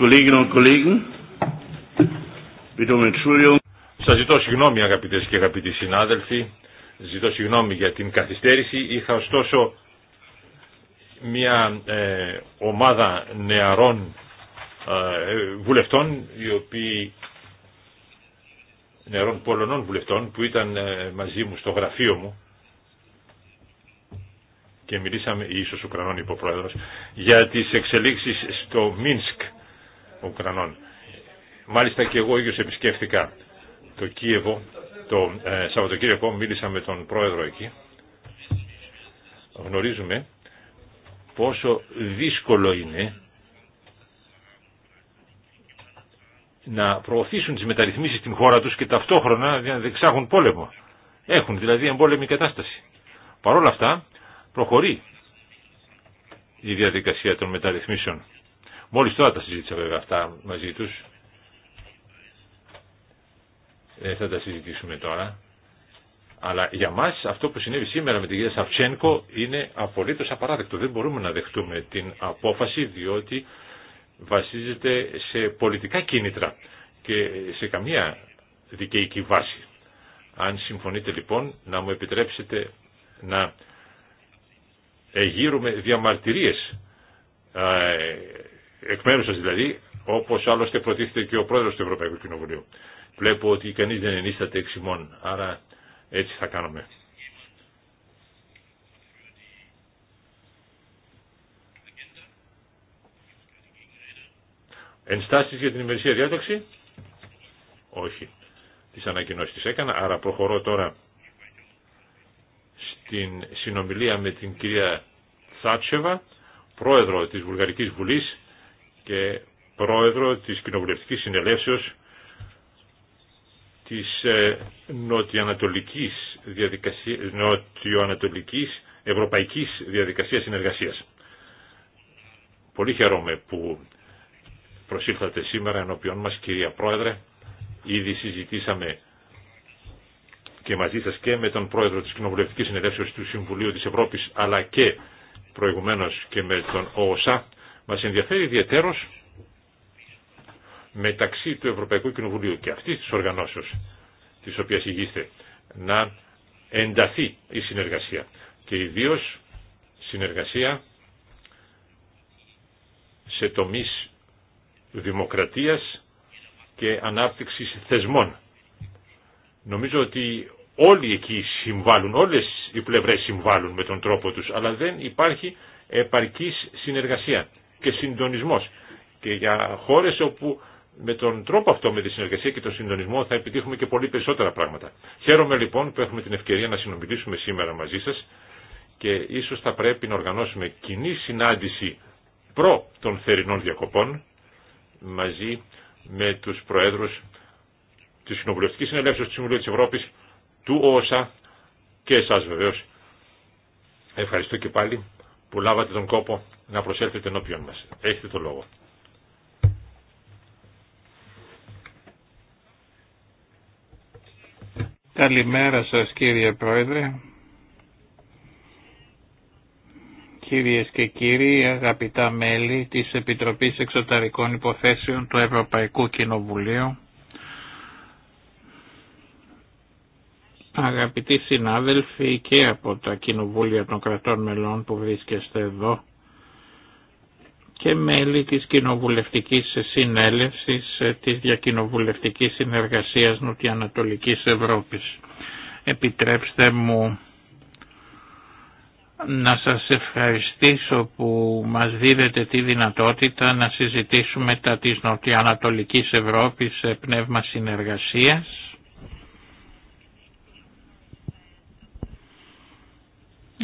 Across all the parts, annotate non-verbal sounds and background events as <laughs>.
Kolleginnen um Σας ζητώ συγγνώμη αγαπητές και αγαπητοί συνάδελφοι, ζητώ συγγνώμη για την καθυστέρηση. Είχα ωστόσο μια ε, ομάδα νεαρών ε, βουλευτών, οι οποίοι, νεαρών Πολωνών βουλευτών που ήταν ε, μαζί μου στο γραφείο μου και μιλήσαμε, ίσως Ουκρανών υποπρόεδρος, για τις εξελίξεις στο Μίνσκ Ουκρανών. Μάλιστα και εγώ ίδιος επισκέφθηκα το Κίεβο, το ε, Σαββατοκύριακο μίλησα με τον πρόεδρο εκεί. Γνωρίζουμε πόσο δύσκολο είναι να προωθήσουν τις μεταρρυθμίσεις στην χώρα τους και ταυτόχρονα να διεξάγουν πόλεμο. Έχουν δηλαδή εμπόλεμη κατάσταση. Παρ' όλα αυτά προχωρεί η διαδικασία των μεταρρυθμίσεων. Μόλις τώρα τα συζήτησα βέβαια αυτά μαζί τους. Δεν θα τα συζητήσουμε τώρα. Αλλά για μας αυτό που συνέβη σήμερα με την κυρία Σαφτσένκο είναι απολύτως απαράδεκτο. Δεν μπορούμε να δεχτούμε την απόφαση διότι βασίζεται σε πολιτικά κίνητρα και σε καμία δικαιική βάση. Αν συμφωνείτε λοιπόν να μου επιτρέψετε να εγείρουμε διαμαρτυρίες ε, εκ μέρου σα δηλαδή, όπως άλλωστε προτίθεται και ο πρόεδρο του Ευρωπαϊκού Κοινοβουλίου. Βλέπω ότι κανεί δεν ενίσταται εξ ημών, άρα έτσι θα κάνουμε. Ενστάσεις για την ημερησία διάταξη. Όχι. Τις ανακοινώσεις τις έκανα. Άρα προχωρώ τώρα στην συνομιλία με την κυρία Τσάτσεβα, πρόεδρο της Βουλγαρικής Βουλής, και πρόεδρο της Κοινοβουλευτικής Συνελεύσεως της ε, νοτιοανατολικής, διαδικασία, νοτιοανατολικής Ευρωπαϊκής Διαδικασίας Συνεργασίας. Πολύ χαίρομαι που προσήλθατε σήμερα ενώπιον μας, κυρία Πρόεδρε. Ήδη συζητήσαμε και μαζί σας και με τον Πρόεδρο της Κοινοβουλευτικής Συνελεύσεως του Συμβουλίου της Ευρώπης, αλλά και προηγουμένως και με τον ΟΟΣΑ μας ενδιαφέρει ιδιαίτερος μεταξύ του Ευρωπαϊκού Κοινοβουλίου και αυτής της οργανώσεως της οποίας ηγείστε να ενταθεί η συνεργασία και ιδίω συνεργασία σε τομείς δημοκρατίας και ανάπτυξης θεσμών. Νομίζω ότι όλοι εκεί συμβάλλουν, όλες οι πλευρές συμβάλλουν με τον τρόπο τους, αλλά δεν υπάρχει επαρκής συνεργασία και συντονισμός. Και για χώρες όπου με τον τρόπο αυτό, με τη συνεργασία και τον συντονισμό θα επιτύχουμε και πολύ περισσότερα πράγματα. Χαίρομαι λοιπόν που έχουμε την ευκαιρία να συνομιλήσουμε σήμερα μαζί σας και ίσως θα πρέπει να οργανώσουμε κοινή συνάντηση προ των θερινών διακοπών μαζί με τους προέδρους της Συνοβουλευτικής Συνελεύσεως του Συμβουλίου της Ευρώπης, του ΩΣΑ και εσάς βεβαίως. Ευχαριστώ και πάλι που λάβατε τον κόπο να προσέλθετε ενώπιον μας. Έχετε το λόγο. Καλημέρα σας κύριε Πρόεδρε. Κυρίες και κύριοι, αγαπητά μέλη της Επιτροπής Εξωτερικών Υποθέσεων του Ευρωπαϊκού Κοινοβουλίου, αγαπητοί συνάδελφοι και από τα κοινοβούλια των κρατών μελών που βρίσκεστε εδώ, και μέλη της Κοινοβουλευτικής Συνέλευσης ε, της Διακοινοβουλευτικής Συνεργασίας Νοτιοανατολικής Ευρώπης. Επιτρέψτε μου να σας ευχαριστήσω που μας δίδετε τη δυνατότητα να συζητήσουμε τα της Νοτιοανατολικής Ευρώπης σε πνεύμα συνεργασίας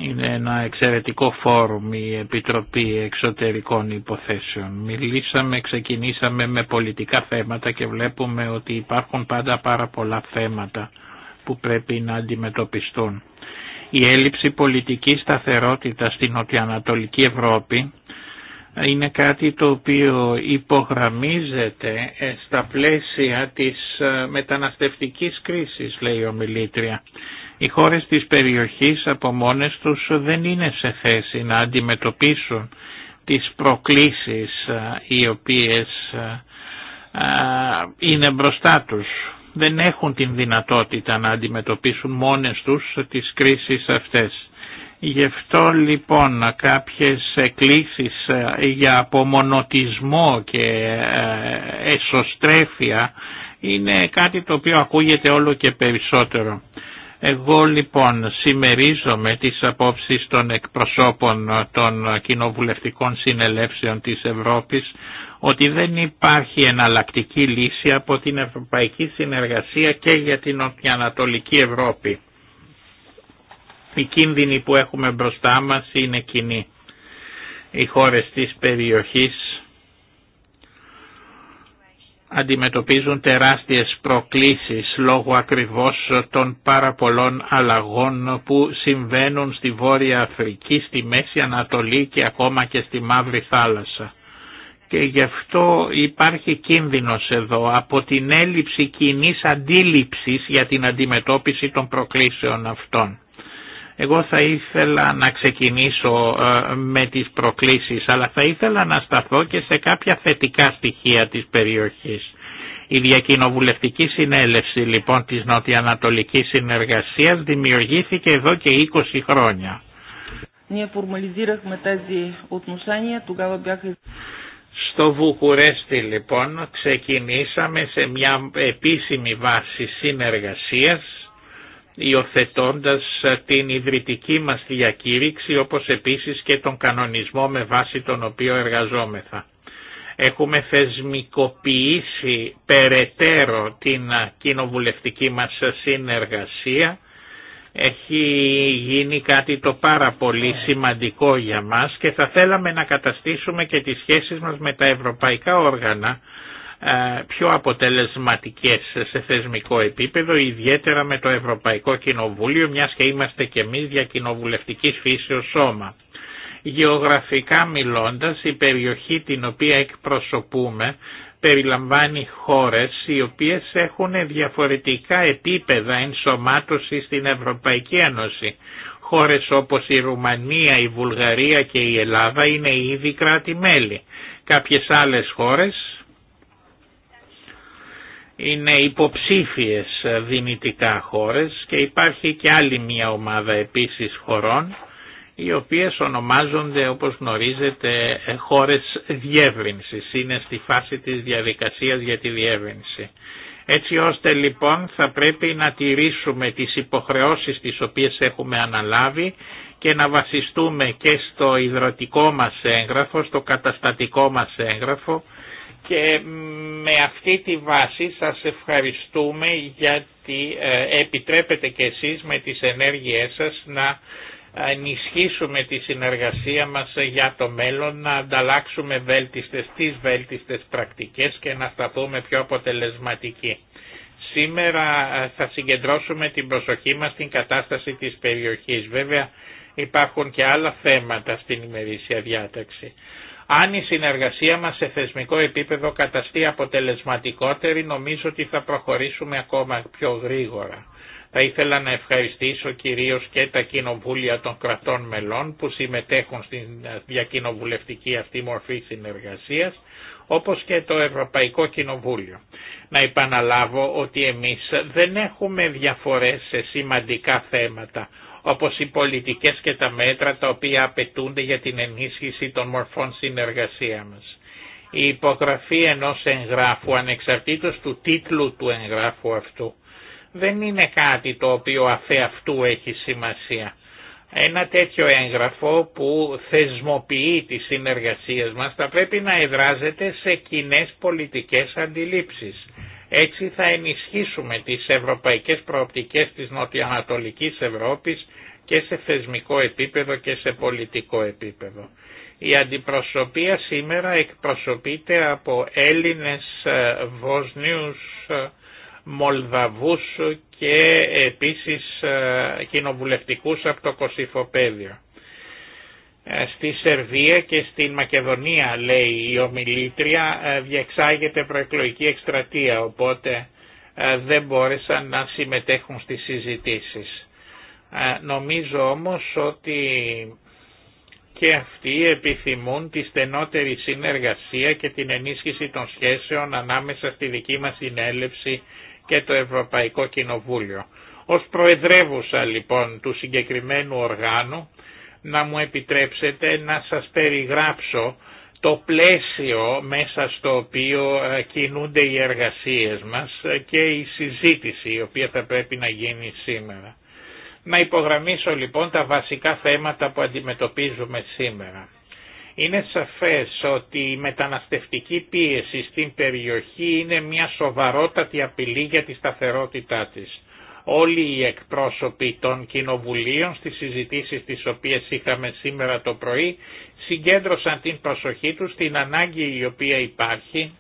Είναι ένα εξαιρετικό φόρουμ η Επιτροπή Εξωτερικών Υποθέσεων. Μιλήσαμε, ξεκινήσαμε με πολιτικά θέματα και βλέπουμε ότι υπάρχουν πάντα πάρα πολλά θέματα που πρέπει να αντιμετωπιστούν. Η έλλειψη πολιτικής σταθερότητας στην Νοτιοανατολική Ευρώπη είναι κάτι το οποίο υπογραμμίζεται ε, στα πλαίσια της ε, μεταναστευτικής κρίσης, λέει ο Μιλήτρια. Οι χώρες της περιοχής από μόνες τους δεν είναι σε θέση να αντιμετωπίσουν τις προκλήσεις οι οποίες είναι μπροστά τους. Δεν έχουν την δυνατότητα να αντιμετωπίσουν μόνες τους τις κρίσεις αυτές. Γι' αυτό λοιπόν κάποιες εκκλήσεις για απομονωτισμό και εσωστρέφεια είναι κάτι το οποίο ακούγεται όλο και περισσότερο. Εγώ λοιπόν συμμερίζομαι τις απόψεις των εκπροσώπων των κοινοβουλευτικών συνελεύσεων της Ευρώπης ότι δεν υπάρχει εναλλακτική λύση από την ευρωπαϊκή συνεργασία και για την Ανατολική Ευρώπη. Οι κίνδυνοι που έχουμε μπροστά μας είναι κοινοί. Οι χώρες της περιοχής αντιμετωπίζουν τεράστιες προκλήσεις λόγω ακριβώς των πάρα πολλών αλλαγών που συμβαίνουν στη Βόρεια Αφρική, στη Μέση Ανατολή και ακόμα και στη Μαύρη Θάλασσα. Και γι' αυτό υπάρχει κίνδυνος εδώ από την έλλειψη κοινής αντίληψης για την αντιμετώπιση των προκλήσεων αυτών. Εγώ θα ήθελα να ξεκινήσω ε, με τις προκλήσεις, αλλά θα ήθελα να σταθώ και σε κάποια θετικά στοιχεία της περιοχής. Η Διακοινοβουλευτική Συνέλευση λοιπόν της Νοτιοανατολικής Συνεργασίας δημιουργήθηκε εδώ και 20 χρόνια. Στο Βουκουρέστι λοιπόν ξεκινήσαμε σε μια επίσημη βάση συνεργασίας υιοθετώντας ε, την ιδρυτική μας διακήρυξη όπως επίσης και τον κανονισμό με βάση τον οποίο εργαζόμεθα. Έχουμε θεσμικοποιήσει περαιτέρω την ε, κοινοβουλευτική μας συνεργασία. Έχει γίνει κάτι το πάρα πολύ σημαντικό για μας και θα θέλαμε να καταστήσουμε και τις σχέσεις μας με τα ευρωπαϊκά όργανα ε, πιο αποτελεσματικές σε θεσμικό επίπεδο, ιδιαίτερα με το Ευρωπαϊκό Κοινοβούλιο, μιας και είμαστε και εμείς φύση φύσεως σώμα. Γεωγραφικά μιλώντας, η περιοχή την οποία εκπροσωπούμε περιλαμβάνει χώρες οι οποίες έχουν διαφορετικά επίπεδα ενσωμάτωση στην Ευρωπαϊκή Ένωση. Χώρες όπως η Ρουμανία, η Βουλγαρία και η Ελλάδα είναι ήδη κράτη-μέλη. Κάποιες άλλες χώρες είναι υποψήφιες ε, δυνητικά χώρες και υπάρχει και άλλη μια ομάδα επίσης χωρών οι οποίες ονομάζονται όπως γνωρίζετε ε, χώρες διεύρυνσης, είναι στη φάση της διαδικασίας για τη διεύρυνση. Έτσι ώστε λοιπόν θα πρέπει να τηρήσουμε τις υποχρεώσεις τις οποίες έχουμε αναλάβει και να βασιστούμε και στο υδροτικό μας έγγραφο, στο καταστατικό μας έγγραφο και με αυτή τη βάση σας ευχαριστούμε γιατί ε, επιτρέπετε και εσείς με τις ενέργειές σας να ενισχύσουμε τη συνεργασία μας για το μέλλον, να ανταλλάξουμε βέλτιστες, τις βέλτιστες πρακτικές και να σταθούμε πιο αποτελεσματικοί. Σήμερα ε, θα συγκεντρώσουμε την προσοχή μας στην κατάσταση της περιοχής. Βέβαια υπάρχουν και άλλα θέματα στην ημερήσια διάταξη. Αν η συνεργασία μας σε θεσμικό επίπεδο καταστεί αποτελεσματικότερη νομίζω ότι θα προχωρήσουμε ακόμα πιο γρήγορα. Θα ήθελα να ευχαριστήσω κυρίως και τα κοινοβούλια των κρατών μελών που συμμετέχουν στην διακοινοβουλευτική αυτή μορφή συνεργασίας, όπως και το Ευρωπαϊκό Κοινοβούλιο. Να επαναλάβω ότι εμείς δεν έχουμε διαφορές σε σημαντικά θέματα, όπως οι πολιτικές και τα μέτρα τα οποία απαιτούνται για την ενίσχυση των μορφών συνεργασία μας. Η υπογραφή ενός εγγράφου ανεξαρτήτως του τίτλου του εγγράφου αυτού δεν είναι κάτι το οποίο αφέ αυτού έχει σημασία. Ένα τέτοιο έγγραφο που θεσμοποιεί τις συνεργασίες μας θα πρέπει να εδράζεται σε κοινές πολιτικές αντιλήψεις έτσι θα ενισχύσουμε τις ευρωπαϊκές προοπτικές της νοτιοανατολικής Ευρώπης και σε θεσμικό επίπεδο και σε πολιτικό επίπεδο. Η αντιπροσωπεία σήμερα εκπροσωπείται από Έλληνες, ε, Βοσνίους, ε, Μολδαβούς και επίσης ε, κοινοβουλευτικούς από το Κωσυφοπαίδιο. Ε, στη Σερβία και στην Μακεδονία λέει η ομιλήτρια ε, διεξάγεται προεκλογική εκστρατεία οπότε ε, δεν μπόρεσαν να συμμετέχουν στις συζητήσεις. Νομίζω όμως ότι και αυτοί επιθυμούν τη στενότερη συνεργασία και την ενίσχυση των σχέσεων ανάμεσα στη δική μας συνέλευση και το Ευρωπαϊκό Κοινοβούλιο. Ως προεδρεύουσα λοιπόν του συγκεκριμένου οργάνου να μου επιτρέψετε να σας περιγράψω το πλαίσιο μέσα στο οποίο ε, κινούνται οι εργασίες μας ε, και η συζήτηση η οποία θα πρέπει να γίνει σήμερα. Να υπογραμμίσω λοιπόν τα βασικά θέματα που αντιμετωπίζουμε σήμερα. Είναι σαφές ότι η μεταναστευτική πίεση στην περιοχή είναι μια σοβαρότατη απειλή για τη σταθερότητά της όλοι οι εκπρόσωποι των κοινοβουλίων στις συζητήσεις τις οποίες είχαμε σήμερα το πρωί συγκέντρωσαν την προσοχή τους στην ανάγκη η οποία υπάρχει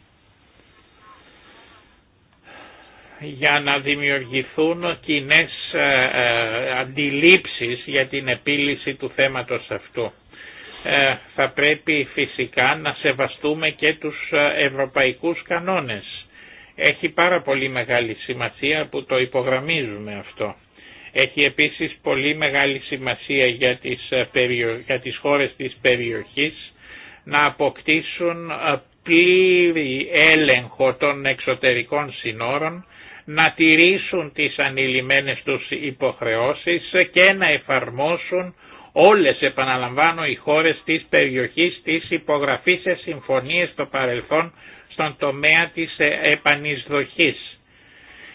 για να δημιουργηθούν κοινέ ε, ε, αντιλήψεις για την επίλυση του θέματος αυτού. Ε, θα πρέπει φυσικά να σεβαστούμε και τους ευρωπαϊκούς κανόνες έχει πάρα πολύ μεγάλη σημασία που το υπογραμμίζουμε αυτό. Έχει επίσης πολύ μεγάλη σημασία για τις, χώρε για τις χώρες της περιοχής να αποκτήσουν ε, πλήρη έλεγχο των εξωτερικών συνόρων, να τηρήσουν τις ανηλυμένες τους υποχρεώσεις και να εφαρμόσουν όλες επαναλαμβάνω οι χώρες της περιοχής της υπογραφή σε συμφωνίες στο παρελθόν στον τομέα της ε, επανεισδοχής.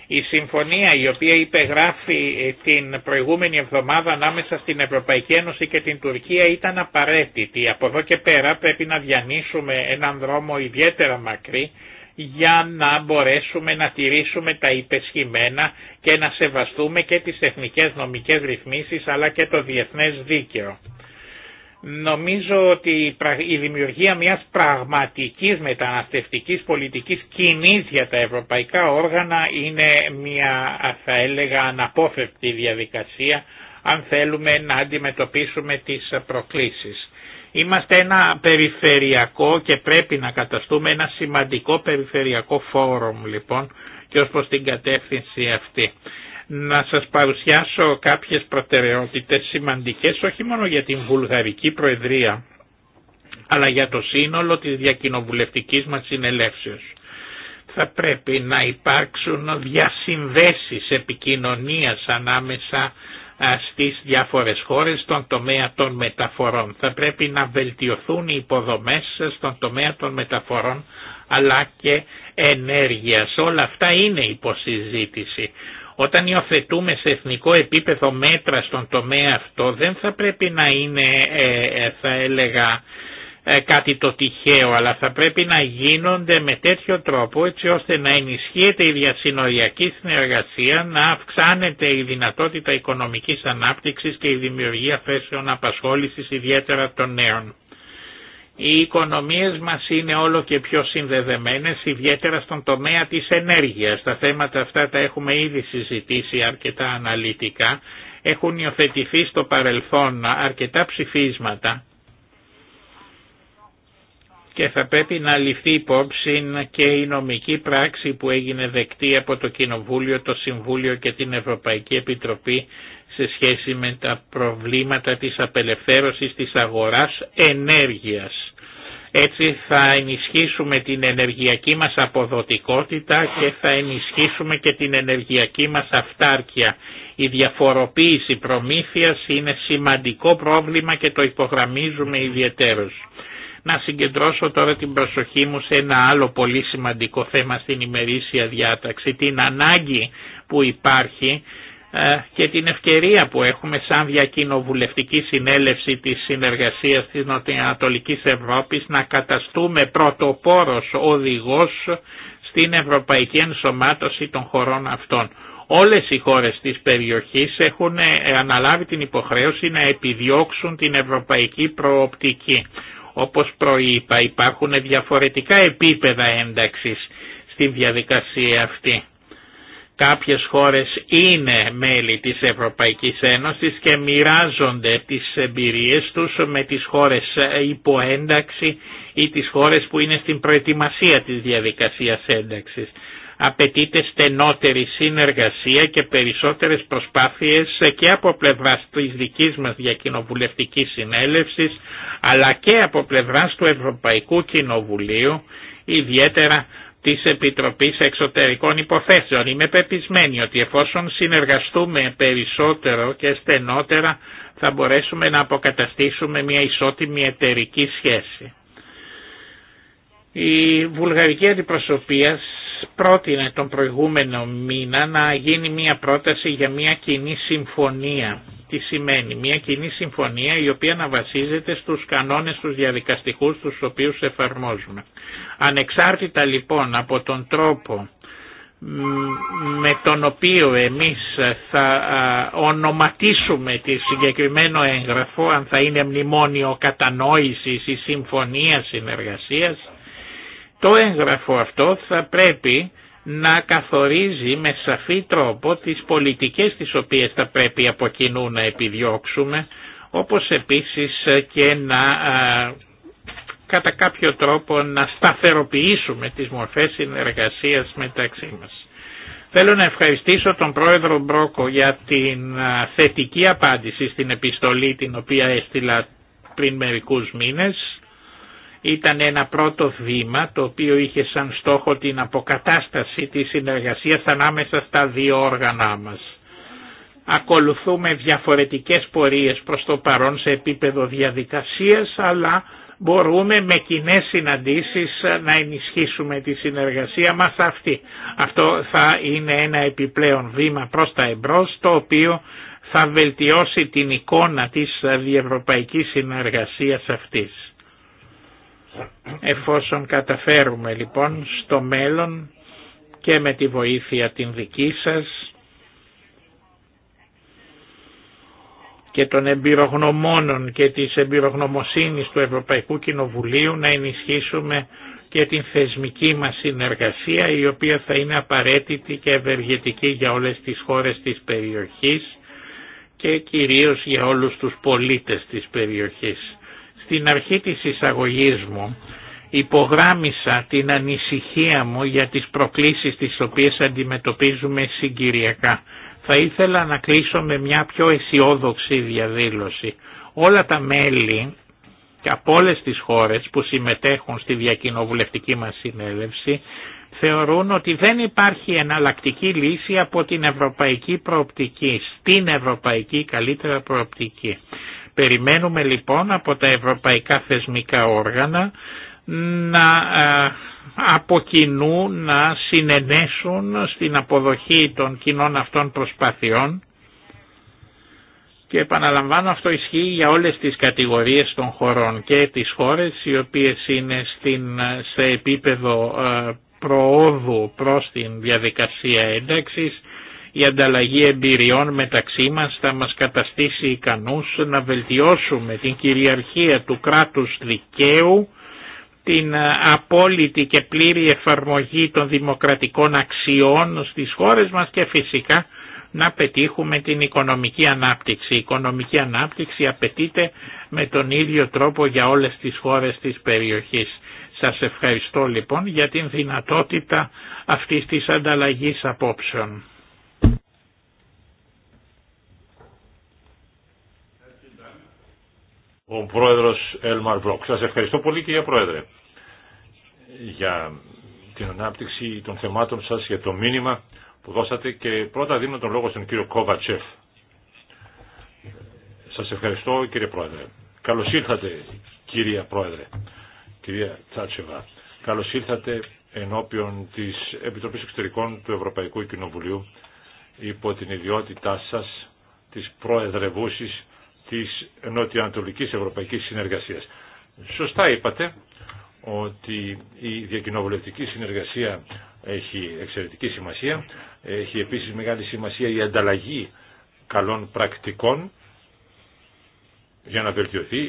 Η συμφωνία η οποία υπεγράφει ε, την προηγούμενη εβδομάδα ανάμεσα στην Ευρωπαϊκή Ένωση και την Τουρκία ήταν απαραίτητη. Από εδώ και πέρα πρέπει να διανύσουμε έναν δρόμο ιδιαίτερα μακρύ για να μπορέσουμε να τηρήσουμε τα υπεσχημένα και να σεβαστούμε και τις εθνικές νομικές ρυθμίσεις αλλά και το διεθνές δίκαιο. Νομίζω ότι η δημιουργία μιας πραγματικής μεταναστευτικής πολιτικής κοινή για τα ευρωπαϊκά όργανα είναι μια θα έλεγα αναπόφευκτη διαδικασία αν θέλουμε να αντιμετωπίσουμε τις προκλήσεις. Είμαστε ένα περιφερειακό και πρέπει να καταστούμε ένα σημαντικό περιφερειακό φόρουμ λοιπόν και ως προς την κατεύθυνση αυτή να σας παρουσιάσω κάποιες προτεραιότητες σημαντικές όχι μόνο για την Βουλγαρική Προεδρία αλλά για το σύνολο της διακοινοβουλευτικής μας συνελεύσεως. Θα πρέπει να υπάρξουν διασυνδέσεις επικοινωνίας ανάμεσα στις διάφορες χώρες στον τομέα των μεταφορών. Θα πρέπει να βελτιωθούν οι υποδομές στον τομέα των μεταφορών αλλά και ενέργειας. Όλα αυτά είναι υποσυζήτηση. Όταν υιοθετούμε σε εθνικό επίπεδο μέτρα στον τομέα αυτό δεν θα πρέπει να είναι ε, ε, θα έλεγα ε, κάτι το τυχαίο αλλά θα πρέπει να γίνονται με τέτοιο τρόπο έτσι ώστε να ενισχύεται η διασυνοριακή συνεργασία, να αυξάνεται η δυνατότητα οικονομικής ανάπτυξης και η δημιουργία θέσεων απασχόλησης ιδιαίτερα των νέων. Οι οικονομίες μας είναι όλο και πιο συνδεδεμένες, ιδιαίτερα στον τομέα της ενέργειας. Τα θέματα αυτά τα έχουμε ήδη συζητήσει αρκετά αναλυτικά. Έχουν υιοθετηθεί στο παρελθόν αρκετά ψηφίσματα και θα πρέπει να ληφθεί υπόψη και η νομική πράξη που έγινε δεκτή από το Κοινοβούλιο, το Συμβούλιο και την Ευρωπαϊκή Επιτροπή σε σχέση με τα προβλήματα της απελευθέρωσης της αγοράς ενέργειας. Έτσι θα ενισχύσουμε την ενεργειακή μας αποδοτικότητα και θα ενισχύσουμε και την ενεργειακή μας αυτάρκεια. Η διαφοροποίηση προμήθειας είναι σημαντικό πρόβλημα και το υπογραμμίζουμε ιδιαίτερως. Να συγκεντρώσω τώρα την προσοχή μου σε ένα άλλο πολύ σημαντικό θέμα στην ημερήσια διάταξη, την ανάγκη που υπάρχει ε, και την ευκαιρία που έχουμε σαν διακοινοβουλευτική συνέλευση της συνεργασίας της Νοτιοανατολικής Ευρώπης να καταστούμε πρωτοπόρος οδηγός στην ευρωπαϊκή ενσωμάτωση των χωρών αυτών. Όλες οι χώρες της περιοχής έχουν ε, αναλάβει την υποχρέωση να επιδιώξουν την ευρωπαϊκή προοπτική. Όπως προείπα υπάρχουν διαφορετικά επίπεδα ένταξης στην διαδικασία αυτή Κάποιες χώρες είναι μέλη της Ευρωπαϊκής Ένωσης και μοιράζονται τις εμπειρίες τους με τις χώρες υποένταξη ή τις χώρες που είναι στην προετοιμασία της διαδικασίας ένταξης. Απαιτείται στενότερη συνεργασία και περισσότερες προσπάθειες και από πλευράς της δικής μας διακοινοβουλευτικής συνέλευσης αλλά και από πλευράς του Ευρωπαϊκού Κοινοβουλίου ιδιαίτερα της Επιτροπής Εξωτερικών Υποθέσεων. Είμαι πεπισμένη ότι εφόσον συνεργαστούμε περισσότερο και στενότερα θα μπορέσουμε να αποκαταστήσουμε μια ισότιμη εταιρική σχέση. Η βουλγαρική αντιπροσωπεία πρότεινε τον προηγούμενο μήνα να γίνει μια πρόταση για μια κοινή συμφωνία τι σημαίνει μια κοινή συμφωνία η οποία να βασίζεται στους κανόνες τους διαδικαστικούς τους οποίους εφαρμόζουμε. Ανεξάρτητα λοιπόν από τον τρόπο με τον οποίο εμείς θα ονοματίσουμε τη συγκεκριμένο έγγραφο, αν θα είναι μνημόνιο κατανόησης ή συμφωνία συνεργασίας, το έγγραφο αυτό θα πρέπει να καθορίζει με σαφή τρόπο τις πολιτικές τις οποίες θα πρέπει από κοινού να επιδιώξουμε, όπως επίσης και να κατά κάποιο τρόπο να σταθεροποιήσουμε τις μορφές συνεργασίας μεταξύ μας. Θέλω να ευχαριστήσω τον πρόεδρο Μπρόκο για την θετική απάντηση στην επιστολή την οποία έστειλα πριν μερικούς μήνες ήταν ένα πρώτο βήμα το οποίο είχε σαν στόχο την αποκατάσταση της συνεργασίας ανάμεσα στα δύο όργανα μας. Ακολουθούμε διαφορετικές πορείες προς το παρόν σε επίπεδο διαδικασίας αλλά μπορούμε με κοινέ συναντήσεις να ενισχύσουμε τη συνεργασία μας αυτή. Αυτό θα είναι ένα επιπλέον βήμα προς τα εμπρό το οποίο θα βελτιώσει την εικόνα της διευρωπαϊκής συνεργασίας αυτής. Εφόσον καταφέρουμε λοιπόν στο μέλλον και με τη βοήθεια την δική σας και των εμπειρογνωμόνων και της εμπειρογνωμοσύνης του Ευρωπαϊκού Κοινοβουλίου να ενισχύσουμε και την θεσμική μας συνεργασία η οποία θα είναι απαραίτητη και ευεργετική για όλες τις χώρες της περιοχής και κυρίως για όλους τους πολίτες της περιοχής στην αρχή της εισαγωγής μου υπογράμισα την ανησυχία μου για τις προκλήσεις τις οποίες αντιμετωπίζουμε συγκυριακά. Θα ήθελα να κλείσω με μια πιο αισιόδοξη διαδήλωση. Όλα τα μέλη και από όλες τις χώρες που συμμετέχουν στη διακοινοβουλευτική μας συνέλευση θεωρούν ότι δεν υπάρχει εναλλακτική λύση από την ευρωπαϊκή προοπτική, στην ευρωπαϊκή καλύτερα προοπτική. Περιμένουμε λοιπόν από τα ευρωπαϊκά θεσμικά όργανα να ε, από να συνενέσουν στην αποδοχή των κοινών αυτών προσπαθειών και επαναλαμβάνω αυτό ισχύει για όλες τις κατηγορίες των χωρών και τις χώρες οι οποίες είναι στην, σε επίπεδο ε, προόδου προς την διαδικασία ένταξης η ανταλλαγή εμπειριών μεταξύ μας θα μας καταστήσει ικανούς να βελτιώσουμε την κυριαρχία του κράτους δικαίου, την ε, απόλυτη και πλήρη εφαρμογή των δημοκρατικών αξιών στις χώρες μας και φυσικά να πετύχουμε την οικονομική ανάπτυξη. Η οικονομική ανάπτυξη απαιτείται με τον ίδιο τρόπο για όλες τις χώρες της περιοχής. Σας ευχαριστώ λοιπόν για την δυνατότητα αυτής της ανταλλαγής απόψεων. ο πρόεδρος Έλμαρ Βρόκ. Σας ευχαριστώ πολύ κυρία Πρόεδρε για την ανάπτυξη των θεμάτων σας, για το μήνυμα που δώσατε και πρώτα δίνω τον λόγο στον κύριο Κόβατσεφ. Σας ευχαριστώ κύριε Πρόεδρε. Καλώς ήρθατε κυρία Πρόεδρε, κυρία Τσάτσεβα. Καλώς ήρθατε ενώπιον της Επιτροπής Εξωτερικών του Ευρωπαϊκού Κοινοβουλίου υπό την ιδιότητά σας της προεδρευούσης της νοτιοανατολικής ευρωπαϊκής συνεργασίας. Σωστά είπατε ότι η διακοινοβουλευτική συνεργασία έχει εξαιρετική σημασία. Έχει επίσης μεγάλη σημασία η ανταλλαγή καλών πρακτικών για να βελτιωθεί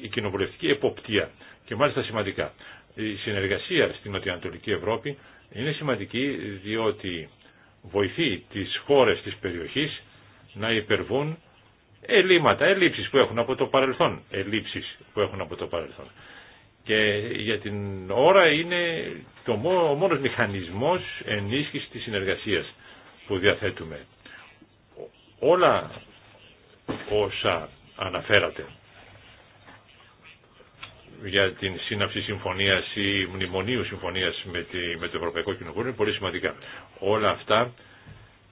η κοινοβουλευτική, η εποπτεία. Και μάλιστα σημαντικά. Η συνεργασία στην Νοτιοανατολική Ευρώπη είναι σημαντική διότι βοηθεί τις χώρες της περιοχής να υπερβούν ελλείμματα, ελλείψεις που έχουν από το παρελθόν, ελλείψεις που έχουν από το παρελθόν. Και για την ώρα είναι το ο μόνος μηχανισμός ενίσχυσης της συνεργασίας που διαθέτουμε. Όλα όσα αναφέρατε για την σύναψη συμφωνίας ή μνημονίου συμφωνίας με, με το Ευρωπαϊκό Κοινοβούλιο είναι πολύ σημαντικά. Όλα αυτά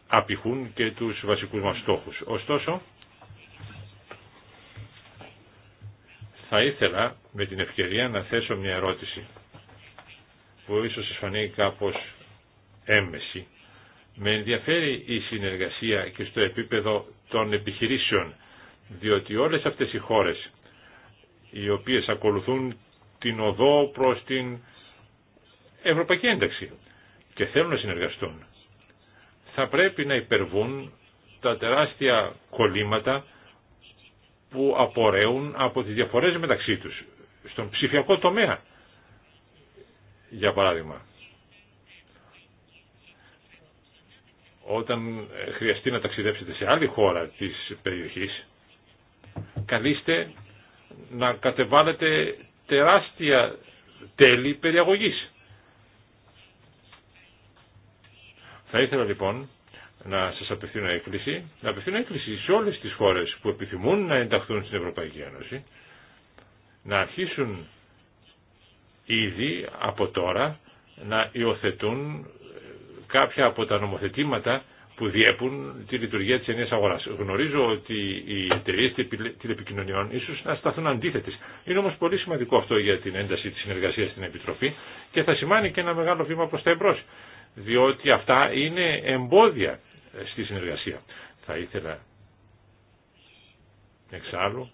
απηχούν και τους βασικούς μας στόχους. Ωστόσο, Θα ήθελα με την ευκαιρία να θέσω μια ερώτηση που ίσως σας φανεί κάπως έμεση. Με ενδιαφέρει η συνεργασία και στο επίπεδο των επιχειρήσεων, διότι όλες αυτές οι χώρες οι οποίες ακολουθούν την οδό προς την Ευρωπαϊκή Ένταξη και θέλουν να συνεργαστούν, θα πρέπει να υπερβούν τα τεράστια κολλήματα που απορρέουν από τις διαφορές μεταξύ τους στον ψηφιακό τομέα για παράδειγμα όταν χρειαστεί να ταξιδέψετε σε άλλη χώρα της περιοχής καλείστε να κατεβάλλετε τεράστια τέλη περιαγωγής θα ήθελα λοιπόν να σας απευθύνω έκκληση, να απευθύνω έκκληση σε όλες τις χώρες που επιθυμούν να ενταχθούν στην Ευρωπαϊκή Ένωση, να αρχίσουν ήδη από τώρα να υιοθετούν κάποια από τα νομοθετήματα που διέπουν τη λειτουργία της ενιαίας αγοράς. Γνωρίζω ότι οι εταιρείε τηλεπικοινωνιών ίσως να σταθούν αντίθετες. Είναι όμως πολύ σημαντικό αυτό για την ένταση της συνεργασίας στην Επιτροπή και θα σημάνει και ένα μεγάλο βήμα προς τα εμπρός, διότι αυτά είναι εμπόδια στη συνεργασία. Θα ήθελα εξάλλου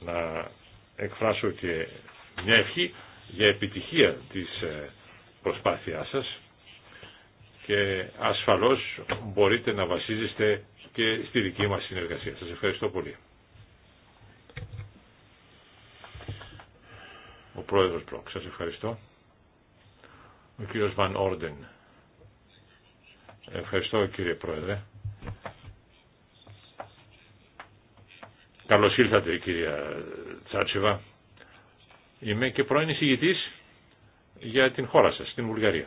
να εκφράσω και μια ευχή για επιτυχία της ε, προσπάθειάς σας και ασφαλώς μπορείτε να βασίζεστε και στη δική μας συνεργασία. Σας ευχαριστώ πολύ. Ο πρόεδρος Πρόκ, σας ευχαριστώ. Ο κύριος Βαν Όρντεν. Ευχαριστώ κύριε Πρόεδρε. Καλώς ήλθατε κυρία Τσάτσεβα. Είμαι και πρώην εισηγητής για την χώρα σας, την Βουλγαρία.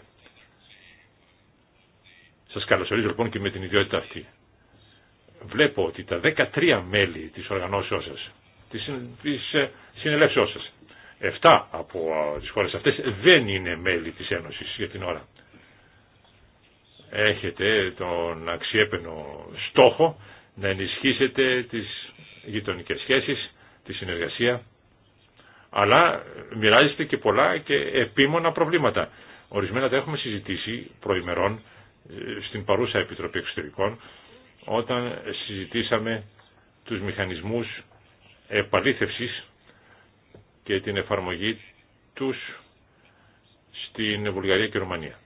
Σας καλωσορίζω λοιπόν και με την ιδιότητα αυτή. Βλέπω ότι τα 13 μέλη της οργανώσεώς σας, της, της ε, συνελεύσεώς σας, 7 από ε, τις χώρες αυτές δεν είναι μέλη της Ένωσης για την ώρα έχετε τον αξιέπαινο στόχο να ενισχύσετε τις γειτονικές σχέσεις, τη συνεργασία, αλλά μοιράζεστε και πολλά και επίμονα προβλήματα. Ορισμένα τα έχουμε συζητήσει προημερών ε, στην παρούσα Επιτροπή Εξωτερικών όταν συζητήσαμε τους μηχανισμούς επαλήθευσης και την εφαρμογή τους στην Βουλγαρία και Ρουμανία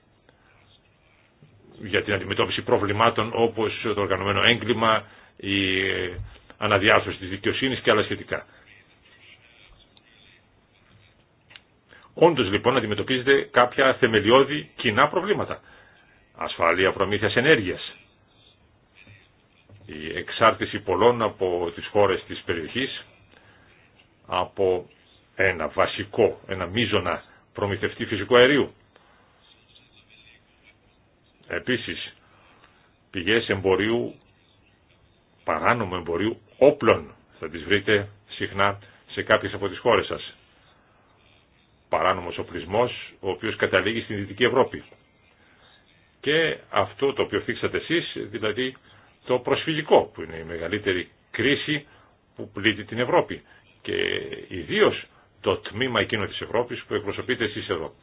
για την αντιμετώπιση προβλημάτων όπως το οργανωμένο έγκλημα, η αναδιάρθρωση της δικαιοσύνης και άλλα σχετικά. Όντως λοιπόν αντιμετωπίζεται κάποια θεμελιώδη κοινά προβλήματα. Ασφάλεια προμήθειας ενέργειας, η εξάρτηση πολλών από τις χώρες της περιοχής, από ένα βασικό, ένα μείζωνα προμηθευτή φυσικού αερίου. Επίσης, πηγές εμπορίου, παράνομου εμπορίου όπλων θα τις βρείτε συχνά σε κάποιες από τις χώρες σας. Παράνομος οπλισμός, ο οποίος καταλήγει στην Δυτική Ευρώπη. Και αυτό το οποίο θίξατε εσείς, δηλαδή το προσφυγικό, που είναι η μεγαλύτερη κρίση που πλήττει την Ευρώπη. Και ιδίω το τμήμα εκείνο της Ευρώπης που εκπροσωπείτε εσείς εδώ.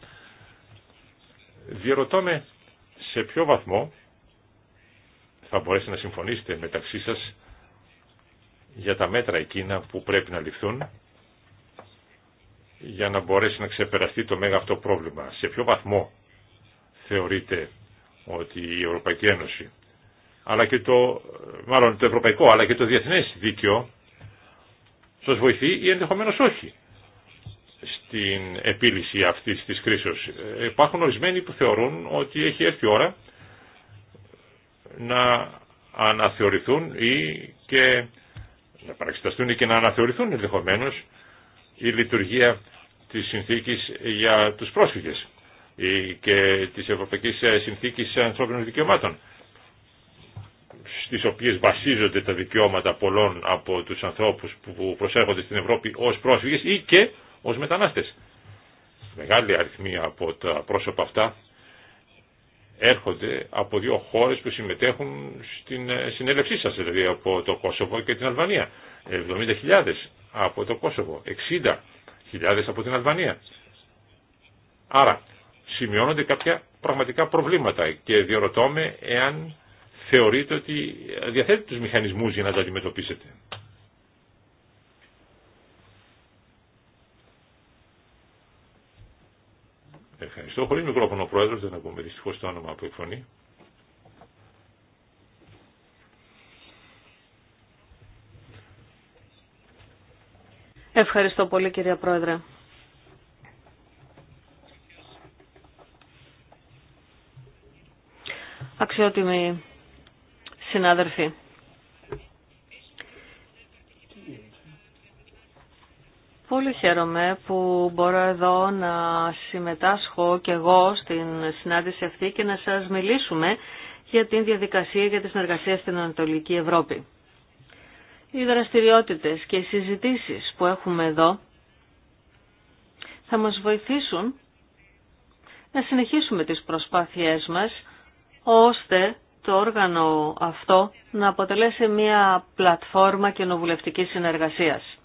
Διερωτώ με σε ποιο βαθμό θα μπορέσετε να συμφωνήσετε μεταξύ σας για τα μέτρα εκείνα που πρέπει να ληφθούν για να μπορέσει να ξεπεραστεί το μέγα αυτό πρόβλημα. Σε ποιο βαθμό θεωρείτε ότι η Ευρωπαϊκή Ένωση αλλά και το, μάλλον το ευρωπαϊκό αλλά και το διεθνές δίκαιο σας βοηθεί ή ενδεχομένως όχι την επίλυση αυτής της κρίσης. Ε, υπάρχουν ορισμένοι που θεωρούν ότι έχει έρθει η ώρα να αναθεωρηθούν ή και να παραξεταστούν ή και να αναθεωρηθούν ενδεχομένω η λειτουργία της συνθήκης για τους πρόσφυγες ή και της Ευρωπαϊκής Συνθήκης Ανθρώπινων Δικαιωμάτων στις οποίες βασίζονται τα δικαιώματα πολλών από τους ανθρώπους που προσέρχονται στην Ευρώπη ως πρόσφυγες ή και ως μετανάστες. Μεγάλη αριθμή από τα πρόσωπα αυτά έρχονται από δύο χώρες που συμμετέχουν στην ε, συνέλευσή σας, δηλαδή από το Κόσοβο και την Αλβανία. 70.000 από το Κόσοβο, 60.000 από την Αλβανία. Άρα, σημειώνονται κάποια πραγματικά προβλήματα και διορωτώ εάν θεωρείτε ότι διαθέτει τους μηχανισμούς για να τα αντιμετωπίσετε. Ευχαριστώ. Χωρίς μικρόφωνο ο Πρόεδρος, δεν ακούμε δυστυχώς το όνομα που εκφωνεί. Ευχαριστώ πολύ κυρία Πρόεδρε. Αξιότιμοι συνάδελφοι. Πολύ χαίρομαι που μπορώ εδώ να συμμετάσχω και εγώ στην συνάντηση αυτή και να σας μιλήσουμε για την διαδικασία για τη συνεργασία στην Ανατολική Ευρώπη. Οι δραστηριότητες και οι συζητήσεις που έχουμε εδώ θα μας βοηθήσουν να συνεχίσουμε τις προσπάθειές μας ώστε το όργανο αυτό να αποτελέσει μια πλατφόρμα κοινοβουλευτικής συνεργασίας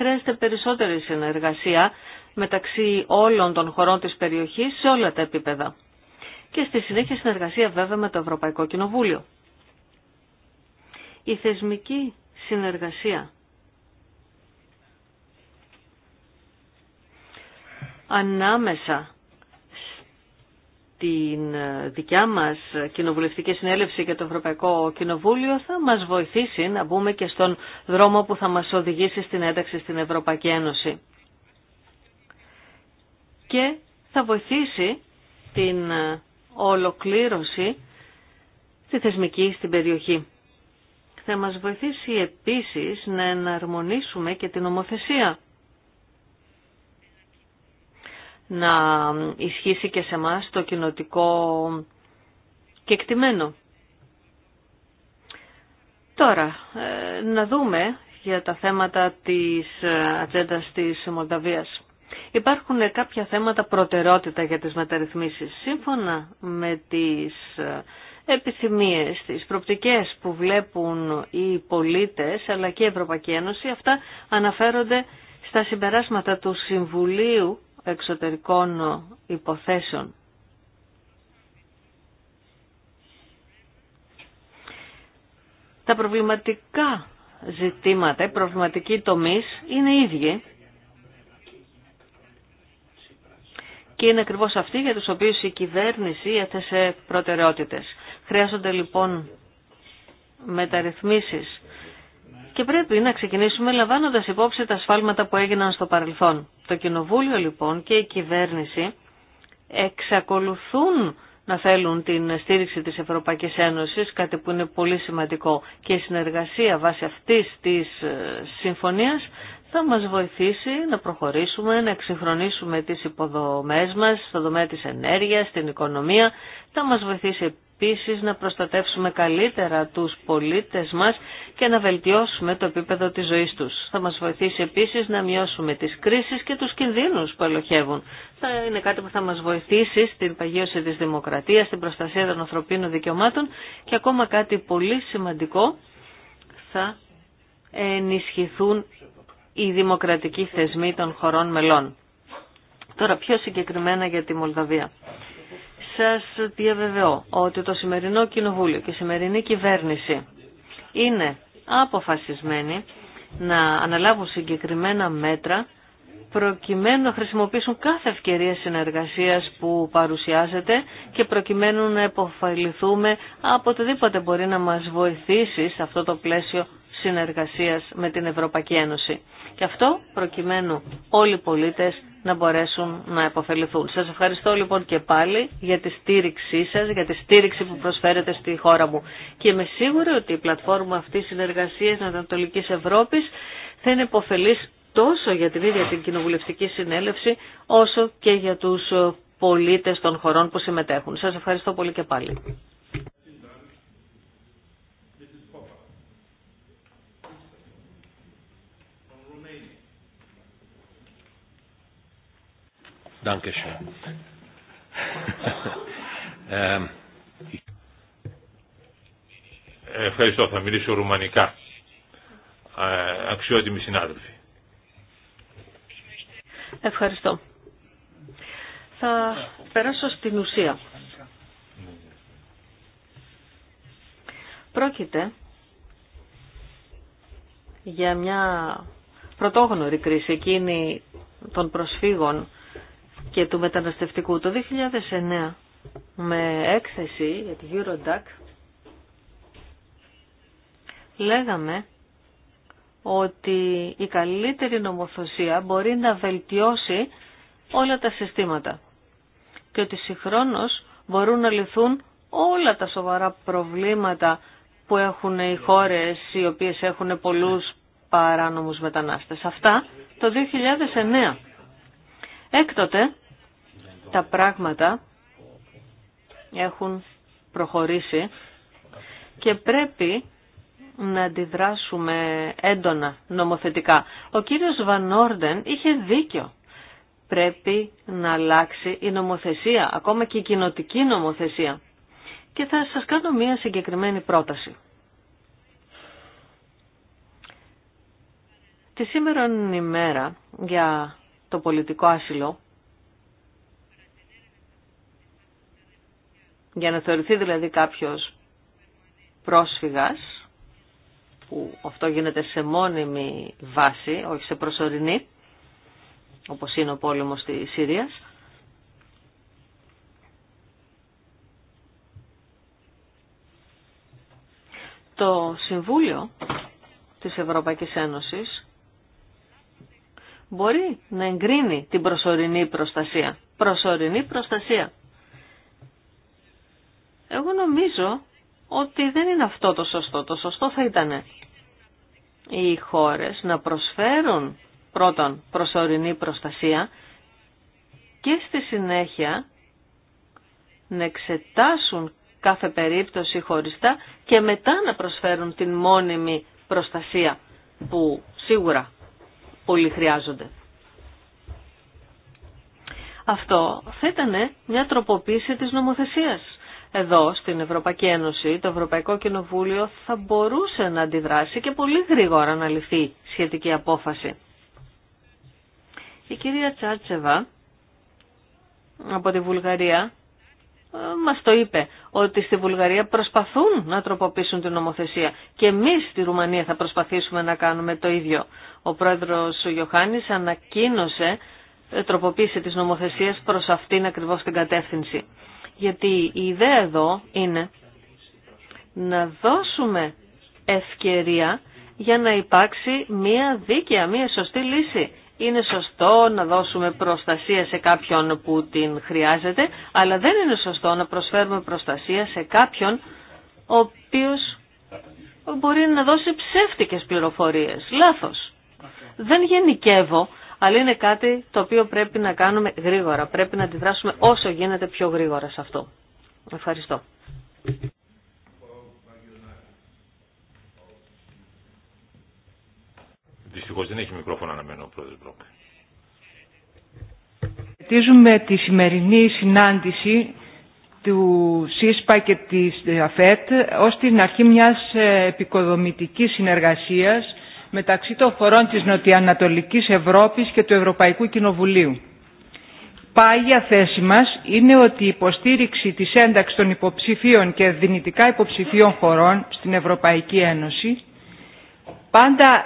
χρειάζεται περισσότερη συνεργασία μεταξύ όλων των χωρών της περιοχής σε όλα τα επίπεδα. Και στη συνέχεια συνεργασία βέβαια με το Ευρωπαϊκό Κοινοβούλιο. Η θεσμική συνεργασία ανάμεσα την δικιά μας κοινοβουλευτική συνέλευση και το Ευρωπαϊκό Κοινοβούλιο θα μας βοηθήσει να μπούμε και στον δρόμο που θα μας οδηγήσει στην ένταξη στην Ευρωπαϊκή Ένωση. Και θα βοηθήσει την ολοκλήρωση τη θεσμική στην περιοχή. Θα μας βοηθήσει επίσης να εναρμονίσουμε και την ομοθεσία να ισχύσει και σε εμά το κοινοτικό κεκτημένο. Τώρα, ε, να δούμε για τα θέματα της ε, ατζέντα της Μολδαβίας. Υπάρχουν κάποια θέματα προτερότητα για τις μεταρρυθμίσεις. Σύμφωνα με τις ε, επιθυμίες, τις προπτικές που βλέπουν οι πολίτες αλλά και η Ευρωπαϊκή Ένωση, αυτά αναφέρονται στα συμπεράσματα του Συμβουλίου εξωτερικών υποθέσεων. Τα προβληματικά ζητήματα, οι προβληματικοί τομείς είναι ίδιοι και είναι ακριβώς αυτοί για τους οποίους η κυβέρνηση έθεσε προτεραιότητες. Χρειάζονται λοιπόν μεταρρυθμίσεις και πρέπει να ξεκινήσουμε λαμβάνοντας υπόψη τα σφάλματα που έγιναν στο παρελθόν. Το Κοινοβούλιο λοιπόν και η κυβέρνηση εξακολουθούν να θέλουν την στήριξη της Ευρωπαϊκής Ένωσης, κάτι που είναι πολύ σημαντικό. Και η συνεργασία βάσει αυτής της ε, συμφωνίας θα μας βοηθήσει να προχωρήσουμε, να εξυγχρονίσουμε τις υποδομές μας στο δομέα της ενέργειας, στην οικονομία. Θα μας βοηθήσει επίσης να προστατεύσουμε καλύτερα τους πολίτες μας και να βελτιώσουμε το επίπεδο της ζωής τους. Θα μας βοηθήσει επίσης να μειώσουμε τις κρίσεις και τους κινδύνους που ελοχεύουν. Θα είναι κάτι που θα μας βοηθήσει στην παγίωση της δημοκρατίας, στην προστασία των ανθρωπίνων δικαιωμάτων και ακόμα κάτι πολύ σημαντικό θα ενισχυθούν οι δημοκρατικοί θεσμοί των χωρών μελών. Τώρα πιο συγκεκριμένα για τη Μολδαβία σας διαβεβαιώ ότι το σημερινό κοινοβούλιο και η σημερινή κυβέρνηση είναι αποφασισμένοι να αναλάβουν συγκεκριμένα μέτρα προκειμένου να χρησιμοποιήσουν κάθε ευκαιρία συνεργασίας που παρουσιάζεται και προκειμένου να επωφεληθούμε από οτιδήποτε μπορεί να μας βοηθήσει σε αυτό το πλαίσιο συνεργασίας με την Ευρωπαϊκή Ένωση. Και αυτό προκειμένου όλοι οι πολίτες να μπορέσουν να επωφεληθούν. Σας ευχαριστώ λοιπόν και πάλι για τη στήριξή σας, για τη στήριξη που προσφέρετε στη χώρα μου. Και είμαι σίγουρη ότι η πλατφόρμα αυτή συνεργασίας της Ανατολικής Ευρώπης θα είναι επωφελής τόσο για την ίδια την κοινοβουλευτική συνέλευση, όσο και για τους πολίτες των χωρών που συμμετέχουν. Σας ευχαριστώ πολύ και πάλι. <laughs> Ähm, ε, ευχαριστώ, θα μιλήσω ρουμανικά. Ε, αξιότιμοι συνάδελφοι. Ευχαριστώ. Θα περάσω στην ουσία. Πρόκειται για μια πρωτόγνωρη κρίση εκείνη των προσφύγων και του μεταναστευτικού. Το 2009 με έκθεση για τη Eurodac λέγαμε ότι η καλύτερη νομοθεσία μπορεί να βελτιώσει όλα τα συστήματα και ότι συγχρόνως μπορούν να λυθούν όλα τα σοβαρά προβλήματα που έχουν οι χώρες οι οποίες έχουν πολλούς παράνομους μετανάστες. Αυτά το 2009. Έκτοτε τα πράγματα έχουν προχωρήσει και πρέπει να αντιδράσουμε έντονα νομοθετικά. Ο κύριος Βανόρντεν είχε δίκιο. Πρέπει να αλλάξει η νομοθεσία, ακόμα και η κοινοτική νομοθεσία. Και θα σας κάνω μία συγκεκριμένη πρόταση. Τη σήμερα ημέρα για το πολιτικό άσυλο Για να θεωρηθεί δηλαδή κάποιος πρόσφυγας, που αυτό γίνεται σε μόνιμη βάση, όχι σε προσωρινή, όπως είναι ο πόλεμος της Συρίας, το Συμβούλιο της Ευρωπαϊκής Ένωσης μπορεί να εγκρίνει την προσωρινή προστασία. Προσωρινή προστασία. Εγώ νομίζω ότι δεν είναι αυτό το σωστό. Το σωστό θα ήταν οι χώρες να προσφέρουν πρώτον προσωρινή προστασία και στη συνέχεια να εξετάσουν κάθε περίπτωση χωριστά και μετά να προσφέρουν την μόνιμη προστασία που σίγουρα πολλοί χρειάζονται. Αυτό θα ήταν μια τροποποίηση της νομοθεσίας εδώ στην Ευρωπαϊκή Ένωση, το Ευρωπαϊκό Κοινοβούλιο θα μπορούσε να αντιδράσει και πολύ γρήγορα να ληφθεί σχετική απόφαση. Η κυρία Τσάτσεβα από τη Βουλγαρία ε, μας το είπε ότι στη Βουλγαρία προσπαθούν να τροποποιήσουν την νομοθεσία και εμείς στη Ρουμανία θα προσπαθήσουμε να κάνουμε το ίδιο. Ο πρόεδρος Γιωχάνης ανακοίνωσε ε, τροποποίηση της νομοθεσίας προς αυτήν ακριβώς την κατεύθυνση. Γιατί η ιδέα εδώ είναι να δώσουμε ευκαιρία για να υπάρξει μία δίκαια, μία σωστή λύση. Είναι σωστό να δώσουμε προστασία σε κάποιον που την χρειάζεται, αλλά δεν είναι σωστό να προσφέρουμε προστασία σε κάποιον ο οποίος μπορεί να δώσει ψεύτικες πληροφορίες. Λάθος. Δεν γενικεύω αλλά είναι κάτι το οποίο πρέπει να κάνουμε γρήγορα. Πρέπει να αντιδράσουμε όσο γίνεται πιο γρήγορα σε αυτό. Ευχαριστώ. Δυστυχώς δεν έχει μικρόφωνο αναμένο ο πρόεδρος Μπρόκ. τη σημερινή συνάντηση του ΣΥΣΠΑ και της ΑΦΕΤ ως την αρχή μιας ε, επικοδομητικής συνεργασίας μεταξύ των χωρών της Νοτιοανατολικής Ευρώπης και του Ευρωπαϊκού Κοινοβουλίου. Πάγια θέση μας είναι ότι η υποστήριξη της ένταξης των υποψηφίων και δυνητικά υποψηφίων χωρών στην Ευρωπαϊκή Ένωση πάντα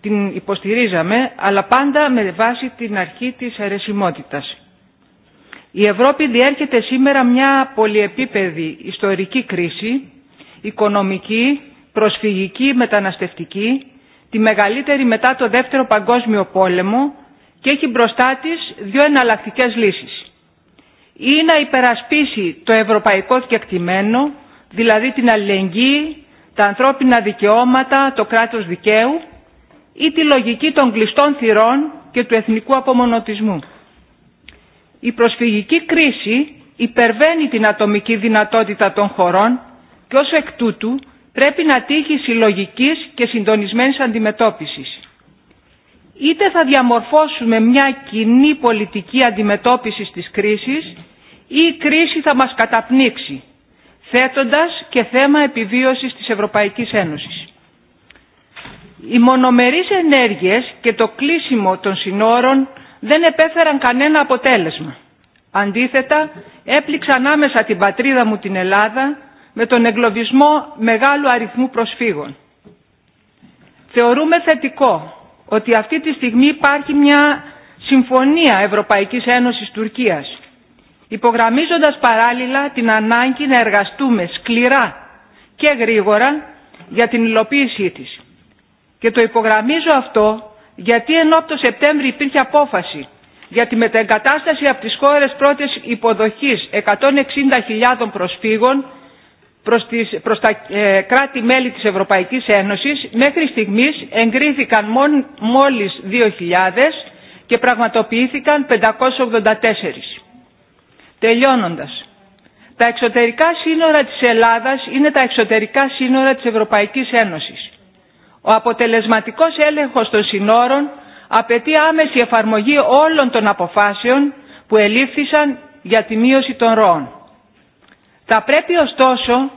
την υποστηρίζαμε, αλλά πάντα με βάση την αρχή της αιρεσιμότητας. Η Ευρώπη διέρχεται σήμερα μια πολυεπίπεδη ιστορική κρίση, οικονομική, προσφυγική, μεταναστευτική, τη μεγαλύτερη μετά το Δεύτερο Παγκόσμιο Πόλεμο και έχει μπροστά της δύο εναλλακτικές λύσεις. Ή να υπερασπίσει το ευρωπαϊκό κεκτημένο, δηλαδή την αλληλεγγύη, τα ανθρώπινα δικαιώματα, το κράτος δικαίου ή τη λογική των κλειστών θυρών και του εθνικού απομονωτισμού. Η προσφυγική κρίση υπερβαίνει την ατομική δυνατότητα των χωρών και ως εκ τούτου πρέπει να τύχει συλλογικής και συντονισμένης αντιμετώπισης. Είτε θα διαμορφώσουμε μια κοινή πολιτική αντιμετώπισης της κρίσης ή η κρίση θα μας καταπνίξει, θέτοντας και θέμα επιβίωσης τη Ευρωπαϊκή Ένωση. Οι μονομερείς ενέργειες και το κλείσιμο των συνόρων δεν επέφεραν κανένα αποτέλεσμα. Αντίθετα, έπληξαν άμεσα την πατρίδα μου την Ελλάδα με τον εγκλωβισμό μεγάλου αριθμού προσφύγων. Θεωρούμε θετικό ότι αυτή τη στιγμή υπάρχει μια συμφωνία Ευρωπαϊκής Ένωσης Τουρκίας, υπογραμμίζοντας παράλληλα την ανάγκη να εργαστούμε σκληρά και γρήγορα για την υλοποίησή της. Και το υπογραμμίζω αυτό γιατί ενώ από το Σεπτέμβρη υπήρχε απόφαση για τη μετεγκατάσταση από τις χώρες πρώτης υποδοχής 160.000 προσφύγων προς, τις, τα ε, κράτη-μέλη της Ευρωπαϊκής Ένωσης μέχρι στιγμής εγκρίθηκαν μόν, μόλις 2.000 και πραγματοποιήθηκαν 584. Τελειώνοντας, τα εξωτερικά σύνορα της Ελλάδας είναι τα εξωτερικά σύνορα της Ευρωπαϊκής Ένωσης. Ο αποτελεσματικός έλεγχος των συνόρων απαιτεί άμεση εφαρμογή όλων των αποφάσεων που ελήφθησαν για τη μείωση των ροών. Θα πρέπει ωστόσο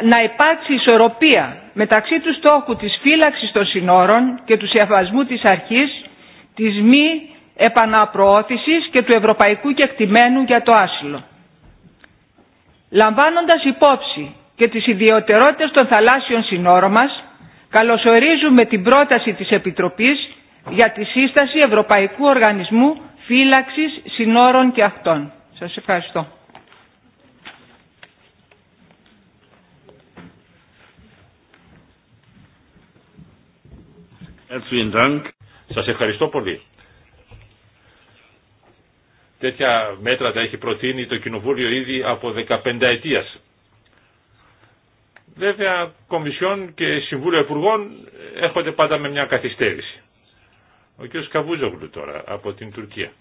να υπάρξει ισορροπία μεταξύ του στόχου της φύλαξης των συνόρων και του σεβασμού της αρχής της μη επαναπροώθησης και του ευρωπαϊκού κεκτημένου για το άσυλο. Λαμβάνοντας υπόψη και τις ιδιαιτερότητες των θαλάσσιων συνόρων μας, καλωσορίζουμε την πρόταση της Επιτροπής για τη σύσταση Ευρωπαϊκού Οργανισμού Φύλαξης Συνόρων και Αχτών. Σας ευχαριστώ. Σας ευχαριστώ πολύ. Τέτοια μέτρα τα έχει προτείνει το Κοινοβούλιο ήδη από 15 ετίας. Βέβαια, Κομισιόν και Συμβούλιο Υπουργών έρχονται πάντα με μια καθυστέρηση. Ο κ. Καβούζογλου τώρα από την Τουρκία.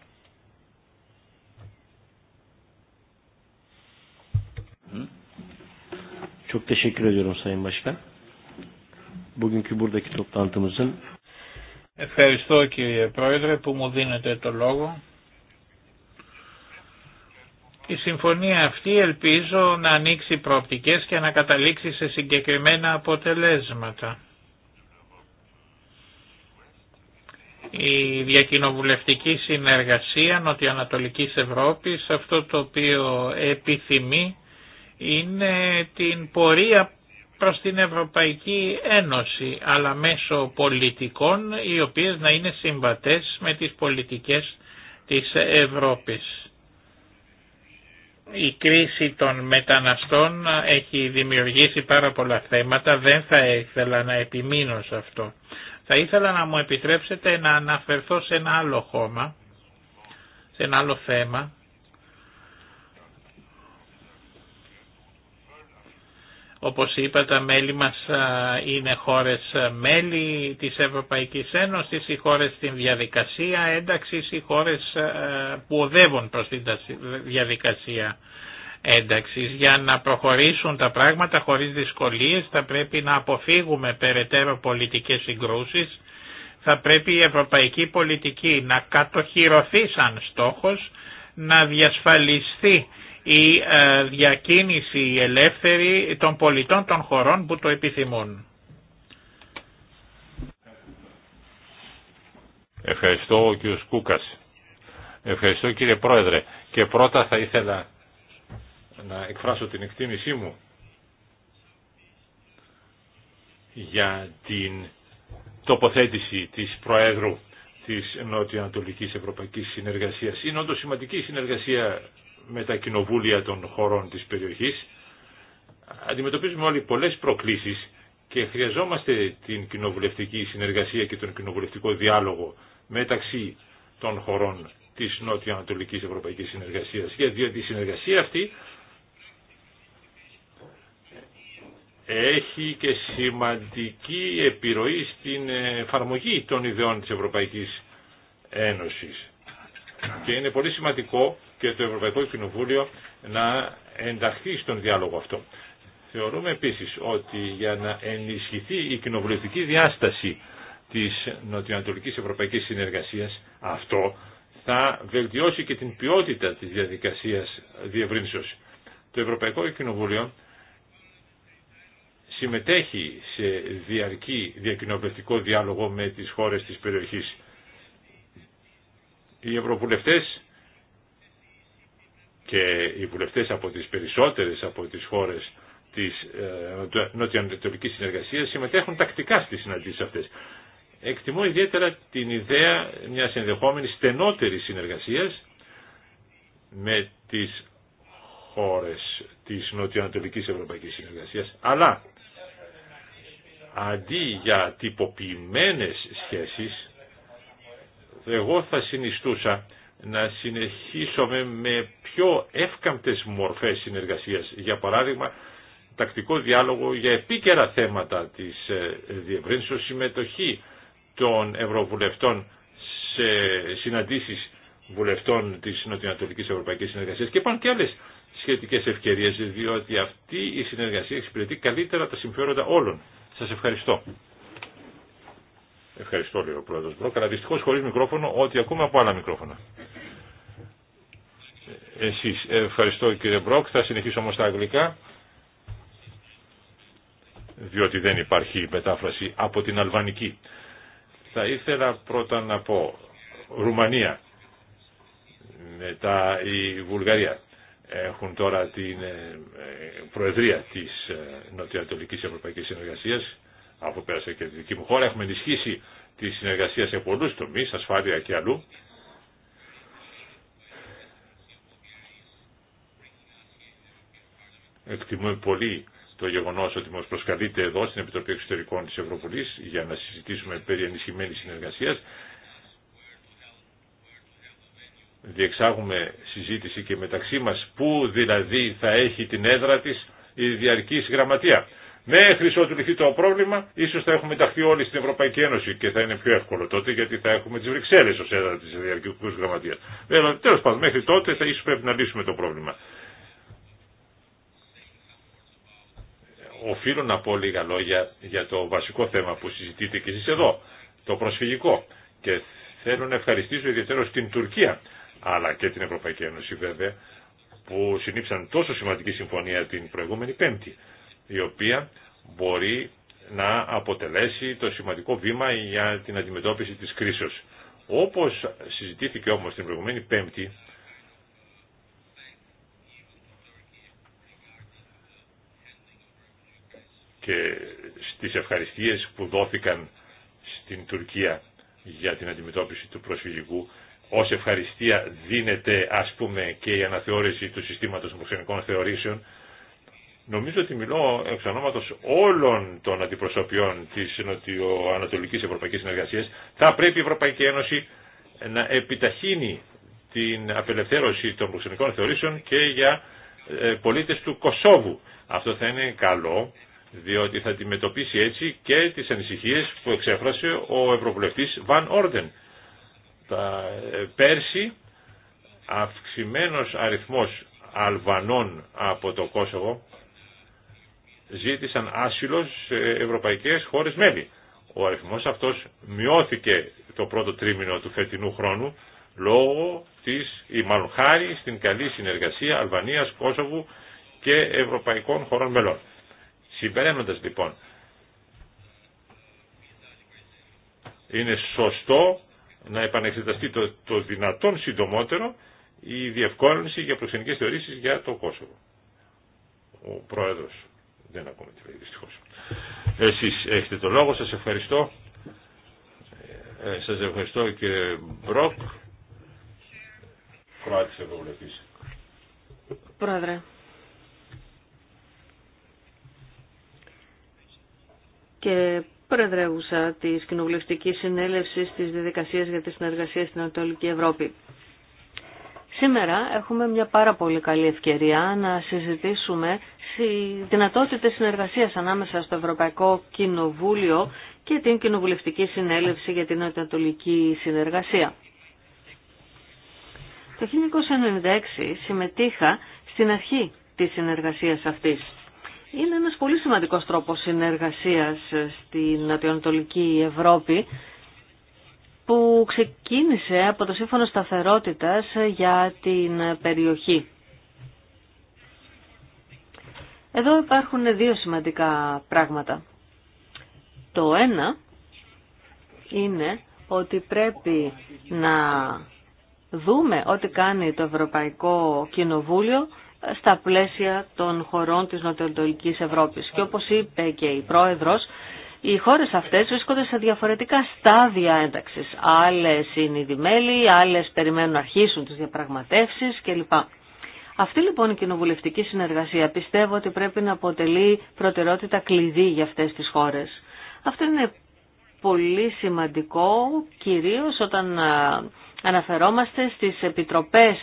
Çok teşekkür ediyorum Sayın Başkan. Bugünkü Ευχαριστώ κύριε Πρόεδρε που μου δίνετε το λόγο. Η συμφωνία αυτή ελπίζω να ανοίξει προοπτικές και να καταλήξει σε συγκεκριμένα αποτελέσματα. Η διακοινοβουλευτική συνεργασία Νοτιοανατολικής Ευρώπης αυτό το οποίο επιθυμεί είναι την πορεία προς την Ευρωπαϊκή Ένωση, αλλά μέσω πολιτικών οι οποίες να είναι συμβατές με τις πολιτικές της Ευρώπης. Η κρίση των μεταναστών έχει δημιουργήσει πάρα πολλά θέματα, δεν θα ήθελα να επιμείνω σε αυτό. Θα ήθελα να μου επιτρέψετε να αναφερθώ σε ένα άλλο χώμα, σε ένα άλλο θέμα, Όπως είπα τα μέλη μας είναι χώρες μέλη της Ευρωπαϊκής Ένωσης, οι χώρες στην διαδικασία ένταξης, οι χώρες που οδεύουν προς την διαδικασία ένταξης. Για να προχωρήσουν τα πράγματα χωρίς δυσκολίες θα πρέπει να αποφύγουμε περαιτέρω πολιτικές συγκρούσεις, θα πρέπει η ευρωπαϊκή πολιτική να κατοχυρωθεί σαν στόχος, να διασφαλιστεί η ε, διακίνηση ελεύθερη των πολιτών των χωρών που το επιθυμούν. Ευχαριστώ ο Κούκας. Ευχαριστώ κύριε Πρόεδρε. Και πρώτα θα ήθελα να εκφράσω την εκτίμησή μου για την τοποθέτηση της Προέδρου της Νότιο-Ανατολικής Ευρωπαϊκής Συνεργασίας. Είναι όντως σημαντική η συνεργασία με τα κοινοβούλια των χωρών της περιοχής. Αντιμετωπίζουμε όλοι πολλές προκλήσεις και χρειαζόμαστε την κοινοβουλευτική συνεργασία και τον κοινοβουλευτικό διάλογο μεταξύ των χωρών της Νότιο-Ανατολικής Ευρωπαϊκής Συνεργασίας. γιατί η συνεργασία αυτή έχει και σημαντική επιρροή στην εφαρμογή των ιδεών της Ευρωπαϊκής Ένωσης. Και είναι πολύ σημαντικό και το Ευρωπαϊκό Κοινοβούλιο να ενταχθεί στον διάλογο αυτό. Θεωρούμε επίσης ότι για να ενισχυθεί η κοινοβουλευτική διάσταση της νοτιοανατολικής ευρωπαϊκής συνεργασίας, αυτό θα βελτιώσει και την ποιότητα της διαδικασίας διευρύνσεως. Το Ευρωπαϊκό Κοινοβούλιο συμμετέχει σε διαρκή διακοινοβουλευτικό διάλογο με τις χώρες της περιοχής. Οι ευρωβουλευτές και οι βουλευτές από τις περισσότερες από τις χώρες της ε, νοτιοανατολικής συνεργασίας συμμετέχουν τακτικά στις συναντήσεις αυτές. Εκτιμώ ιδιαίτερα την ιδέα μιας ενδεχόμενης στενότερης συνεργασίας με τις χώρες της νοτιοανατολικής ευρωπαϊκής συνεργασίας, αλλά αντί για τυποποιημένες σχέσεις, εγώ θα συνιστούσα να συνεχίσουμε με πιο εύκαμπτες μορφές συνεργασίας. Για παράδειγμα, τακτικό διάλογο για επίκαιρα θέματα της ε, διευρύνσεως συμμετοχή των Ευρωβουλευτών σε συναντήσεις βουλευτών της Νοτιοανατολικής Ευρωπαϊκής Συνεργασίας και πάνω και άλλες σχετικές ευκαιρίες, διότι αυτή η συνεργασία εξυπηρετεί καλύτερα τα συμφέροντα όλων. Σας ευχαριστώ. Ευχαριστώ, λέει ο πρόεδρο Μπρόκ, αλλά δυστυχώ χωρί μικρόφωνο, ό,τι ακούμε από άλλα μικρόφωνα. Εσεί ευχαριστώ κύριε Μπρόκ, θα συνεχίσω όμω στα αγγλικά, διότι δεν υπάρχει μετάφραση από την αλβανική. Θα ήθελα πρώτα να πω Ρουμανία, μετά η Βουλγαρία. Έχουν τώρα την ε, Προεδρία της ε, Νοτιοανατολικής Ευρωπαϊκής Συνεργασίας από πέρασε και τη δική μου χώρα. Έχουμε ενισχύσει τη συνεργασία σε πολλού τομεί, ασφάλεια και αλλού. Εκτιμούμε πολύ το γεγονό ότι μα προσκαλείτε εδώ στην Επιτροπή Εξωτερικών τη Ευρωβουλή για να συζητήσουμε περί ενισχυμένη συνεργασία. Διεξάγουμε συζήτηση και μεταξύ μα πού δηλαδή θα έχει την έδρα τη η διαρκή γραμματεία. Μέχρι ότου λυθεί το πρόβλημα, ίσω θα έχουμε ταχθεί όλοι στην Ευρωπαϊκή Ένωση και θα είναι πιο εύκολο τότε γιατί θα έχουμε τι Βρυξέλλε ω έδρα τη Διαρκικού Γραμματεία. Τέλο πάντων, μέχρι τότε θα ίσω πρέπει να λύσουμε το πρόβλημα. Οφείλω να πω λίγα λόγια για το βασικό θέμα που συζητείτε και εσεί εδώ, το προσφυγικό. Και θέλω να ευχαριστήσω ιδιαίτερω την Τουρκία, αλλά και την Ευρωπαϊκή Ένωση βέβαια, που συνήψαν τόσο σημαντική συμφωνία την προηγούμενη Πέμπτη η οποία μπορεί να αποτελέσει το σημαντικό βήμα για την αντιμετώπιση της κρίσεως. Όπως συζητήθηκε όμως την προηγουμένη Πέμπτη, και στις ευχαριστίες που δόθηκαν στην Τουρκία για την αντιμετώπιση του προσφυγικού. Ως ευχαριστία δίνεται ας πούμε και η αναθεώρηση του συστήματος προξενικών θεωρήσεων Νομίζω ότι μιλώ εξ ονόματος όλων των αντιπροσωπιών της ανατολικής Ευρωπαϊκής Συνεργασίας. Θα πρέπει η Ευρωπαϊκή Ένωση να επιταχύνει την απελευθέρωση των προξενικών θεωρήσεων και για ε, πολίτες του Κωσόβου. Αυτό θα είναι καλό, διότι θα αντιμετωπίσει έτσι και τις ανησυχίες που εξέφρασε ο Ευρωβουλευτής Βαν Όρντεν. Ε, πέρσι, αυξημένος αριθμός Αλβανών από το Κόσοβο ζήτησαν άσυλο σε ευρωπαϊκές χώρες μέλη. Ο αριθμός αυτός μειώθηκε το πρώτο τρίμηνο του φετινού χρόνου λόγω της, ή στην καλή συνεργασία Αλβανίας, Κόσοβου και ευρωπαϊκών χωρών μελών. Συμπεραίνοντας λοιπόν, είναι σωστό να επανεξεταστεί το, το δυνατόν συντομότερο η διευκόλυνση για προξενικές θεωρήσεις για το Κόσοβο. Ο Πρόεδρος. Δεν ακούμε τη δυστυχώ. Εσείς έχετε το λόγο, σας ευχαριστώ. Ε, ε σας ευχαριστώ και Μπροκ. Πρόεδρε. Και Προεδρεύουσα της Κοινοβουλευτικής Συνέλευσης της Διδικασίας για τη Συνεργασία στην Ανατολική Ευρώπη. Σήμερα έχουμε μια πάρα πολύ καλή ευκαιρία να συζητήσουμε δυνατότητε συνεργασία ανάμεσα στο Ευρωπαϊκό Κοινοβούλιο και την Κοινοβουλευτική Συνέλευση για την Νοτιοανατολική Συνεργασία. Το 1996 συμμετείχα στην αρχή της συνεργασίας αυτής. Είναι ένας πολύ σημαντικός τρόπος συνεργασίας στην Νοτιοανατολική Ευρώπη που ξεκίνησε από το Σύμφωνο Σταθερότητας για την περιοχή. Εδώ υπάρχουν δύο σημαντικά πράγματα. Το ένα είναι ότι πρέπει να δούμε ό,τι κάνει το Ευρωπαϊκό Κοινοβούλιο στα πλαίσια των χωρών της Νοτιοανατολικής Ευρώπης. Και όπως είπε και η Πρόεδρος, οι χώρες αυτές βρίσκονται σε διαφορετικά στάδια ένταξης. Άλλες είναι οι άλλες περιμένουν να αρχίσουν τις διαπραγματεύσεις κλπ. Αυτή λοιπόν η κοινοβουλευτική συνεργασία πιστεύω ότι πρέπει να αποτελεί προτεραιότητα κλειδί για αυτές τις χώρες. Αυτό είναι πολύ σημαντικό κυρίως όταν αναφερόμαστε στις επιτροπές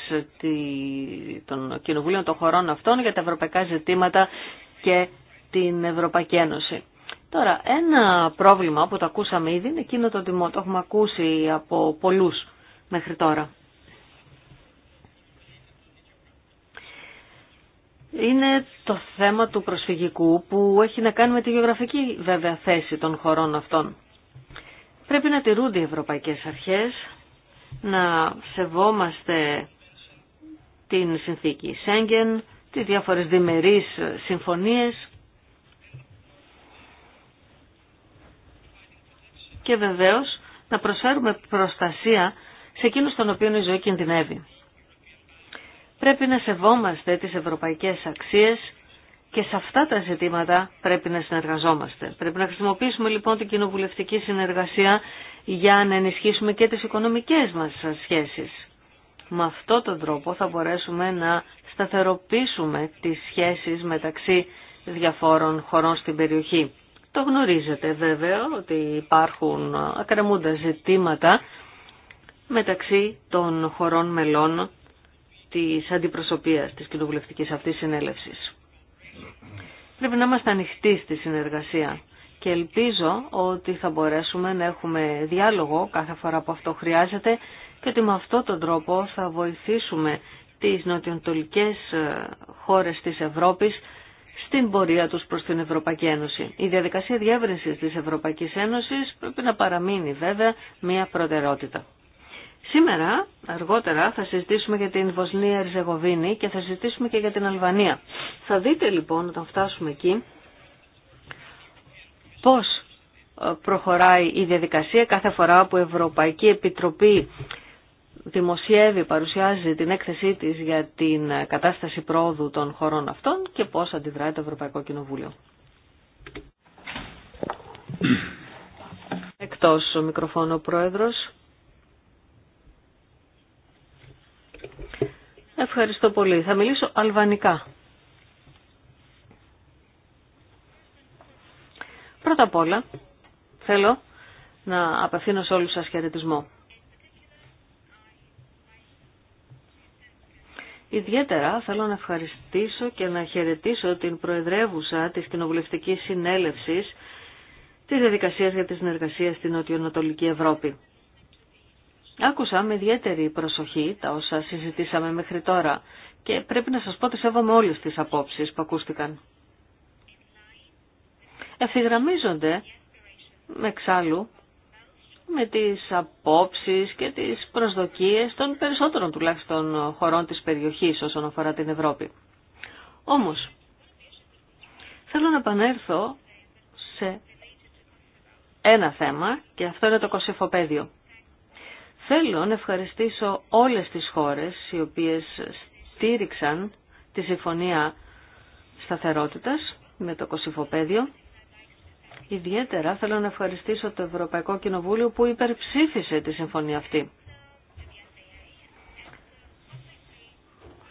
των κοινοβουλίων των χωρών αυτών για τα ευρωπαϊκά ζητήματα και την Ευρωπαϊκή Ένωση. Τώρα, ένα πρόβλημα που το ακούσαμε ήδη είναι εκείνο το ότι Το έχουμε ακούσει από πολλούς μέχρι τώρα. Είναι το θέμα του προσφυγικού που έχει να κάνει με τη γεωγραφική βέβαια θέση των χωρών αυτών. Πρέπει να τηρούνται οι ευρωπαϊκές αρχές, να σεβόμαστε την συνθήκη Σέγγεν, τις διάφορες διμερείς συμφωνίες και βεβαίως να προσφέρουμε προστασία σε εκείνους τον οποίων η ζωή κινδυνεύει. Πρέπει να σεβόμαστε τις ευρωπαϊκές αξίες και σε αυτά τα ζητήματα πρέπει να συνεργαζόμαστε. Πρέπει να χρησιμοποιήσουμε λοιπόν την κοινοβουλευτική συνεργασία για να ενισχύσουμε και τις οικονομικές μας σχέσεις. Με αυτόν τον τρόπο θα μπορέσουμε να σταθεροποιήσουμε τις σχέσεις μεταξύ διαφόρων χωρών στην περιοχή. Το γνωρίζετε βέβαια ότι υπάρχουν ακραμούντα ζητήματα μεταξύ των χωρών μελών της αντιπροσωπείας της κοινοβουλευτική αυτής συνέλευσης. Πρέπει να είμαστε ανοιχτοί στη συνεργασία και ελπίζω ότι θα μπορέσουμε να έχουμε διάλογο κάθε φορά που αυτό χρειάζεται και ότι με αυτόν τον τρόπο θα βοηθήσουμε τις νοτιοντολικές ε, χώρες της Ευρώπης στην πορεία τους προς την Ευρωπαϊκή Ένωση. Η διαδικασία διεύρυνσης της Ευρωπαϊκής Ένωσης πρέπει να παραμείνει βέβαια μια προτεραιότητα. Σήμερα, αργότερα, θα συζητήσουμε για την Βοσνία Ριζεγοβίνη και θα συζητήσουμε και για την Αλβανία. Θα δείτε λοιπόν όταν φτάσουμε εκεί πώς ε, προχωράει η διαδικασία κάθε φορά που η Ευρωπαϊκή Επιτροπή δημοσιεύει, παρουσιάζει την έκθεσή της για την κατάσταση πρόοδου των χωρών αυτών και πώς αντιδράει το Ευρωπαϊκό Κοινοβούλιο. Εκτός ο μικροφόνο Πρόεδρος. Ευχαριστώ πολύ. Θα μιλήσω αλβανικά. Πρώτα απ' όλα θέλω να απευθύνω σε όλους σας χαιρετισμό. Ιδιαίτερα θέλω να ευχαριστήσω και να χαιρετήσω την Προεδρεύουσα της Κοινοβουλευτικής Συνέλευσης της διαδικασίας για τη συνεργασία στην Νοτιοανατολική Ευρώπη. Άκουσα με ιδιαίτερη προσοχή τα όσα συζητήσαμε μέχρι τώρα και πρέπει να σας πω ότι σέβομαι όλες τις απόψεις που ακούστηκαν. Ευθυγραμμίζονται, εξάλλου, με τις απόψεις και τις προσδοκίες των περισσότερων τουλάχιστον χωρών της περιοχής όσον αφορά την Ευρώπη. Όμως, θέλω να επανέλθω σε ένα θέμα και αυτό είναι το κοσυφοπέδιο. Θέλω να ευχαριστήσω όλες τις χώρες οι οποίες στήριξαν τη Συμφωνία Σταθερότητας με το κοσυφοπέδιο Ιδιαίτερα θέλω να ευχαριστήσω το Ευρωπαϊκό Κοινοβούλιο που υπερψήφισε τη συμφωνία αυτή.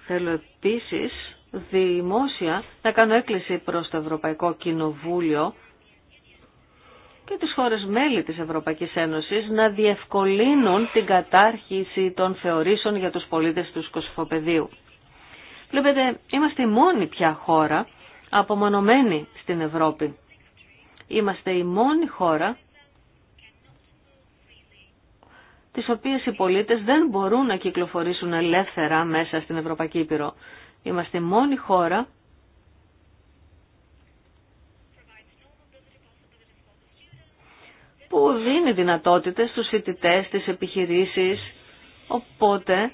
Θέλω επίσης δημόσια να κάνω έκκληση προς το Ευρωπαϊκό Κοινοβούλιο και τις χώρες μέλη της Ευρωπαϊκής Ένωσης να διευκολύνουν την κατάρχηση των θεωρήσεων για τους πολίτες του σκοσφοπεδίου. Βλέπετε, είμαστε η μόνη πια χώρα απομονωμένη στην Ευρώπη. Είμαστε η μόνη χώρα τις οποίες οι πολίτες δεν μπορούν να κυκλοφορήσουν ελεύθερα μέσα στην Ευρωπαϊκή Ήπειρο. Είμαστε η μόνη χώρα που δίνει δυνατότητες στους φοιτητές, στις επιχειρήσεις, οπότε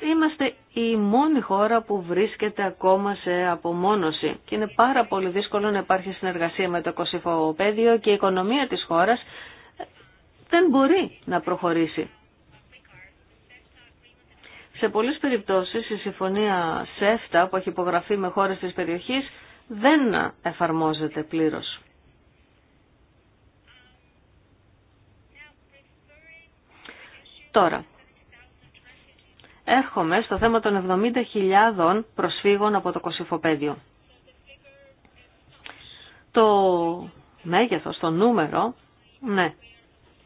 Είμαστε η μόνη χώρα που βρίσκεται ακόμα σε απομόνωση και είναι πάρα πολύ δύσκολο να υπάρχει συνεργασία με το κοσυφοπαίδιο και η οικονομία της χώρας ε, δεν μπορεί να προχωρήσει. Σε πολλές περιπτώσεις η συμφωνία ΣΕΦΤΑ που έχει υπογραφεί με χώρες της περιοχής δεν εφαρμόζεται πλήρως. Τώρα, έρχομαι στο θέμα των 70.000 προσφύγων από το Κωσυφοπαίδιο. Το μέγεθος, το νούμερο, ναι,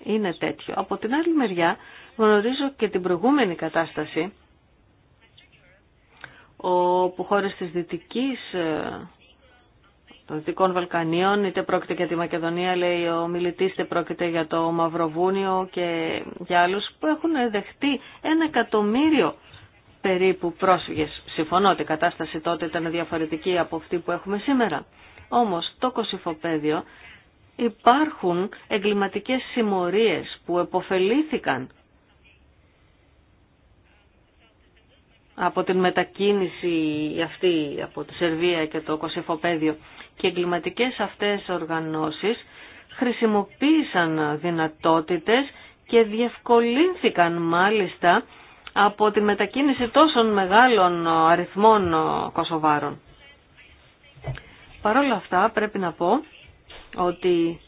είναι τέτοιο. Από την άλλη μεριά γνωρίζω και την προηγούμενη κατάσταση όπου χώρες της Δυτικής ε, των Δυτικών Βαλκανίων, είτε πρόκειται για τη Μακεδονία, λέει ο μιλητή, είτε πρόκειται για το Μαυροβούνιο και για άλλου που έχουν δεχτεί ένα εκατομμύριο περίπου πρόσφυγες. Συμφωνώ ότι η κατάσταση τότε ήταν διαφορετική από αυτή που έχουμε σήμερα. Όμως το Κωσυφοπαίδιο υπάρχουν εγκληματικές συμμορίες που εποφελήθηκαν από την μετακίνηση αυτή από τη Σερβία και το Κωσυφοπαίδιο και εγκληματικές αυτές οργανώσεις χρησιμοποίησαν δυνατότητες και διευκολύνθηκαν μάλιστα από τη μετακίνηση τόσων μεγάλων αριθμών Κωσοβάρων. Παρ' όλα αυτά πρέπει να πω ότι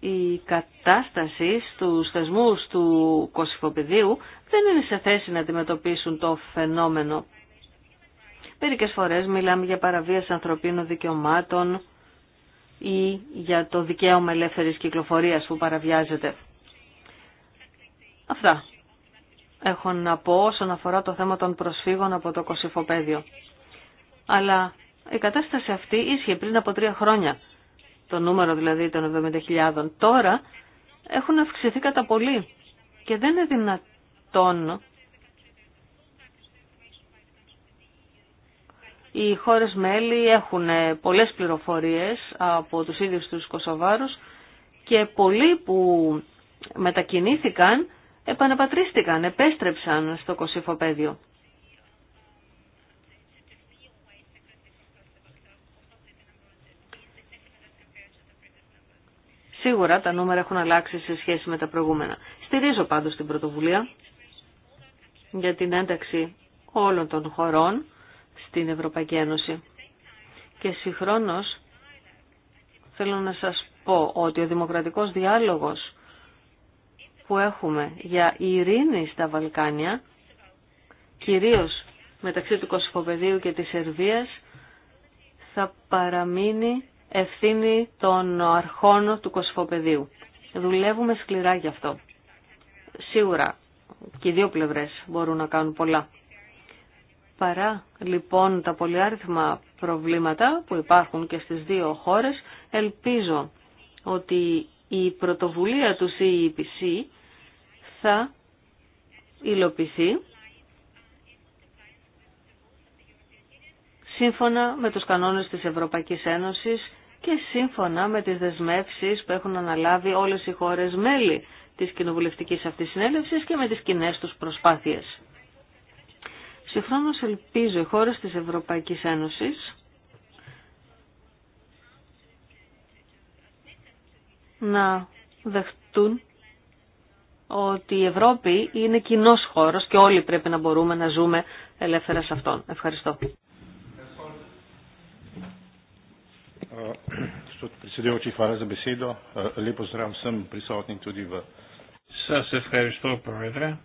η κατάσταση στους θεσμούς του Κωσυφοπηδίου δεν είναι σε θέση να αντιμετωπίσουν το φαινόμενο Μερικές φορές μιλάμε για παραβίαση ανθρωπίνων δικαιωμάτων ή για το δικαίωμα ελεύθερης κυκλοφορίας που παραβιάζεται. Αυτά έχω να πω όσον αφορά το θέμα των προσφύγων από το κοσυφοπέδιο, Αλλά η κατάσταση αυτή ίσχυε πριν από τρία χρόνια, το νούμερο δηλαδή των 70.000. Τώρα έχουν αυξηθεί κατά πολύ και δεν είναι δυνατόν Οι χώρες μέλη έχουν πολλές πληροφορίες από τους ίδιους τους Κωσοβάρους και πολλοί που μετακινήθηκαν επαναπατρίστηκαν, επέστρεψαν στο Κωσυφοπέδιο. Σίγουρα τα νούμερα έχουν αλλάξει σε σχέση με τα προηγούμενα. Στηρίζω πάντως την πρωτοβουλία για την ένταξη όλων των χωρών στην Ευρωπαϊκή Ένωση. Και συγχρόνως θέλω να σας πω ότι ο δημοκρατικός διάλογος που έχουμε για ειρήνη στα Βαλκάνια, κυρίως μεταξύ του Κωσυφοπεδίου και της Σερβίας, θα παραμείνει ευθύνη των αρχών του Κωσυφοπεδίου. Δουλεύουμε σκληρά γι' αυτό. Σίγουρα και οι δύο πλευρές μπορούν να κάνουν πολλά. Παρά λοιπόν τα πολυάριθμα προβλήματα που υπάρχουν και στις δύο χώρες, ελπίζω ότι η πρωτοβουλία του CEPC e θα υλοποιηθεί σύμφωνα με τους κανόνες της Ευρωπαϊκής Ένωσης και σύμφωνα με τις δεσμεύσεις που έχουν αναλάβει όλες οι χώρες μέλη της κοινοβουλευτικής αυτής συνέλευσης και με τις κοινέ τους προσπάθειες. Συγχρόνως ελπίζω οι χώρες της Ευρωπαϊκής Ένωσης να δεχτούν ότι η Ευρώπη είναι κοινό χώρος και όλοι πρέπει να μπορούμε να ζούμε ελεύθερα σε αυτόν. Ευχαριστώ. Σας ευχαριστώ, Πρόεδρε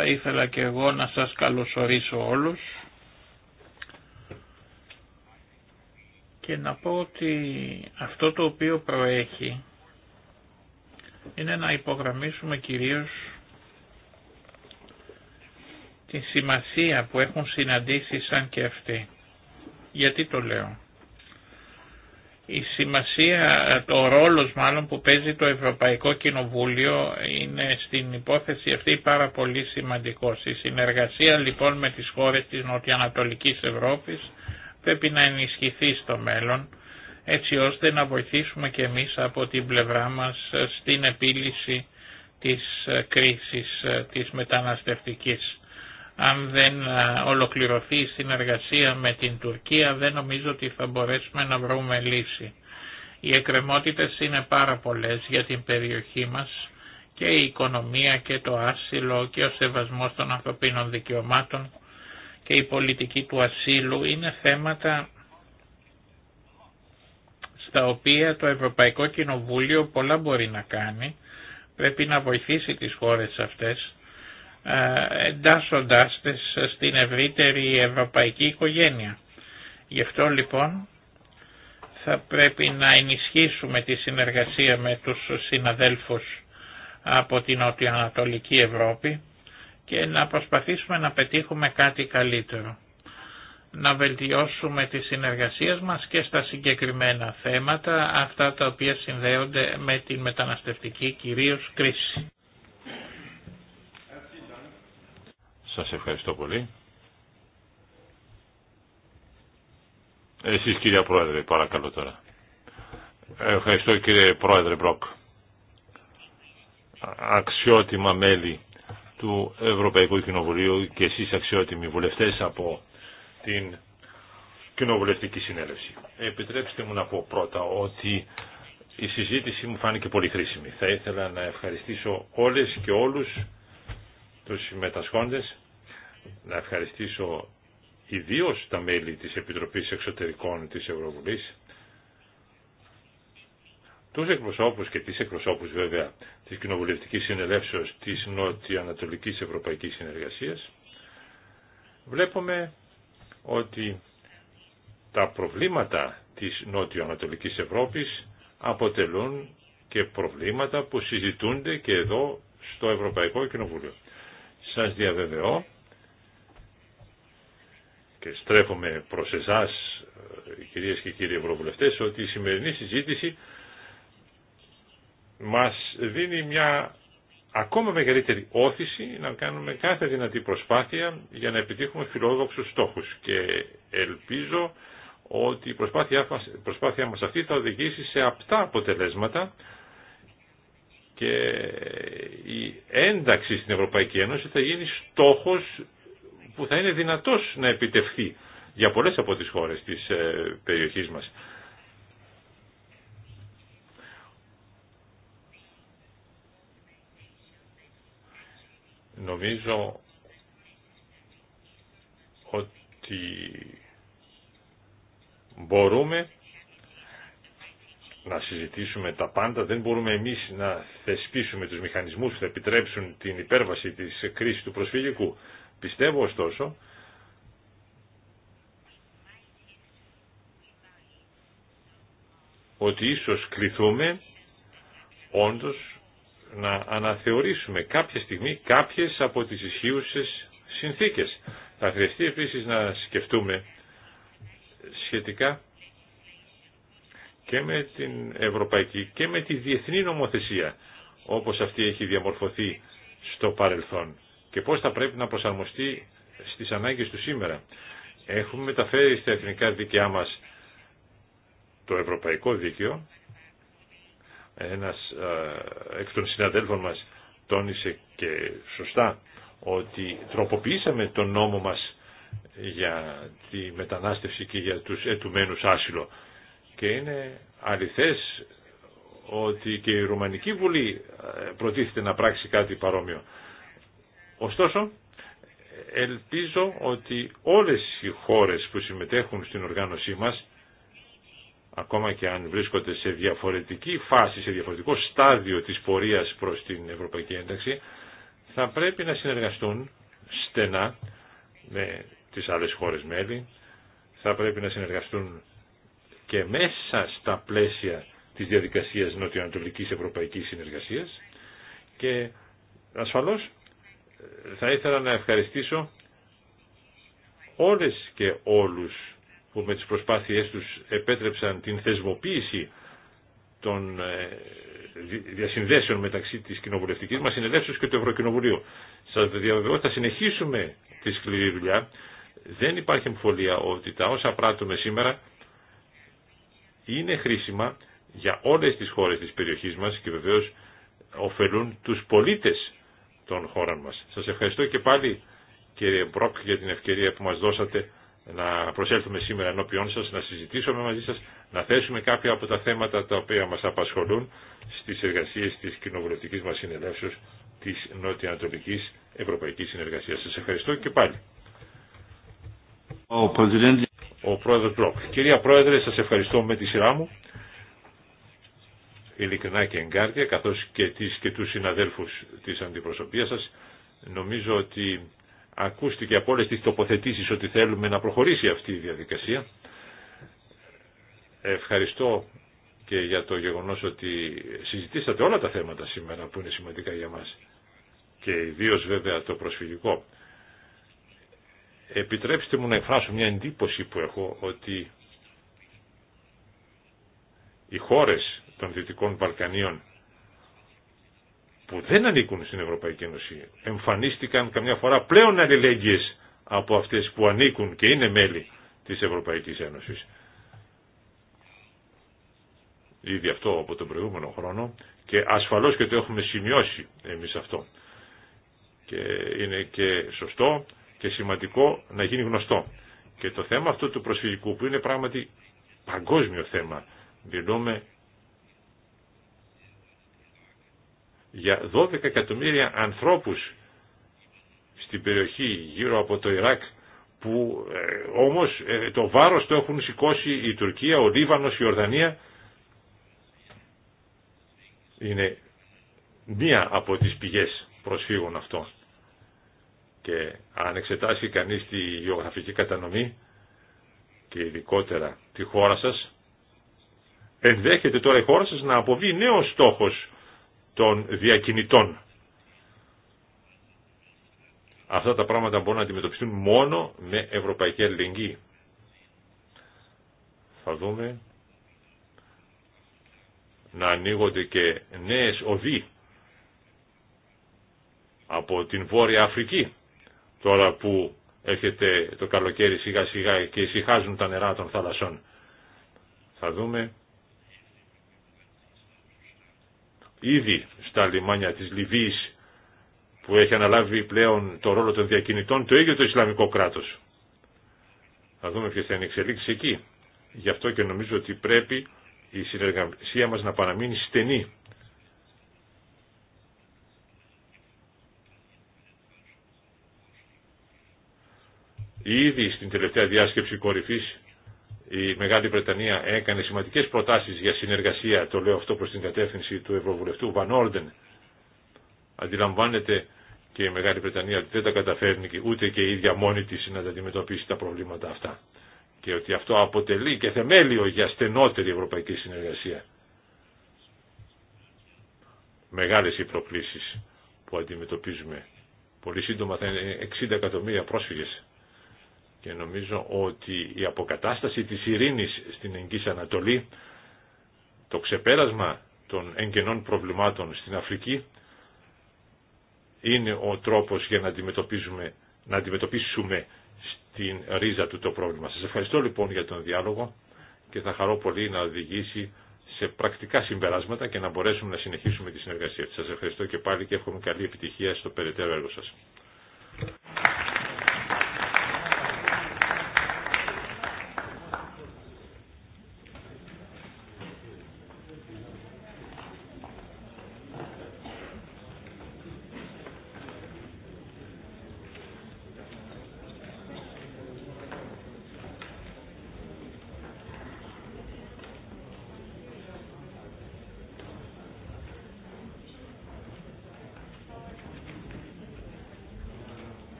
θα ήθελα και εγώ να σας καλωσορίσω όλους και να πω ότι αυτό το οποίο προέχει είναι να υπογραμμίσουμε κυρίως τη σημασία που έχουν συναντήσει σαν και αυτοί. Γιατί το λέω. Η σημασία, ε, το ρόλος μάλλον που παίζει το Ευρωπαϊκό Κοινοβούλιο είναι στην υπόθεση αυτή πάρα πολύ σημαντικός. Η συνεργασία λοιπόν με τις χώρες της Νοτιοανατολικής Ευρώπης πρέπει να ενισχυθεί στο μέλλον έτσι ώστε να βοηθήσουμε και εμείς από την πλευρά μας ε, στην επίλυση της ε, κρίσης της μεταναστευτικής αν δεν ε, ολοκληρωθεί η συνεργασία με την Τουρκία δεν νομίζω ότι θα μπορέσουμε να βρούμε λύση. Οι εκκρεμότητες είναι πάρα πολλές για την περιοχή μας και η οικονομία και το άσυλο και ο σεβασμός των ανθρωπίνων δικαιωμάτων και η πολιτική του ασύλου είναι θέματα στα οποία το Ευρωπαϊκό Κοινοβούλιο πολλά μπορεί να κάνει, πρέπει να βοηθήσει τις χώρες αυτές ε, εντάσσοντάς τις στην ευρύτερη ευρωπαϊκή οικογένεια. Γι' αυτό λοιπόν θα πρέπει να ενισχύσουμε τη συνεργασία με τους συναδέλφους από την Νοτιοανατολική Ευρώπη και να προσπαθήσουμε να πετύχουμε κάτι καλύτερο. Να βελτιώσουμε τις συνεργασίες μας και στα συγκεκριμένα θέματα, αυτά τα οποία συνδέονται με την μεταναστευτική κυρίως κρίση. Σας ευχαριστώ πολύ. Εσείς κυρία Πρόεδρε, παρακαλώ τώρα. Ευχαριστώ κύριε Πρόεδρε Μπροκ. Αξιότιμα μέλη του Ευρωπαϊκού Κοινοβουλίου και εσείς αξιότιμοι βουλευτές από την Κοινοβουλευτική Συνέλευση. Επιτρέψτε μου να πω πρώτα ότι η συζήτηση μου φάνηκε πολύ χρήσιμη. Θα ήθελα να ευχαριστήσω όλες και όλους τους συμμετασχόντες να ευχαριστήσω ιδίως τα μέλη της Επιτροπής Εξωτερικών της Ευρωβουλής, τους εκπροσώπους και τις εκπροσώπους βέβαια της Κοινοβουλευτικής Συνελεύσεως της Νότιο-Ανατολικής Ευρωπαϊκής Συνεργασίας, βλέπουμε ότι τα προβλήματα της Νότιο-Ανατολικής Ευρώπης αποτελούν και προβλήματα που συζητούνται και εδώ στο Ευρωπαϊκό Κοινοβούλιο. Σας διαβεβαιώ και στρέφομαι προς εσάς ε, κυρίες και κύριοι ευρωβουλευτές ότι η σημερινή συζήτηση μας δίνει μια ακόμα μεγαλύτερη όθηση να κάνουμε κάθε δυνατή προσπάθεια για να επιτύχουμε φιλόδοξους στόχους και ελπίζω ότι η προσπάθειά μας, μας αυτή θα οδηγήσει σε απτά αποτελέσματα και η ένταξη στην Ευρωπαϊκή Ένωση θα γίνει στόχος που θα είναι δυνατός να επιτευχθεί για πολλές από τις χώρες της ε, περιοχής μας. Νομίζω ότι μπορούμε να συζητήσουμε τα πάντα. Δεν μπορούμε εμείς να θεσπίσουμε τους μηχανισμούς που θα επιτρέψουν την υπέρβαση της κρίσης του προσφυγικού. Πιστεύω ωστόσο ότι ίσως κληθούμε όντως να αναθεωρήσουμε κάποια στιγμή κάποιες από τις ισχύουσες συνθήκες. Θα χρειαστεί επίσης να σκεφτούμε σχετικά και με την ευρωπαϊκή και με τη διεθνή νομοθεσία όπως αυτή έχει διαμορφωθεί στο παρελθόν και πώς θα πρέπει να προσαρμοστεί στις ανάγκες του σήμερα. Έχουμε μεταφέρει στα εθνικά δίκαιά μας το ευρωπαϊκό δίκαιο. Ένας εκ των συναδέλφων μας τόνισε και σωστά ότι τροποποιήσαμε τον νόμο μας για τη μετανάστευση και για τους ετουμένους άσυλο. Και είναι αληθές ότι και η Ρουμανική Βουλή ε, προτίθεται να πράξει κάτι παρόμοιο. Ωστόσο, ελπίζω ότι όλες οι χώρες που συμμετέχουν στην οργάνωσή μας, ακόμα και αν βρίσκονται σε διαφορετική φάση, σε διαφορετικό στάδιο της πορείας προς την Ευρωπαϊκή Ένταξη, θα πρέπει να συνεργαστούν στενά με τις άλλες χώρες μέλη, θα πρέπει να συνεργαστούν και μέσα στα πλαίσια της διαδικασίας νοτιοανατολικής ευρωπαϊκής συνεργασίας και ασφαλώς θα ήθελα να ευχαριστήσω όλες και όλους που με τις προσπάθειές τους επέτρεψαν την θεσμοποίηση των ε, διασυνδέσεων μεταξύ της κοινοβουλευτικής μας συνελεύσεως και του Ευρωκοινοβουλίου. Σας διαβεβαιώ θα συνεχίσουμε τη σκληρή δουλειά. Δεν υπάρχει εμφολία ότι τα όσα πράττουμε σήμερα είναι χρήσιμα για όλες τις χώρες της περιοχής μας και βεβαίως ωφελούν τους πολίτες των χώρων μας. Σας ευχαριστώ και πάλι κύριε Μπροκ για την ευκαιρία που μας δώσατε να προσέλθουμε σήμερα ενώπιόν σας, να συζητήσουμε μαζί σας, να θέσουμε κάποια από τα θέματα τα οποία μας απασχολούν στις εργασίες της κοινοβουλευτικής μας συνελεύσεως της Νοτιοανατολικής Ευρωπαϊκής Συνεργασίας. Σας ευχαριστώ και πάλι. Κυρία Πρόεδρε, σας ευχαριστώ με τη σειρά μου ειλικρινά και εγκάρδια, καθώς και και τους συναδέλφους της αντιπροσωπείας σας. Νομίζω ότι ακούστηκε από όλες τις τοποθετήσεις ότι θέλουμε να προχωρήσει αυτή η διαδικασία. Ευχαριστώ και για το γεγονός ότι συζητήσατε όλα τα θέματα σήμερα που είναι σημαντικά για μας και ιδίω βέβαια το προσφυγικό. Επιτρέψτε μου να εκφράσω μια εντύπωση που έχω ότι οι χώρες των Δυτικών Βαλκανίων που δεν ανήκουν στην Ευρωπαϊκή Ένωση εμφανίστηκαν καμιά φορά πλέον αλληλέγγυες από αυτές που ανήκουν και είναι μέλη της Ευρωπαϊκής Ένωσης. Ήδη αυτό από τον προηγούμενο χρόνο και ασφαλώς και το έχουμε σημειώσει εμείς αυτό. Και είναι και σωστό και σημαντικό να γίνει γνωστό. Και το θέμα αυτό του προσφυγικού που είναι πράγματι παγκόσμιο θέμα. Μιλούμε για 12 εκατομμύρια ανθρώπους στην περιοχή γύρω από το Ιράκ που ε, όμως ε, το βάρος το έχουν σηκώσει η Τουρκία, ο Λίβανος, η Ορδανία είναι μία από τις πηγές προσφύγων αυτών και αν εξετάσει κανείς τη γεωγραφική κατανομή και ειδικότερα τη χώρα σας ενδέχεται τώρα η χώρα σας να αποβεί νέος στόχος των διακινητών. Αυτά τα πράγματα μπορούν να αντιμετωπιστούν μόνο με ευρωπαϊκή αλληλεγγύη. Θα δούμε να ανοίγονται και νέες οδοί από την Βόρεια Αφρική τώρα που έρχεται το καλοκαίρι σιγά σιγά και ησυχάζουν τα νερά των θάλασσών. Θα δούμε ήδη στα λιμάνια της Λιβύης που έχει αναλάβει πλέον το ρόλο των διακινητών το ίδιο το Ισλαμικό κράτος. Θα δούμε ποιες θα είναι εξελίξεις εκεί. Γι' αυτό και νομίζω ότι πρέπει η συνεργασία μας να παραμείνει στενή. Ήδη στην τελευταία διάσκεψη κορυφής η Μεγάλη Βρετανία έκανε σημαντικές προτάσεις για συνεργασία, το λέω αυτό προς την κατεύθυνση του Ευρωβουλευτού Βαν Όρντεν. Αντιλαμβάνεται και η Μεγάλη Βρετανία ότι δεν τα καταφέρνει και ούτε και η ίδια μόνη της να τα αντιμετωπίσει τα προβλήματα αυτά. Και ότι αυτό αποτελεί και θεμέλιο για στενότερη ευρωπαϊκή συνεργασία. Μεγάλες οι προκλήσεις που αντιμετωπίζουμε. Πολύ σύντομα θα είναι 60 εκατομμύρια πρόσφυγες και νομίζω ότι η αποκατάσταση της ειρήνης στην Εγγύς Ανατολή, το ξεπέρασμα των εγγενών προβλημάτων στην Αφρική, είναι ο τρόπος για να να αντιμετωπίσουμε στην ρίζα του το πρόβλημα. Σας ευχαριστώ λοιπόν για τον διάλογο και θα χαρώ πολύ να οδηγήσει σε πρακτικά συμπεράσματα και να μπορέσουμε να συνεχίσουμε τη συνεργασία. Σας ευχαριστώ και πάλι και εύχομαι καλή επιτυχία στο περαιτέρω έργο σας.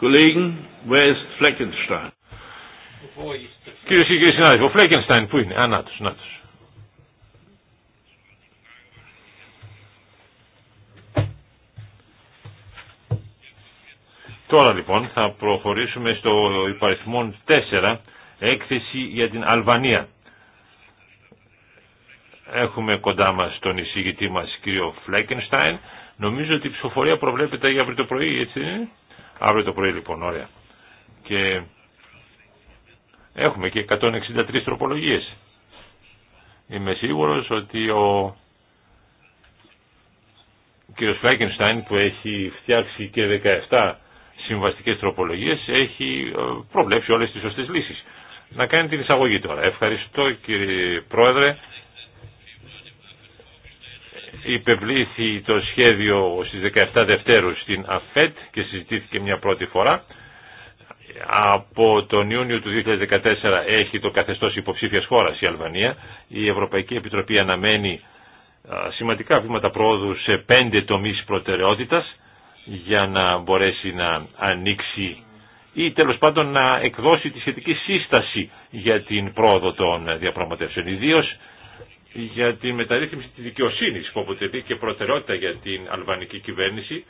Kollegen, ist Fleckenstein? Κύριε και κύριοι συνάδελφοι, ο Φλέκενστάιν που είναι, ανάτος, ανάτος. Τώρα λοιπόν θα προχωρήσουμε στο υπαριθμόν 4, έκθεση για την Αλβανία. Έχουμε κοντά μας τον εισηγητή μας κύριο Φλέκενστάιν. Νομίζω ότι η ψηφοφορία προβλέπεται για αύριο το πρωί, έτσι είναι. Αύριο το πρωί λοιπόν, ωραία. Και έχουμε και 163 τροπολογίες. Είμαι σίγουρος ότι ο κύριος Φλάκενστάιν που έχει φτιάξει και 17 συμβαστικές τροπολογίες έχει ε, προβλέψει όλες τις σωστές λύσεις. Να κάνει την εισαγωγή τώρα. Ευχαριστώ κύριε Πρόεδρε υπευλήθη το σχέδιο στις 17 Δευτέρου στην ΑΦΕΤ και συζητήθηκε μια πρώτη φορά. Από τον Ιούνιο του 2014 έχει το καθεστώς υποψήφιας χώρας η Αλβανία. Η Ευρωπαϊκή Επιτροπή αναμένει σημαντικά βήματα πρόοδου σε πέντε τομείς προτεραιότητας για να μπορέσει να ανοίξει ή τέλος πάντων να εκδώσει τη σχετική σύσταση για την πρόοδο των διαπραγματεύσεων. Ιδίως για τη μεταρρύθμιση της δικαιοσύνης που αποτελεί και προτεραιότητα για την αλβανική κυβέρνηση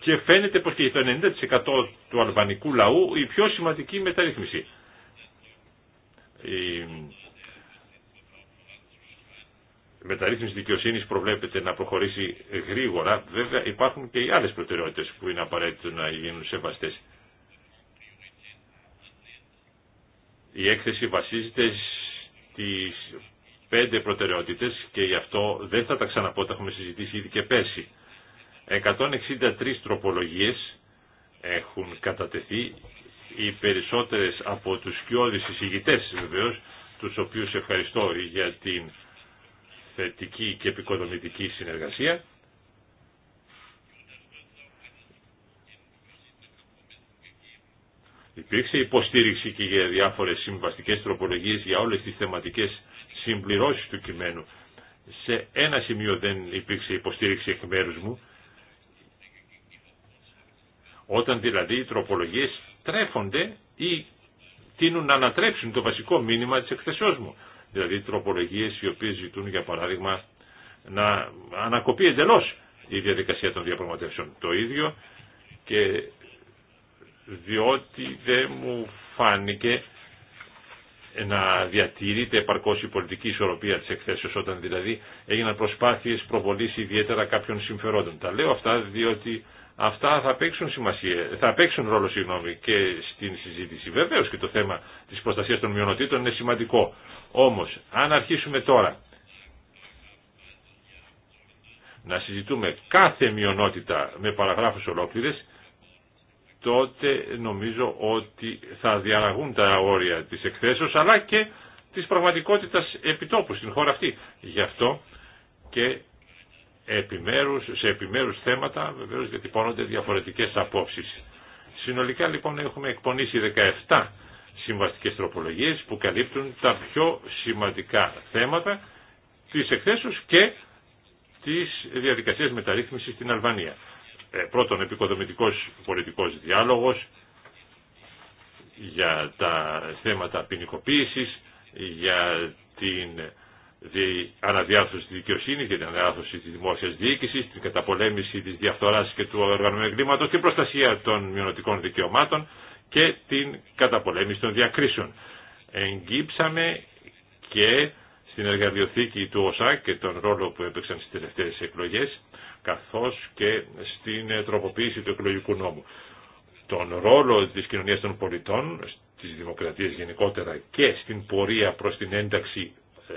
και φαίνεται πως και για το 90% του αλβανικού λαού η πιο σημαντική μεταρρύθμιση. Η μεταρρύθμιση δικαιοσύνης προβλέπεται να προχωρήσει γρήγορα. Βέβαια υπάρχουν και οι άλλες προτεραιότητες που είναι απαραίτητο να γίνουν σεβαστές. Η έκθεση βασίζεται στις πέντε προτεραιότητες και γι' αυτό δεν θα τα ξαναπώ, τα έχουμε συζητήσει ήδη και πέρσι. 163 τροπολογίες έχουν κατατεθεί, οι περισσότερες από τους κοιόδης εισηγητές βεβαίως, τους οποίους ευχαριστώ για την θετική και επικοδομητική συνεργασία. Υπήρξε υποστήριξη και για διάφορες συμβαστικές τροπολογίες για όλες τις θεματικές συμπληρώσει του κειμένου. Σε ένα σημείο δεν υπήρξε υποστήριξη εκ μέρου μου, όταν δηλαδή οι τροπολογίες τρέφονται ή τείνουν να ανατρέψουν το βασικό μήνυμα της εκθεσός μου. Δηλαδή τροπολογίες οι οποίες ζητούν για παράδειγμα να ανακοπεί εντελώς η διαδικασία των διαπραγματεύσεων. Το ίδιο και διότι δεν μου φάνηκε να διατηρείται επαρκώς η πολιτική ισορροπία τη εκθέσεως όταν δηλαδή έγιναν προσπάθειε προβολής ιδιαίτερα κάποιων συμφερόντων. Τα λέω αυτά διότι αυτά θα παίξουν, σημασία, θα παίξουν ρόλο συγγνώμη, και στην συζήτηση. βεβαίω και το θέμα τη προστασία των μειονοτήτων είναι σημαντικό. Όμω, αν αρχίσουμε τώρα να συζητούμε κάθε μειονότητα με παραγράφους ολόκληρες τότε νομίζω ότι θα διαραγούν τα όρια της εκθέσεως αλλά και της πραγματικότητας επιτόπου στην χώρα αυτή. Γι' αυτό και επιμέρους, σε επιμέρους θέματα βεβαίως διατυπώνονται διαφορετικές απόψεις. Συνολικά λοιπόν έχουμε εκπονήσει 17 συμβαστικές τροπολογίες που καλύπτουν τα πιο σημαντικά θέματα της εκθέσεως και της διαδικασίας μεταρρύθμισης στην Αλβανία. Ε, πρώτον επικοδομητικός πολιτικός διάλογος για τα θέματα ποινικοποίηση, για την αναδιάρθρωση της δικαιοσύνης, για την αναδιάρθρωση της δημόσιας διοίκησης, την καταπολέμηση της διαφθοράς και του οργανωμένου εγκλήματος, την προστασία των μειωνοτικών δικαιωμάτων και την καταπολέμηση των διακρίσεων. Εγκύψαμε και στην εργαδιοθήκη του ΟΣΑ και τον ρόλο που έπαιξαν στις τελευταίες εκλογές καθώς και στην τροποποίηση του εκλογικού νόμου. Τον ρόλο της κοινωνίας των πολιτών, της δημοκρατίας γενικότερα και στην πορεία προς την ένταξη, ε,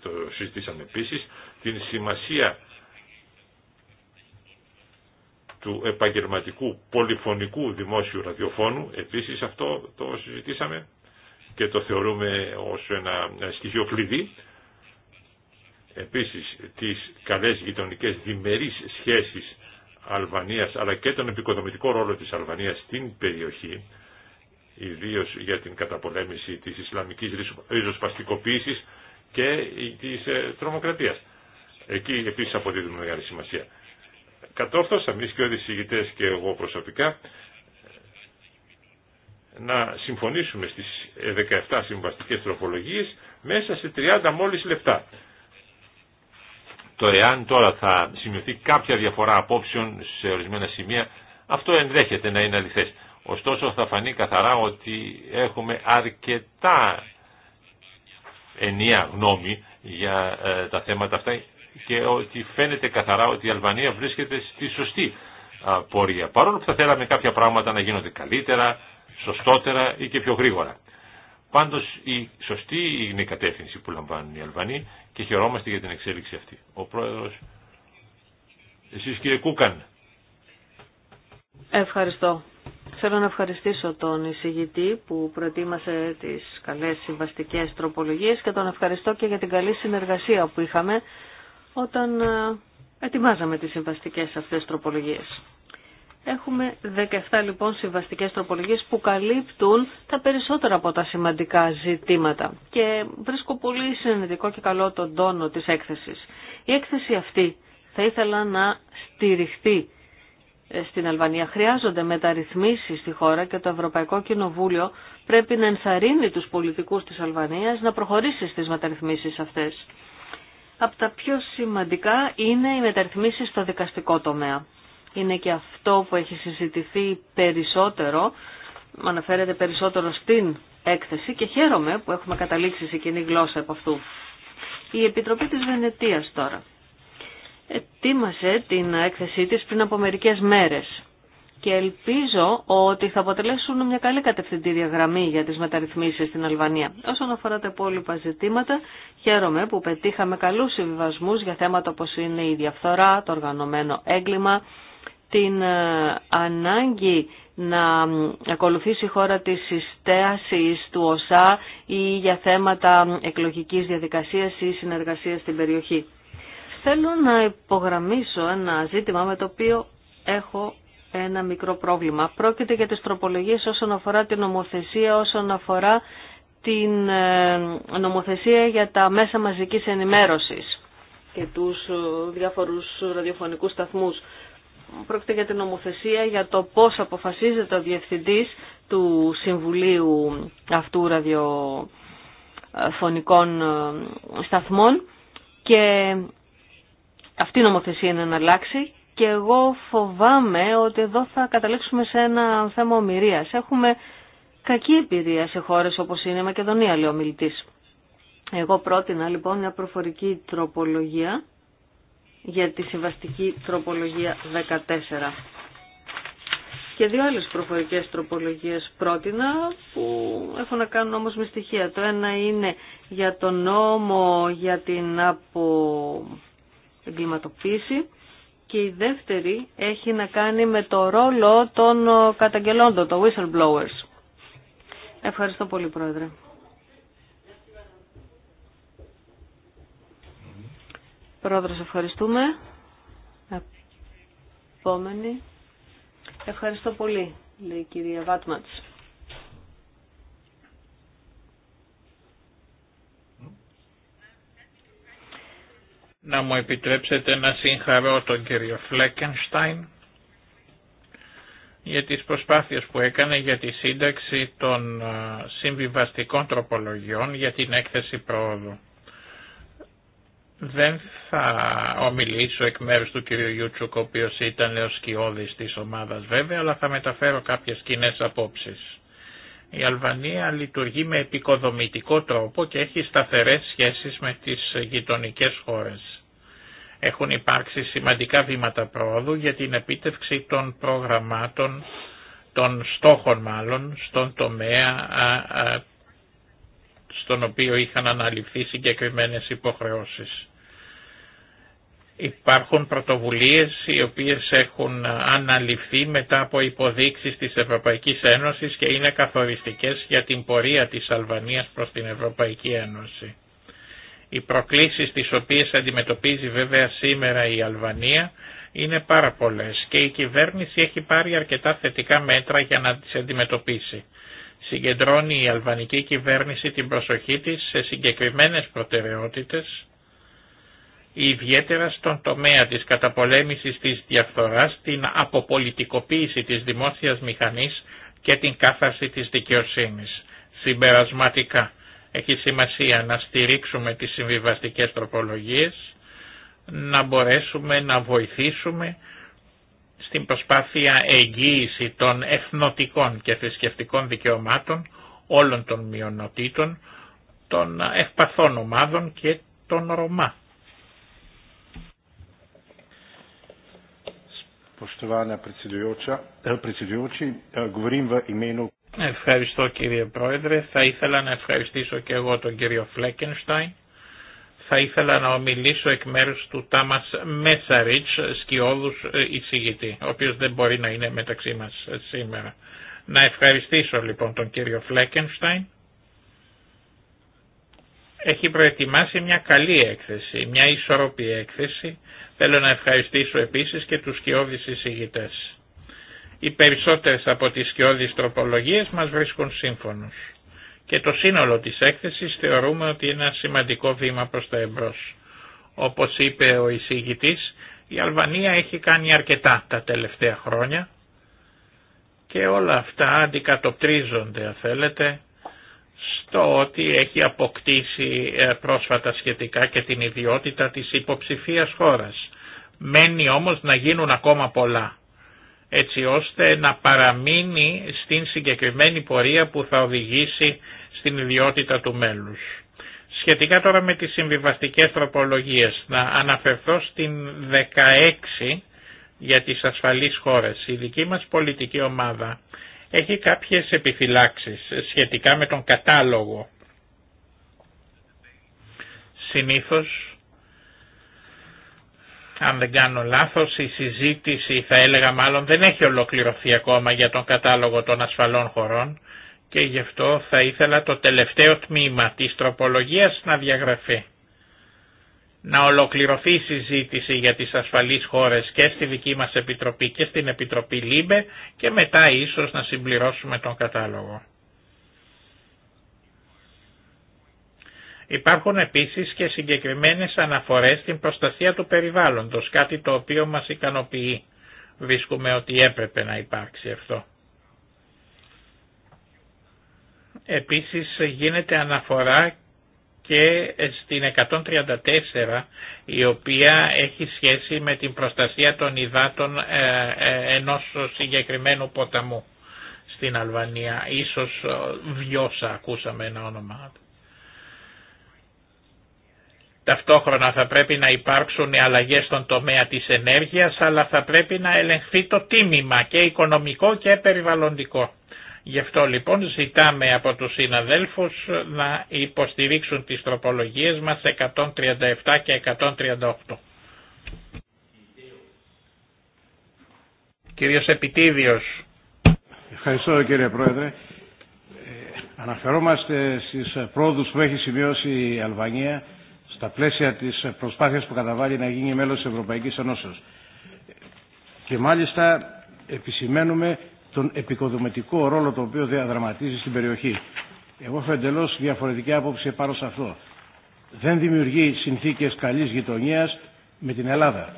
το συζητήσαμε επίσης, την σημασία του επαγγελματικού πολυφωνικού δημόσιου ραδιοφώνου. Επίσης αυτό το συζητήσαμε και το θεωρούμε ως ένα στοιχείο κλειδί επίσης τις καλές γειτονικές διμερείς σχέσεις Αλβανίας αλλά και τον επικοδομητικό ρόλο της Αλβανίας στην περιοχή ιδίως για την καταπολέμηση της Ισλαμικής ριζοσπαστικοποίησης και της ε, τρομοκρατίας. Εκεί επίσης αποδίδουμε μεγάλη σημασία. Κατόρθωσα εμείς και όλοι οι και εγώ προσωπικά να συμφωνήσουμε στις 17 ε, συμβαστικές τροφολογίες μέσα σε 30 μόλις λεπτά. Το εάν τώρα θα σημειωθεί κάποια διαφορά απόψεων σε ορισμένα σημεία, αυτό ενδέχεται να είναι αληθές. Ωστόσο θα φανεί καθαρά ότι έχουμε αρκετά ενία γνώμη για ε, τα θέματα αυτά και ότι φαίνεται καθαρά ότι η Αλβανία βρίσκεται στη σωστή πορεία. Παρόλο που θα θέλαμε κάποια πράγματα να γίνονται καλύτερα, σωστότερα ή και πιο γρήγορα. Πάντω η σωστή είναι η κατεύθυνση που λαμβάνουν οι Αλβανοί και χαιρόμαστε για την εξέλιξη αυτή. Ο Πρόεδρος, εσείς κύριε Κούκαν. Ευχαριστώ. Θέλω να ευχαριστήσω τον εισηγητή που προετοίμασε τις καλές συμβαστικές τροπολογίες και τον ευχαριστώ και για την καλή συνεργασία που είχαμε όταν ε, ετοιμάζαμε τις συμβαστικές αυτές τροπολογίες. Έχουμε 17 λοιπόν συμβαστικές τροπολογίες που καλύπτουν τα περισσότερα από τα σημαντικά ζητήματα και βρίσκω πολύ συνενετικό και καλό τον τόνο της έκθεσης. Η έκθεση αυτή θα ήθελα να στηριχθεί ε, στην Αλβανία. Χρειάζονται μεταρρυθμίσεις στη χώρα και το Ευρωπαϊκό Κοινοβούλιο πρέπει να ενθαρρύνει τους πολιτικούς της Αλβανίας να προχωρήσει στις μεταρρυθμίσεις αυτές. Από τα πιο σημαντικά είναι οι μεταρρυθμίσεις στο δικαστικό τομέα είναι και αυτό που έχει συζητηθεί περισσότερο, αναφέρεται περισσότερο στην έκθεση και χαίρομαι που έχουμε καταλήξει σε κοινή γλώσσα από αυτού. Η Επιτροπή της Βενετίας τώρα ετοίμασε την έκθεσή της πριν από μερικές μέρες και ελπίζω ότι θα αποτελέσουν μια καλή κατευθυντήρια γραμμή για τις μεταρρυθμίσεις στην Αλβανία. Όσον αφορά τα υπόλοιπα ζητήματα, χαίρομαι που πετύχαμε καλούς συμβιβασμούς για θέματα όπως είναι η διαφθορά, το οργανωμένο έγκλημα, την ε, ανάγκη να ακολουθήσει η χώρα της συστέασης του ΩΣΑ ή για θέματα εκλογικής διαδικασίας ή συνεργασίας στην περιοχή. Θέλω να υπογραμμίσω ένα ζήτημα με το οποίο έχω ένα μικρό πρόβλημα. Πρόκειται για τις τροπολογίες όσον αφορά την νομοθεσία, όσον αφορά την ε, νομοθεσία για τα μέσα μαζικής ενημέρωσης και τους ε, διάφορους ραδιοφωνικούς σταθμούς πρόκειται για την νομοθεσία για το πώς αποφασίζεται ο διευθυντής του Συμβουλίου αυτού ραδιοφωνικών ε, σταθμών και αυτή η νομοθεσία είναι να αλλάξει και εγώ φοβάμαι ότι εδώ θα καταλήξουμε σε ένα θέμα ομοιρίας. Έχουμε κακή εμπειρία σε χώρες όπως είναι η Μακεδονία, λέει ο μιλητής. Εγώ πρότεινα λοιπόν μια προφορική τροπολογία για τη συμβαστική τροπολογία 14. Και δύο άλλες προφορικές τροπολογίες πρότεινα που έχουν να κάνουν όμως με στοιχεία. Το ένα είναι για τον νόμο για την αποεγκληματοποίηση και η δεύτερη έχει να κάνει με το ρόλο των καταγγελόντων, των whistleblowers. Ευχαριστώ πολύ Πρόεδρε. Πρόεδρος, ευχαριστούμε. Επόμενη. Ευχαριστώ πολύ, λέει η κυρία Βάτματς. Να μου επιτρέψετε να συγχαρώ τον κύριο Φλέκενστάιν για τις προσπάθειες που έκανε για τη σύνταξη των ε, συμβιβαστικών τροπολογιών για την έκθεση πρόοδου. Δεν θα ομιλήσω εκ μέρους του κύριου Γιούτσουκ, ο οποίος ήταν ο σκιώδης της ομάδας βέβαια, αλλά θα μεταφέρω κάποιες κοινέ απόψεις. Η Αλβανία λειτουργεί με επικοδομητικό τρόπο και έχει σταθερές σχέσεις με τις γειτονικές χώρες. Έχουν υπάρξει σημαντικά βήματα πρόοδου για την επίτευξη των προγραμμάτων, των στόχων μάλλον, στον τομέα στον οποίο είχαν αναλυφθεί συγκεκριμένες υποχρεώσεις. Υπάρχουν πρωτοβουλίες οι οποίες έχουν αναλυφθεί μετά από υποδείξεις της Ευρωπαϊκής Ένωσης και είναι καθοριστικές για την πορεία της Αλβανίας προς την Ευρωπαϊκή Ένωση. Οι προκλήσεις τις οποίες αντιμετωπίζει βέβαια σήμερα η Αλβανία είναι πάρα πολλές και η κυβέρνηση έχει πάρει αρκετά θετικά μέτρα για να τις αντιμετωπίσει συγκεντρώνει η αλβανική κυβέρνηση την προσοχή της σε συγκεκριμένες προτεραιότητες, ιδιαίτερα στον τομέα της καταπολέμησης της διαφθοράς, την αποπολιτικοποίηση της δημόσιας μηχανής και την κάθαρση της δικαιοσύνης. Συμπερασματικά, έχει σημασία να στηρίξουμε τις συμβιβαστικές τροπολογίες, να μπορέσουμε να βοηθήσουμε στην προσπάθεια εγγύηση των εθνοτικών και θρησκευτικών δικαιωμάτων όλων των μειονοτήτων, των ευπαθών ομάδων και των Ρωμά. Eh, eh, Ευχαριστώ κύριε Πρόεδρε. Θα ήθελα να ευχαριστήσω και εγώ τον κύριο Φλέκενστάιν θα ήθελα να ομιλήσω εκ μέρους του Τάμας Μέσαριτς, σκιώδους ε, εισηγητή, ο οποίος δεν μπορεί να είναι μεταξύ μας σήμερα. Να ευχαριστήσω λοιπόν τον κύριο Φλέκενστάιν. Έχει προετοιμάσει μια καλή έκθεση, μια ισορροπή έκθεση. Θέλω να ευχαριστήσω επίσης και τους σκιώδεις εισηγητές. Οι περισσότερες από τις σκιώδεις τροπολογίες μας βρίσκουν σύμφωνος και το σύνολο της έκθεσης θεωρούμε ότι είναι ένα σημαντικό βήμα προς τα εμπρός. Όπως είπε ο εισηγητής, η Αλβανία έχει κάνει αρκετά τα τελευταία χρόνια και όλα αυτά αντικατοπτρίζονται, αν θέλετε, στο ότι έχει αποκτήσει ε, πρόσφατα σχετικά και την ιδιότητα της υποψηφίας χώρας. Μένει όμως να γίνουν ακόμα πολλά, έτσι ώστε να παραμείνει στην συγκεκριμένη πορεία που θα οδηγήσει στην ιδιότητα του μέλους. Σχετικά τώρα με τις συμβιβαστικές τροπολογίες, να αναφερθώ στην 16 για τις ασφαλείς χώρες. Η δική μας πολιτική ομάδα έχει κάποιες επιφυλάξεις σχετικά με τον κατάλογο. Συνήθως, αν δεν κάνω λάθος, η συζήτηση θα έλεγα μάλλον δεν έχει ολοκληρωθεί ακόμα για τον κατάλογο των ασφαλών χωρών και γι' αυτό θα ήθελα το τελευταίο τμήμα της τροπολογίας να διαγραφεί. Να ολοκληρωθεί η συζήτηση για τις ασφαλείς χώρες και στη δική μας Επιτροπή και στην Επιτροπή Λίμπε και μετά ίσως να συμπληρώσουμε τον κατάλογο. Υπάρχουν επίσης και συγκεκριμένες αναφορές στην προστασία του περιβάλλοντος, κάτι το οποίο μας ικανοποιεί. Βρίσκουμε ότι έπρεπε να υπάρξει αυτό. Επίσης γίνεται αναφορά και στην 134 η οποία έχει σχέση με την προστασία των υδάτων ε, ε, ενός συγκεκριμένου ποταμού στην Αλβανία. Ίσως ε, Βιώσα ακούσαμε ένα όνομα. Ταυτόχρονα θα πρέπει να υπάρξουν οι αλλαγές στον τομέα της ενέργειας αλλά θα πρέπει να ελεγχθεί το τίμημα και οικονομικό και περιβαλλοντικό. Γι' αυτό λοιπόν ζητάμε από τους συναδέλφους να υποστηρίξουν τις τροπολογίες μας 137 και 138. Κύριος Επιτίδιος. Ευχαριστώ κύριε Πρόεδρε. Ε, αναφερόμαστε στις πρόοδους που έχει σημειώσει η Αλβανία στα πλαίσια της προσπάθειας που καταβάλει να γίνει μέλος της Ευρωπαϊκής Ενώσεως. Και μάλιστα επισημαίνουμε τον επικοδομητικό ρόλο το οποίο διαδραματίζει στην περιοχή. Εγώ έχω εντελώ διαφορετική άποψη πάνω σε αυτό. Δεν δημιουργεί συνθήκε καλή γειτονία με την Ελλάδα,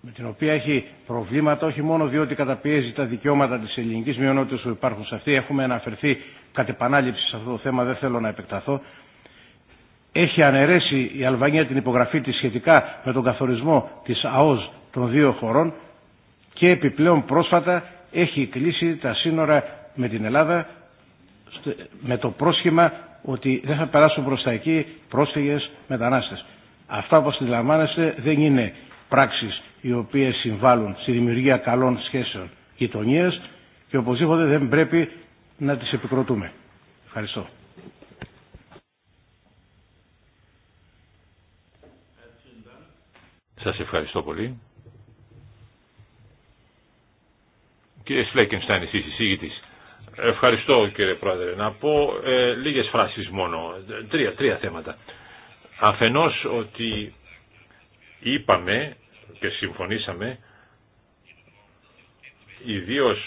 με την οποία έχει προβλήματα όχι μόνο διότι καταπιέζει τα δικαιώματα τη ελληνική μειονότητα που υπάρχουν σε αυτή, έχουμε αναφερθεί κατ' επανάληψη σε αυτό το θέμα, δεν θέλω να επεκταθώ. Έχει αναιρέσει η Αλβανία την υπογραφή τη σχετικά με τον καθορισμό τη ΑΟΣ των δύο χωρών και επιπλέον πρόσφατα έχει κλείσει τα σύνορα με την Ελλάδα με το πρόσχημα ότι δεν θα περάσουν προς τα εκεί πρόσφυγες μετανάστες. Αυτά όπως αντιλαμβάνεστε δεν είναι πράξεις οι οποίες συμβάλλουν στη δημιουργία καλών σχέσεων γειτονίας και οπωσδήποτε δεν πρέπει να τις επικροτούμε. Ευχαριστώ. Σας ευχαριστώ πολύ. Κύριε Φλέκενστάιν, εσείς εισήγητης. Ευχαριστώ κύριε Πρόεδρε. Να πω ε, λίγες φράσεις μόνο. Τρία, τρία θέματα. Αφενός ότι είπαμε και συμφωνήσαμε ιδίως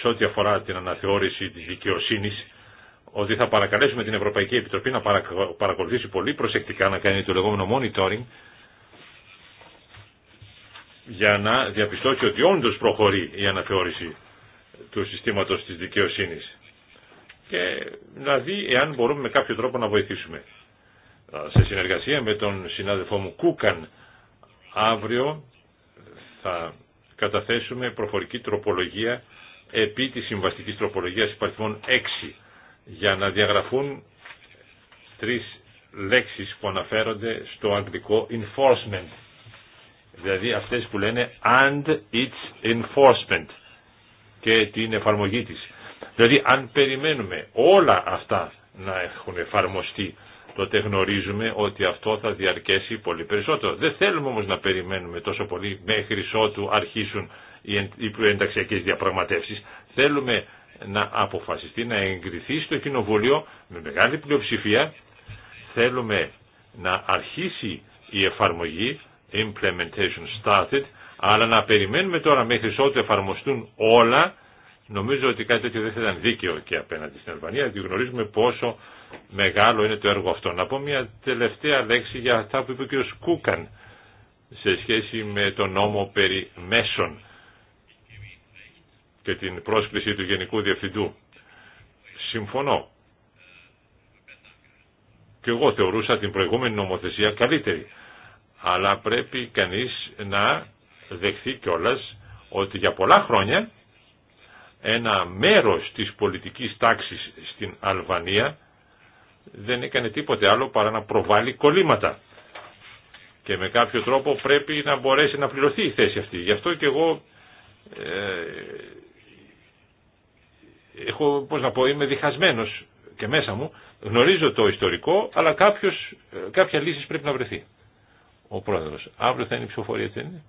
σε ό,τι αφορά την αναθεώρηση της δικαιοσύνης ότι θα παρακαλέσουμε την Ευρωπαϊκή Επιτροπή να παρακολουθήσει πολύ προσεκτικά, να κάνει το λεγόμενο monitoring για να διαπιστώσει ότι όντως προχωρεί η αναθεώρηση του συστήματος της δικαιοσύνης και να δει εάν μπορούμε με κάποιο τρόπο να βοηθήσουμε. Σε συνεργασία με τον συνάδελφό μου Κούκαν αύριο θα καταθέσουμε προφορική τροπολογία επί της συμβαστικής τροπολογίας υπαριθμών 6 για να διαγραφούν τρεις λέξεις που αναφέρονται στο αγγλικό enforcement δηλαδή αυτές που λένε and its enforcement και την εφαρμογή της. Δηλαδή αν περιμένουμε όλα αυτά να έχουν εφαρμοστεί τότε γνωρίζουμε ότι αυτό θα διαρκέσει πολύ περισσότερο. Δεν θέλουμε όμως να περιμένουμε τόσο πολύ μέχρι ότου αρχίσουν οι προενταξιακές διαπραγματεύσεις. Θέλουμε να αποφασιστεί να εγκριθεί στο Κοινοβούλιο με μεγάλη πλειοψηφία. Θέλουμε να αρχίσει η εφαρμογή implementation started, αλλά να περιμένουμε τώρα μέχρι ότου εφαρμοστούν όλα, νομίζω ότι κάτι τέτοιο δεν θα ήταν δίκαιο και απέναντι στην Αλβανία, διότι γνωρίζουμε πόσο μεγάλο είναι το έργο αυτό. Να πω μια τελευταία λέξη για αυτά που είπε ο κ. Κούκαν σε σχέση με το νόμο περί μέσων και την πρόσκληση του Γενικού Διευθυντού. Συμφωνώ. Και εγώ θεωρούσα την προηγούμενη νομοθεσία καλύτερη αλλά πρέπει κανείς να δεχθεί κιόλας ότι για πολλά χρόνια ένα μέρος της πολιτικής τάξης στην Αλβανία δεν έκανε τίποτε άλλο παρά να προβάλλει κολλήματα. Και με κάποιο τρόπο πρέπει να μπορέσει να πληρωθεί η θέση αυτή. Γι' αυτό και εγώ ε, έχω, πώς να πω, είμαι διχασμένος και μέσα μου. Γνωρίζω το ιστορικό, αλλά κάποιος, ε, κάποια λύση πρέπει να βρεθεί ο πρόεδρος. Αύριο θα είναι η ψηφοφορία, είναι.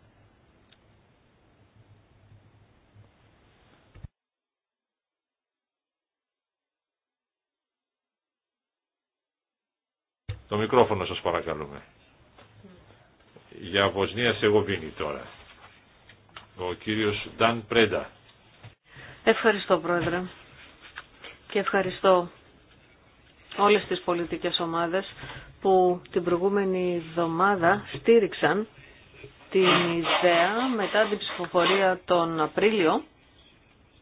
Το μικρόφωνο σας παρακαλούμε. Για Βοσνία γοβίνη τώρα. Ο κύριος Νταν Πρέντα. Ευχαριστώ πρόεδρε. Και ευχαριστώ όλες τις πολιτικές ομάδες που την προηγούμενη εβδομάδα στήριξαν την ιδέα μετά την ψηφοφορία τον Απρίλιο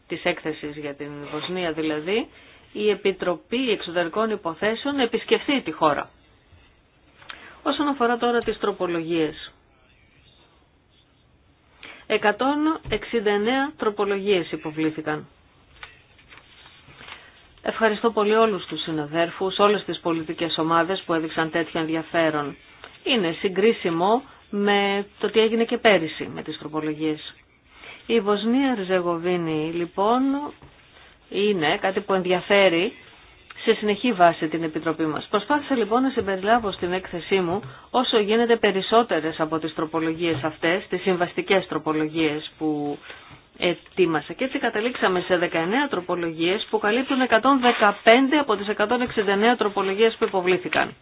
της έκθεσης για την Βοσνία δηλαδή η Επιτροπή Εξωτερικών Υποθέσεων επισκεφθεί τη χώρα. Όσον αφορά τώρα τις τροπολογίες. 169 τροπολογίες υποβλήθηκαν. Ευχαριστώ πολύ όλους τους συναδέρφους, όλες τις πολιτικές ομάδες που έδειξαν τέτοιο ενδιαφέρον. Είναι συγκρίσιμο με το τι έγινε και πέρυσι με τις τροπολογίες. Η Βοσνία Ριζεγοβίνη λοιπόν είναι κάτι που ενδιαφέρει σε συνεχή βάση την Επιτροπή μας. Προσπάθησα λοιπόν να συμπεριλάβω στην έκθεσή μου όσο γίνεται περισσότερες από τις τροπολογίες αυτές, τις συμβαστικές τροπολογίες που ετοίμασε. Και έτσι καταλήξαμε σε 19 τροπολογίες που καλύπτουν 115 από τις 169 τροπολογίες που υποβλήθηκαν.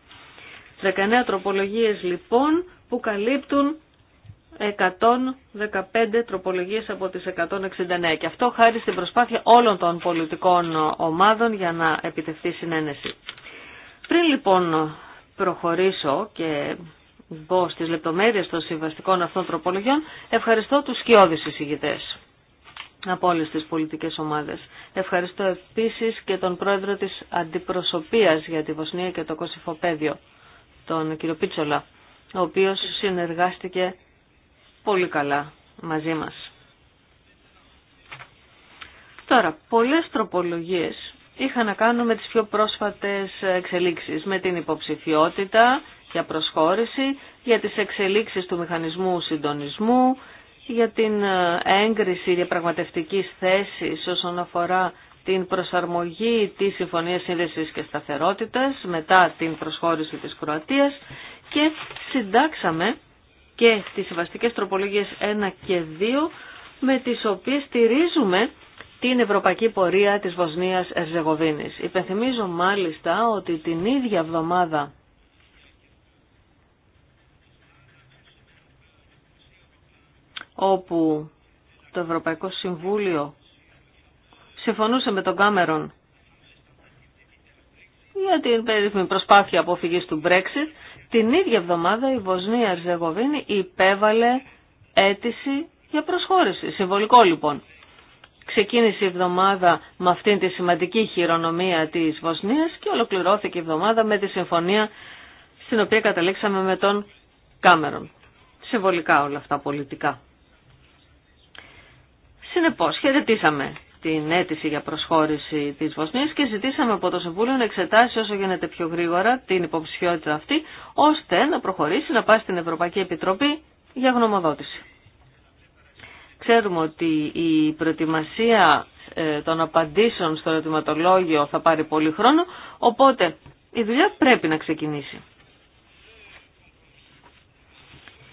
19 τροπολογίες λοιπόν που καλύπτουν 115 τροπολογίες από τις 169 και αυτό χάρη στην προσπάθεια όλων των πολιτικών ομάδων για να επιτευχθεί συνένεση. Πριν λοιπόν προχωρήσω και μπω στις λεπτομέρειες των συμβαστικών αυτών τροπολογιών, ευχαριστώ τους σκιώδεις εισηγητές από όλε τις πολιτικές ομάδες. Ευχαριστώ επίση και τον πρόεδρο της Αντιπροσωπείας για τη Βοσνία και το Κωσυφοπαίδιο, τον κύριο Πίτσολα, ο οποίος συνεργάστηκε πολύ καλά μαζί μας. Τώρα, πολλές τροπολογίες είχαν να κάνουν με τι πιο πρόσφατες εξελίξεις, με την υποψηφιότητα για προσχώρηση, για τις εξελίξεις του μηχανισμού συντονισμού, για την ε, έγκριση διαπραγματευτικής θέσης όσον αφορά την προσαρμογή της Συμφωνίας Σύνδεσης και Σταθερότητας μετά την προσχώρηση της Κροατίας και συντάξαμε και τις συμβαστικές τροπολογίες 1 και 2 με τις οποίες στηρίζουμε την ευρωπαϊκή πορεία της Βοσνίας Ερζεγοβίνης. Υπενθυμίζω μάλιστα ότι την ίδια εβδομάδα όπου το Ευρωπαϊκό Συμβούλιο συμφωνούσε με τον Κάμερον για την περίφημη προσπάθεια αποφυγής του Brexit, την ίδια εβδομάδα η Βοσνία Ερζεγοβίνη υπέβαλε αίτηση για προσχώρηση. Συμβολικό λοιπόν. Ξεκίνησε η εβδομάδα με αυτήν τη σημαντική χειρονομία της Βοσνίας και ολοκληρώθηκε η εβδομάδα με τη συμφωνία στην οποία καταλήξαμε με τον Κάμερον. Συμβολικά όλα αυτά πολιτικά. Συνεπώς, χαιρετήσαμε την αίτηση για προσχώρηση της Βοσνίας και ζητήσαμε από το Συμβούλιο να εξετάσει όσο γίνεται πιο γρήγορα την υποψηφιότητα αυτή, ώστε να προχωρήσει να πάει στην Ευρωπαϊκή Επιτροπή για γνωμοδότηση. Ξέρουμε ότι η προετοιμασία ε, των απαντήσεων στο ερωτηματολόγιο θα πάρει πολύ χρόνο, οπότε η δουλειά πρέπει να ξεκινήσει.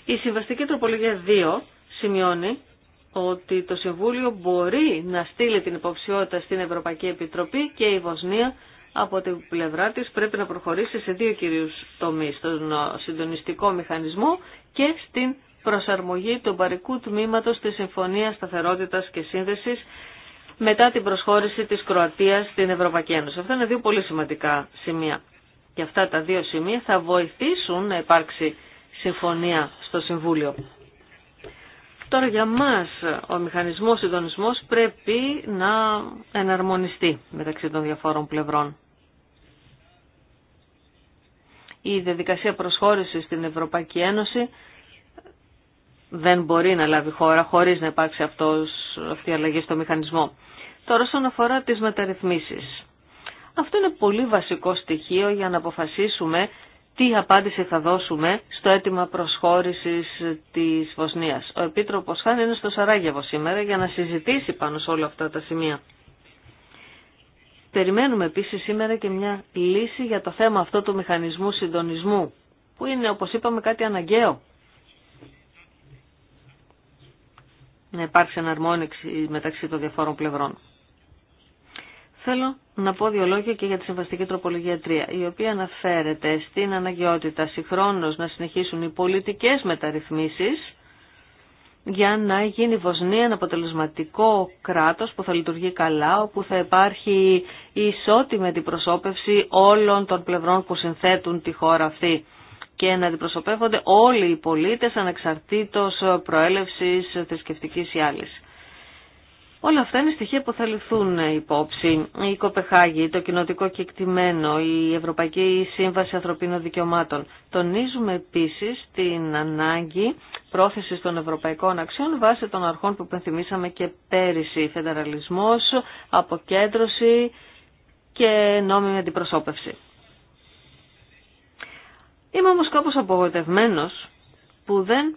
Η συμβαστική τροπολογία 2 σημειώνει ότι το Συμβούλιο μπορεί να στείλει την υποψιότητα στην Ευρωπαϊκή Επιτροπή και η Βοσνία από την πλευρά της πρέπει να προχωρήσει σε δύο κυρίους τομείς, στον ε, συντονιστικό μηχανισμό και στην προσαρμογή του παρικού τμήματος της Συμφωνίας Σταθερότητας και Σύνδεσης μετά την προσχώρηση της Κροατίας στην Ευρωπαϊκή Ένωση. Αυτά είναι δύο πολύ σημαντικά σημεία. Και αυτά τα δύο σημεία θα βοηθήσουν να υπάρξει συμφωνία στο Συμβούλιο. Τώρα για μας ο μηχανισμός συντονισμός πρέπει να εναρμονιστεί μεταξύ των διαφόρων πλευρών. Η διαδικασία προσχώρησης στην Ευρωπαϊκή Ένωση δεν μπορεί να λάβει χώρα χωρίς να υπάρξει αυτός, αυτή η αλλαγή στο μηχανισμό. Τώρα όσον αφορά τις μεταρρυθμίσεις. Αυτό είναι πολύ βασικό στοιχείο για να αποφασίσουμε τι απάντηση θα δώσουμε στο αίτημα προσχώρησης της Βοσνίας. Ο Επίτροπος Χάν είναι στο Σαράγεβο σήμερα για να συζητήσει πάνω σε όλα αυτά τα σημεία. Περιμένουμε επίσης σήμερα και μια λύση για το θέμα αυτό του μηχανισμού συντονισμού, που είναι όπως είπαμε κάτι αναγκαίο. Να υπάρξει εναρμόνιξη μεταξύ των διαφόρων πλευρών. Θέλω να πω δύο λόγια και για τη συμβαστική τροπολογία 3, η οποία αναφέρεται στην αναγκαιότητα συγχρόνω να συνεχίσουν οι πολιτικέ μεταρρυθμίσει για να γίνει η Βοσνία ένα αποτελεσματικό κράτος που θα λειτουργεί καλά, όπου θα υπάρχει ισότιμη αντιπροσώπευση όλων των πλευρών που συνθέτουν τη χώρα αυτή και να αντιπροσωπεύονται όλοι οι πολίτες ανεξαρτήτως προέλευσης θρησκευτική ή άλλης. Όλα αυτά είναι στοιχεία που θα ληφθούν υπόψη. Η Κοπεχάγη, το κοινοτικό κεκτημένο, η Ευρωπαϊκή Σύμβαση Ανθρωπίνων Δικαιωμάτων. Τονίζουμε επίσης την ανάγκη πρόθεση των ευρωπαϊκών αξιών βάσει των αρχών που πενθυμίσαμε και πέρυσι. Φεντεραλισμό, αποκέντρωση και νόμιμη αντιπροσώπευση. Είμαι όμως κάπως απογοητευμένος που δεν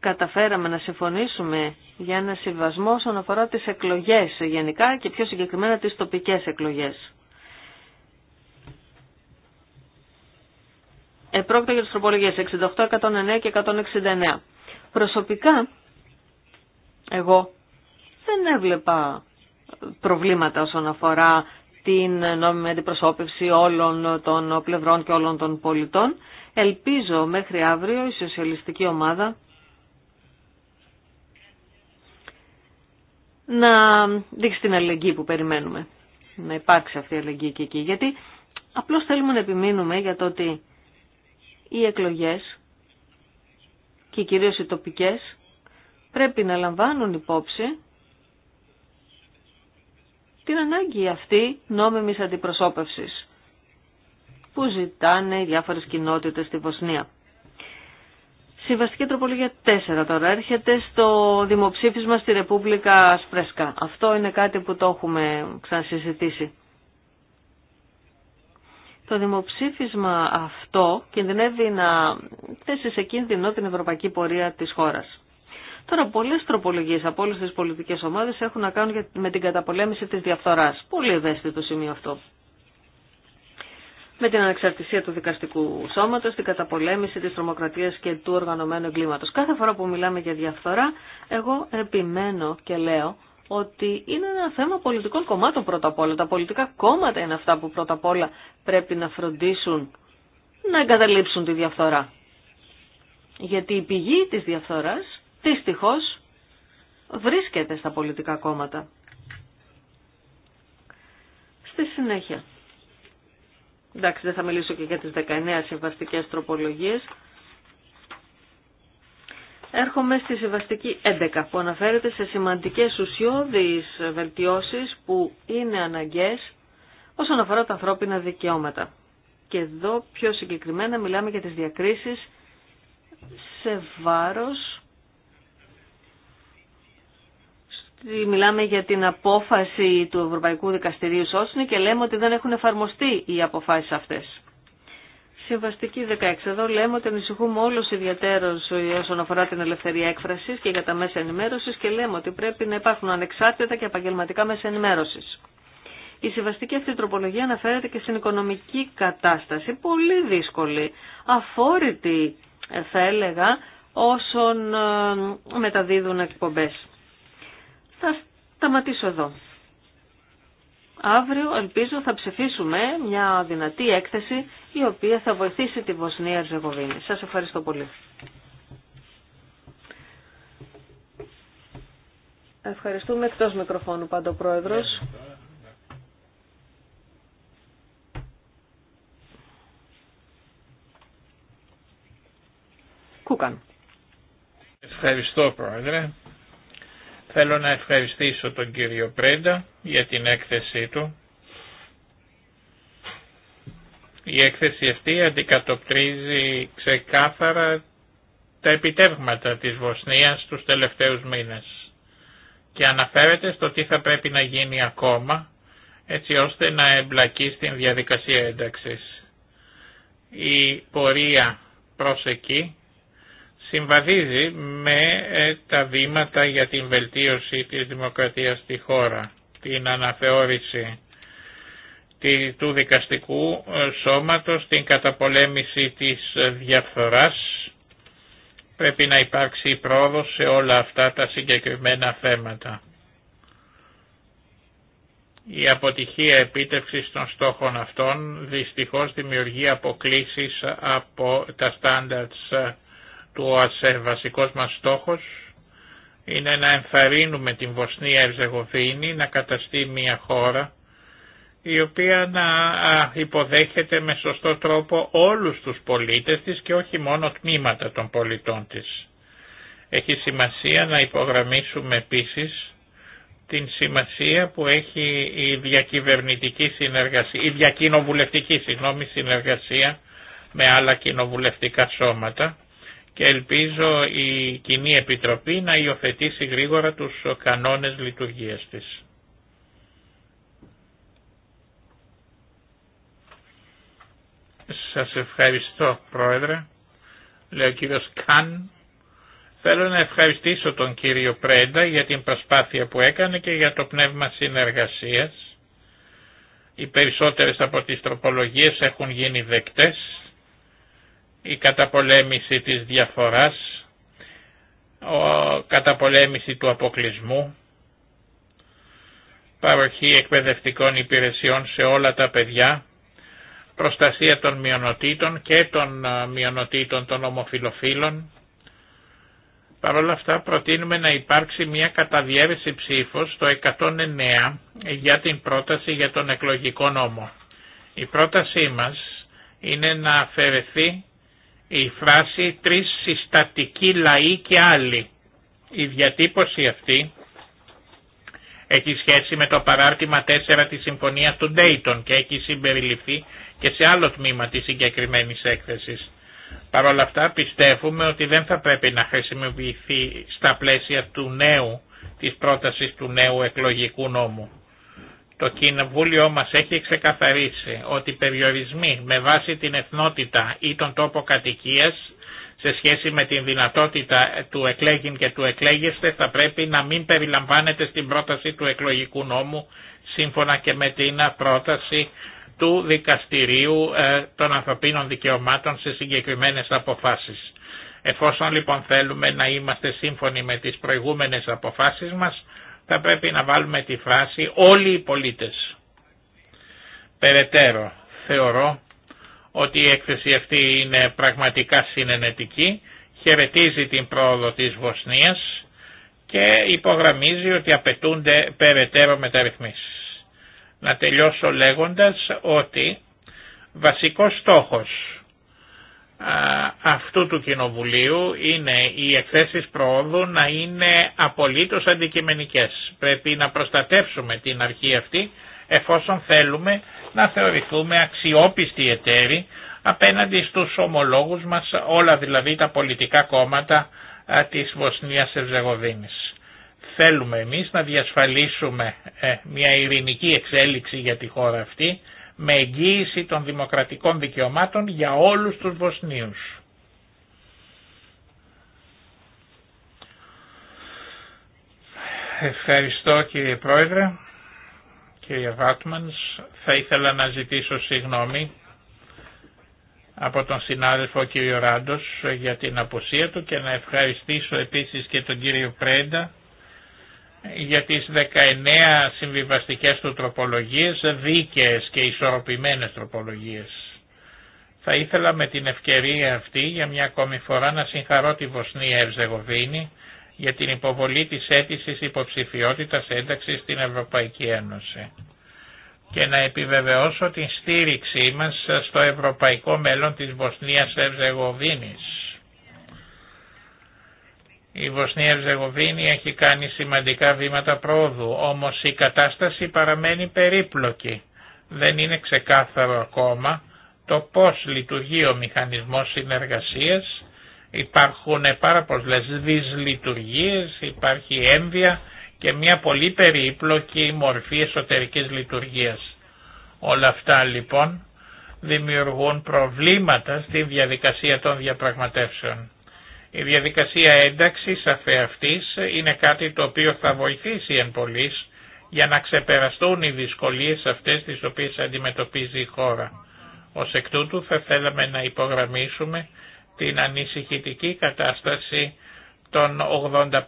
καταφέραμε να συμφωνήσουμε για ένα συμβασμό όσον αφορά τις εκλογές γενικά και πιο συγκεκριμένα τις τοπικές εκλογές. Επρόκειτο για τις τροπολογίες 68, 109 και 169. Προσωπικά, εγώ δεν έβλεπα προβλήματα όσον αφορά την νόμιμη αντιπροσώπευση όλων των πλευρών και όλων των πολιτών. Ελπίζω μέχρι αύριο η σοσιαλιστική ομάδα να δείξει την αλληλεγγύη που περιμένουμε. Να υπάρξει αυτή η αλληλεγγύη και εκεί. Γιατί απλώς θέλουμε να επιμείνουμε για το ότι οι εκλογές και κυρίως οι τοπικές πρέπει να λαμβάνουν υπόψη την ανάγκη αυτή νόμιμης αντιπροσώπευσης που ζητάνε οι διάφορες κοινότητες στη Βοσνία. Συμβαστική τροπολογία 4 τώρα έρχεται στο δημοψήφισμα στη Ρεπούμπλικα Σπρέσκα. Αυτό είναι κάτι που το έχουμε ξανασυζητήσει. Το δημοψήφισμα αυτό κινδυνεύει να θέσει σε κίνδυνο την ευρωπαϊκή πορεία της χώρας. Τώρα πολλές τροπολογίες από όλες τις πολιτικές ομάδες έχουν να κάνουν με την καταπολέμηση της διαφθοράς. Πολύ ευαίσθητο σημείο αυτό με την ανεξαρτησία του δικαστικού σώματος, την καταπολέμηση της τρομοκρατίας και του οργανωμένου εγκλήματο. Κάθε φορά που μιλάμε για διαφθορά, εγώ επιμένω και λέω ότι είναι ένα θέμα πολιτικών κομμάτων πρώτα απ' όλα. Τα πολιτικά κόμματα είναι αυτά που πρώτα απ' όλα πρέπει να φροντίσουν να εγκαταλείψουν τη διαφθορά. Γιατί η πηγή της διαφθοράς, δυστυχώ βρίσκεται στα πολιτικά κόμματα. Στη συνέχεια, Εντάξει, δεν θα μιλήσω και για τις 19 συμβαστικές τροπολογίες. Έρχομαι στη συμβαστική 11 που αναφέρεται σε σημαντικές ουσιώδεις βελτιώσεις που είναι αναγκαίες όσον αφορά τα ανθρώπινα δικαιώματα. Και εδώ πιο συγκεκριμένα μιλάμε για τις διακρίσεις σε βάρος μιλάμε για την απόφαση του Ευρωπαϊκού Δικαστηρίου Σόσνη και λέμε ότι δεν έχουν εφαρμοστεί οι αποφάσεις αυτές. Συμβαστική 16. Εδώ λέμε ότι ανησυχούμε όλου ιδιαίτερω όσον αφορά την ελευθερία έκφρασης και για τα μέσα ενημέρωση και λέμε ότι πρέπει να υπάρχουν ανεξάρτητα και επαγγελματικά μέσα ενημέρωσης. Η συμβαστική αυτή τροπολογία αναφέρεται και στην οικονομική κατάσταση, πολύ δύσκολη, αφόρητη ε, θα έλεγα, όσων ε, μεταδίδουν εκπομπές. Θα σταματήσω εδώ. Αύριο ελπίζω θα ψηφίσουμε μια δυνατή έκθεση η οποία θα βοηθήσει τη Βοσνία Ερζεγοβίνη. Σας ευχαριστώ πολύ. Ευχαριστούμε εκτός μικροφώνου ο πρόεδρος. Κούκαν. Ευχαριστώ πρόεδρε. Θέλω να ευχαριστήσω τον κύριο Πρέντα για την έκθεσή του. Η έκθεση αυτή αντικατοπτρίζει ξεκάθαρα τα επιτεύγματα της Βοσνίας τους τελευταίους μήνες και αναφέρεται στο τι θα πρέπει να γίνει ακόμα έτσι ώστε να εμπλακεί στην διαδικασία ένταξης. Η πορεία προς εκεί συμβαδίζει με ε, τα βήματα για την βελτίωση της δημοκρατίας στη χώρα, την αναθεώρηση του δικαστικού ε, σώματος, την καταπολέμηση της ε, διαφθοράς. Πρέπει να υπάρξει πρόοδος σε όλα αυτά τα συγκεκριμένα θέματα. Η αποτυχία επίτευξης των στόχων αυτών δυστυχώς δημιουργεί αποκλήσεις από τα standards του ΟΑΣΕ βασικός μας στόχος είναι να ενθαρρύνουμε την Βοσνία ερζεγοβινη να καταστεί μια χώρα η οποία να υποδέχεται με σωστό τρόπο όλους τους πολίτες της και όχι μόνο τμήματα των πολιτών της. Έχει σημασία να υπογραμμίσουμε επίσης την σημασία που έχει η διακυβερνητική συνεργασία, η διακοινοβουλευτική συγγνώμη, συνεργασία με άλλα κοινοβουλευτικά σώματα και ελπίζω η Κοινή Επιτροπή να υιοθετήσει γρήγορα τους κανόνες λειτουργίας της. Σας ευχαριστώ Πρόεδρε, Λέω ο κύριος Καν. Θέλω να ευχαριστήσω τον κύριο Πρέντα για την προσπάθεια που έκανε και για το πνεύμα συνεργασίας. Οι περισσότερες από τις τροπολογίες έχουν γίνει δεκτές η καταπολέμηση της διαφοράς, η καταπολέμηση του αποκλεισμού, παροχή εκπαιδευτικών υπηρεσιών σε όλα τα παιδιά, προστασία των μειονοτήτων και των μειονοτήτων των ομοφιλοφίλων. Παρ' όλα αυτά προτείνουμε να υπάρξει μια καταδιέρεση ψήφος το 109 για την πρόταση για τον εκλογικό νόμο. Η πρότασή μας είναι να αφαιρεθεί η φράση «τρεις συστατικοί λαοί και άλλοι». Η διατύπωση αυτή έχει σχέση με το παράρτημα 4 της Συμφωνίας του Ντέιτον και έχει συμπεριληφθεί και σε άλλο τμήμα της συγκεκριμένη έκθεσης. Παρ' όλα αυτά πιστεύουμε ότι δεν θα πρέπει να χρησιμοποιηθεί στα πλαίσια του νέου, της πρότασης του νέου εκλογικού νόμου. Το Κοινοβούλιο μας έχει ξεκαθαρίσει ότι περιορισμοί με βάση την εθνότητα ή τον τόπο κατοικίας σε σχέση με την δυνατότητα του εκλέγην και του εκλέγεστε θα πρέπει να μην περιλαμβάνεται στην πρόταση του εκλογικού νόμου σύμφωνα και με την πρόταση του Δικαστηρίου ε, των Ανθρωπίνων Δικαιωμάτων σε συγκεκριμένες αποφάσεις. Εφόσον λοιπόν θέλουμε να είμαστε σύμφωνοι με τις προηγούμενες αποφάσεις μας, θα πρέπει να βάλουμε τη φράση όλοι οι πολίτες. Περαιτέρω, θεωρώ ότι η έκθεση αυτή είναι πραγματικά συνενετική, χαιρετίζει την πρόοδο της Βοσνίας και υπογραμμίζει ότι απαιτούνται περαιτέρω μεταρρυθμίσεις. Να τελειώσω λέγοντας ότι βασικός στόχος αυτού του Κοινοβουλίου είναι οι εκθέσεις προόδου να είναι απολύτως αντικειμενικές. Πρέπει να προστατεύσουμε την αρχή αυτή εφόσον θέλουμε να θεωρηθούμε αξιόπιστοι εταίροι απέναντι στους ομολόγους μας, όλα δηλαδή τα πολιτικά κόμματα της Βοσνίας Ευζεγοδίνης. Θέλουμε εμείς να διασφαλίσουμε ε, μια ειρηνική εξέλιξη για τη χώρα αυτή με εγγύηση των δημοκρατικών δικαιωμάτων για όλους τους Βοσνίους. Ευχαριστώ κύριε Πρόεδρε, κύριε Βάτμανς. Θα ήθελα να ζητήσω συγγνώμη από τον συνάδελφο κύριο Ράντος για την απουσία του και να ευχαριστήσω επίσης και τον κύριο Πρέντα για τις 19 συμβιβαστικές του τροπολογίες, δίκαιες και ισορροπημένες τροπολογίες. Θα ήθελα με την ευκαιρία αυτή για μια ακόμη φορά να συγχαρώ τη Βοσνία Ευζεγοβίνη για την υποβολή της αίτησης υποψηφιότητας ένταξης στην Ευρωπαϊκή Ένωση και να επιβεβαιώσω την στήριξή μας στο ευρωπαϊκό μέλλον της Βοσνίας Ευζεγοβίνης η Βοσνία Ζεγοβίνη έχει κάνει σημαντικά βήματα πρόοδου, όμως η κατάσταση παραμένει περίπλοκη. Δεν είναι ξεκάθαρο ακόμα το πώς λειτουργεί ο μηχανισμός συνεργασίας. Υπάρχουν πάρα πολλές δυσλειτουργίες, υπάρχει έμβια και μια πολύ περίπλοκη μορφή εσωτερικής λειτουργίας. Όλα αυτά λοιπόν δημιουργούν προβλήματα στη διαδικασία των διαπραγματεύσεων. Η διαδικασία ένταξης αφεαυτής είναι κάτι το οποίο θα βοηθήσει εν πολλής για να ξεπεραστούν οι δυσκολίες αυτές τις οποίες αντιμετωπίζει η χώρα. Ως εκ τούτου θα θέλαμε να υπογραμμίσουμε την ανησυχητική κατάσταση των 85.500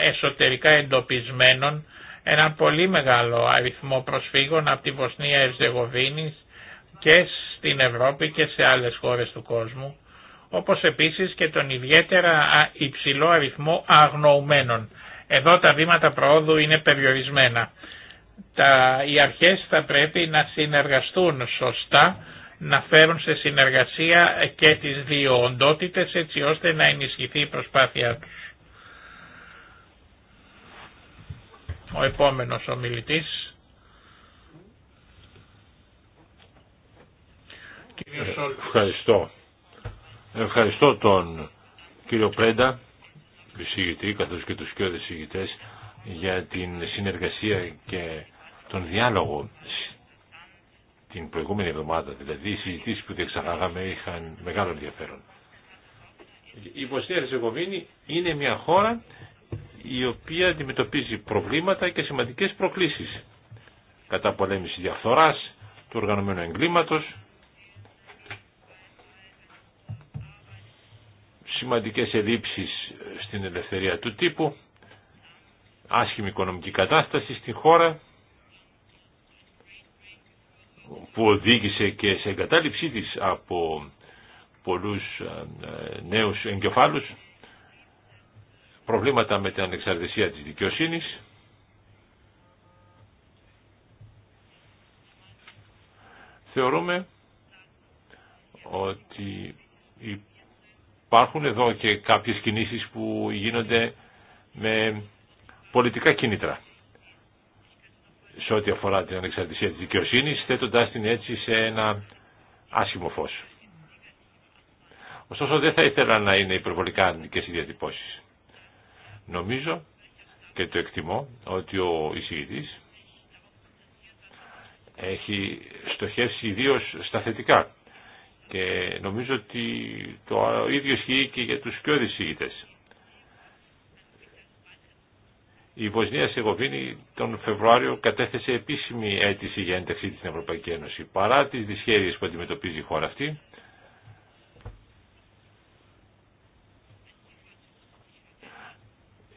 εσωτερικά εντοπισμένων, έναν πολύ μεγάλο αριθμό προσφύγων από τη Βοσνία Ευζεγοβίνη και στην Ευρώπη και σε άλλες χώρες του κόσμου, όπως επίσης και τον ιδιαίτερα υψηλό αριθμό αγνοουμένων. Εδώ τα βήματα προόδου είναι περιορισμένα. Τα, οι αρχές θα πρέπει να συνεργαστούν σωστά, να φέρουν σε συνεργασία και τις δύο οντότητες έτσι ώστε να ενισχυθεί η προσπάθειά τους. Ο επόμενος ομιλητής. Ε, ευχαριστώ. Ευχαριστώ τον κύριο Πρέντα, εισηγητή, καθώς και τους κύριους εισηγητές, για την συνεργασία και τον διάλογο την προηγούμενη εβδομάδα. Δηλαδή, οι συζητήσεις που διεξαγάγαμε είχαν μεγάλο ενδιαφέρον. Η Βοσνία Ερζεγοβίνη είναι μια χώρα η οποία αντιμετωπίζει προβλήματα και σημαντικές προκλήσεις. Κατά πολέμηση διαφθοράς, του οργανωμένου εγκλήματος, σημαντικές ελλείψεις ε, στην ελευθερία του τύπου, άσχημη οικονομική κατάσταση στην χώρα που οδήγησε και σε εγκατάλειψή της από πολλούς ε, νέους εγκεφάλους, προβλήματα με την ανεξαρτησία της δικαιοσύνης, θεωρούμε ότι η Υπάρχουν εδώ και κάποιες κινήσεις που γίνονται με πολιτικά κίνητρα σε ό,τι αφορά την ανεξαρτησία της δικαιοσύνης, θέτοντας την έτσι σε ένα άσχημο φως. Ωστόσο δεν θα ήθελα να είναι υπερβολικά αντικέ οι διατυπώσεις. Νομίζω και το εκτιμώ ότι ο εισηγητής έχει στοχεύσει ιδίω στα θετικά. Και νομίζω ότι το ίδιο ισχύει και για τους πιο δυσίγητες. Η Βοσνία Σεγοβίνη τον Φεβρουάριο κατέθεσε επίσημη αίτηση για ένταξή στην Ευρωπαϊκή Ένωση. Παρά τις δυσχέρειες που αντιμετωπίζει η χώρα αυτή,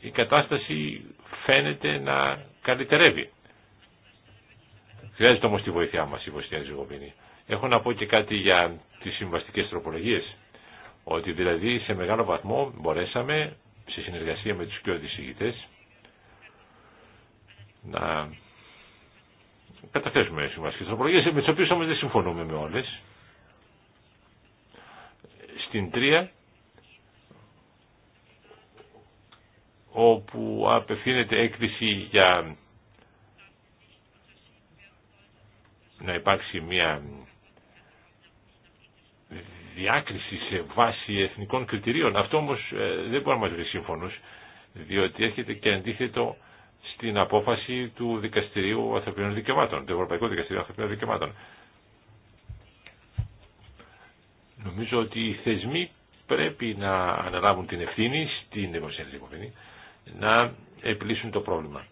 η κατάσταση φαίνεται να καλυτερεύει. Χρειάζεται όμως τη βοήθειά μας η Βοσνία Σεγοβίνη. Έχω να πω και κάτι για τις συμβαστικές τροπολογίες. Ότι δηλαδή σε μεγάλο βαθμό μπορέσαμε σε συνεργασία με τους πιο δυσηγητές να καταθέσουμε συμβαστικές τροπολογίες με τις οποίες όμως δεν συμφωνούμε με όλες. Στην τρία όπου απευθύνεται έκκληση για να υπάρξει μια διάκριση σε βάση εθνικών κριτηρίων. Αυτό όμως ε, δεν μπορεί να μα βρει σύμφωνο, διότι έρχεται και αντίθετο στην απόφαση του Δικαστηρίου Ανθρωπίνων Δικαιωμάτων, του Ευρωπαϊκού Δικαστηρίου Ανθρωπίνων Δικαιωμάτων. Νομίζω ότι οι θεσμοί πρέπει να αναλάβουν την ευθύνη στην Δημοσιακή να επιλύσουν το πρόβλημα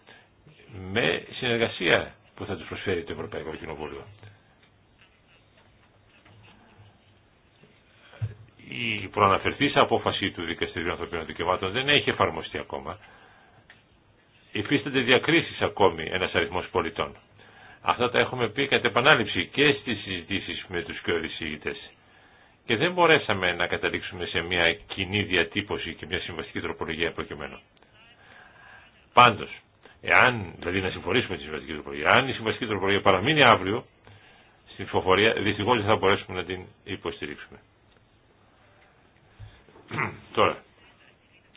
με συνεργασία που θα τους προσφέρει το Ευρωπαϊκό Κοινοβούλιο. η προαναφερθής απόφαση του Δικαστηρίου Ανθρωπίνων Δικαιωμάτων δεν έχει εφαρμοστεί ακόμα. Υφίστανται διακρίσεις ακόμη ένας αριθμός πολιτών. Αυτά τα έχουμε πει κατά επανάληψη και στις συζητήσεις με τους κοιορισίγητες. Και δεν μπορέσαμε να καταλήξουμε σε μια κοινή διατύπωση και μια συμβαστική τροπολογία προκειμένου. Πάντως, εάν, δηλαδή να συμφωνήσουμε τη συμβαστική τροπολογία, αν η συμβαστική τροπολογία παραμείνει αύριο, στην ψηφοφορία, δυστυχώς δεν θα μπορέσουμε να την υποστηρίξουμε. Τώρα,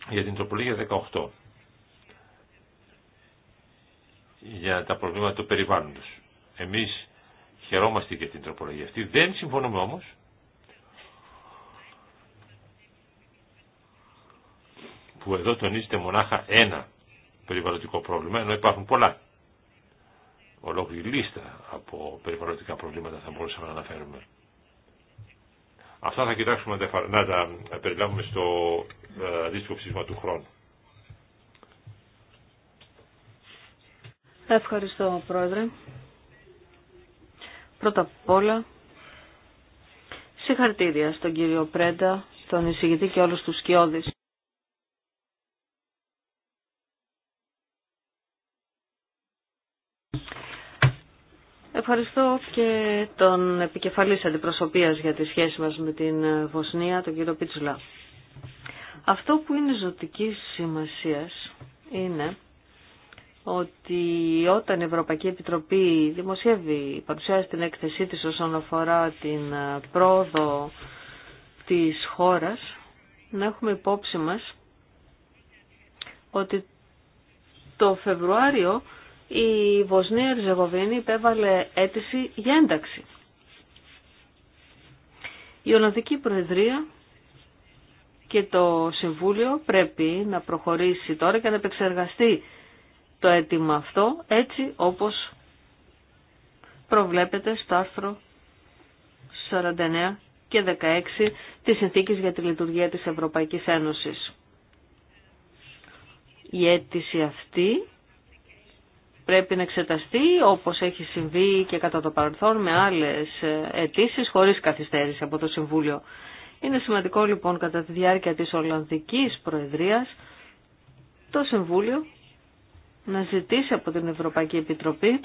για την τροπολογία 18. Για τα προβλήματα του περιβάλλοντος. Εμείς χαιρόμαστε για την τροπολογία αυτή. Δεν συμφωνούμε όμως που εδώ τονίζεται μονάχα ένα περιβαλλοντικό πρόβλημα, ενώ υπάρχουν πολλά. Ολόκληρη λίστα από περιβαλλοντικά προβλήματα θα μπορούσαμε να αναφέρουμε. Αυτά θα κοιτάξουμε να τα ε, περιλάβουμε στο ε, αντίστοιχο ψήφισμα του χρόνου. Ευχαριστώ, Πρόεδρε. Πρώτα απ' όλα, συγχαρητήρια στον κύριο Πρέντα, τον εισηγητή και όλους τους σκιώδης. Ευχαριστώ και τον επικεφαλής αντιπροσωπείας για τη σχέση μας με την ε, Βοσνία, τον κύριο Πίτσουλα. Αυτό που είναι ζωτική σημασίας είναι ότι όταν η Ευρωπαϊκή Επιτροπή δημοσιεύει, παρουσιάζει την έκθεσή της όσον αφορά την ε, πρόοδο της χώρας, να έχουμε υπόψη μας ότι το Φεβρουάριο η Βοσνία Ριζεγοβίνη υπέβαλε αίτηση για ένταξη. Η Ολλανδική Προεδρία και το Συμβούλιο πρέπει να προχωρήσει τώρα και να επεξεργαστεί το αίτημα αυτό έτσι όπως προβλέπεται στο άρθρο 49 και 16 της Συνθήκης για τη Λειτουργία της Ευρωπαϊκής Ένωσης. Η αίτηση αυτή πρέπει να εξεταστεί όπως έχει συμβεί και κατά το παρελθόν με άλλες ε, αιτήσει χωρίς καθυστέρηση από το Συμβούλιο. Είναι σημαντικό λοιπόν κατά τη διάρκεια της Ολλανδικής Προεδρίας το Συμβούλιο να ζητήσει από την Ευρωπαϊκή Επιτροπή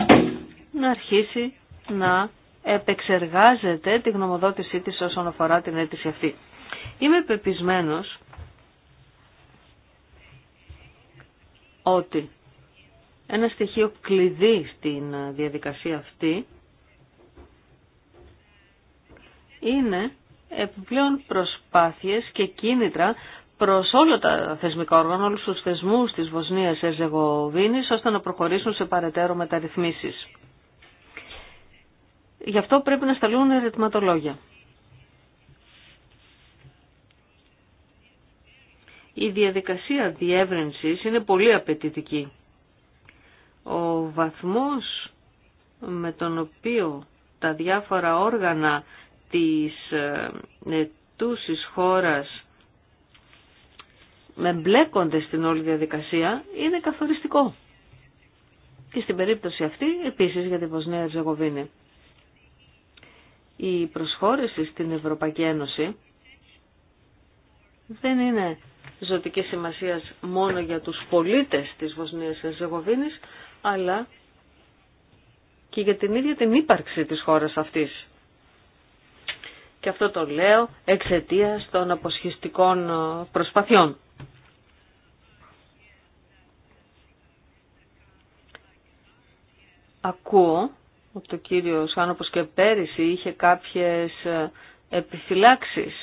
να αρχίσει να επεξεργάζεται τη γνωμοδότησή της όσον αφορά την αίτηση αυτή. Είμαι πεπισμένος ότι ένα στοιχείο κλειδί στην διαδικασία αυτή είναι επιπλέον προσπάθειες και κίνητρα προς όλα τα θεσμικά όργανα, όλους τους θεσμούς της Βοσνίας εζεγοβινης ώστε να προχωρήσουν σε παρετέρω μεταρρυθμίσεις. Γι' αυτό πρέπει να σταλούν ερωτηματολόγια. Η διαδικασία διεύρυνσης είναι πολύ απαιτητική ο βαθμός με τον οποίο τα διάφορα όργανα της νετούσης ε, χώρας με στην όλη διαδικασία είναι καθοριστικό. Και στην περίπτωση αυτή επίσης για τη Βοσνία Ζεγοβίνη. Η προσχώρηση στην Ευρωπαϊκή Ένωση δεν είναι ζωτική σημασία μόνο για τους πολίτες της Βοσνίας Ζεγοβίνης, αλλά και για την ίδια την ύπαρξη της χώρας αυτής. Και αυτό το λέω εξαιτία των αποσχιστικών ε, προσπαθειών. Ακούω ότι ο κύριος Άνοπος και πέρυσι είχε κάποιες ε, επιφυλάξεις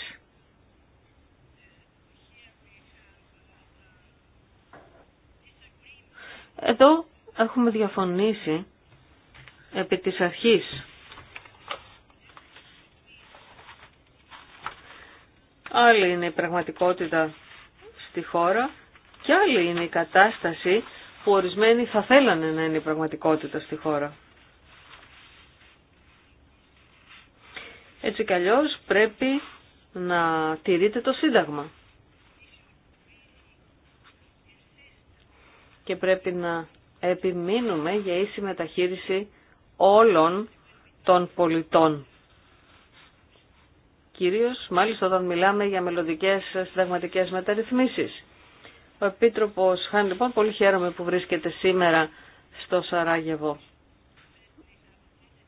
Εδώ έχουμε διαφωνήσει επί της αρχής. Άλλη είναι η πραγματικότητα στη χώρα και άλλη είναι η κατάσταση που ορισμένοι θα θέλανε να είναι η πραγματικότητα στη χώρα. Έτσι κι πρέπει να τηρείτε το Σύνταγμα. Και πρέπει να επιμείνουμε για ίση μεταχείριση όλων των πολιτών. Κυρίως μάλιστα όταν μιλάμε για μελλοντικέ συνταγματικέ μεταρρυθμίσεις. Ο Επίτροπος Χάν λοιπόν πολύ χαίρομαι που βρίσκεται σήμερα στο Σαράγεβο.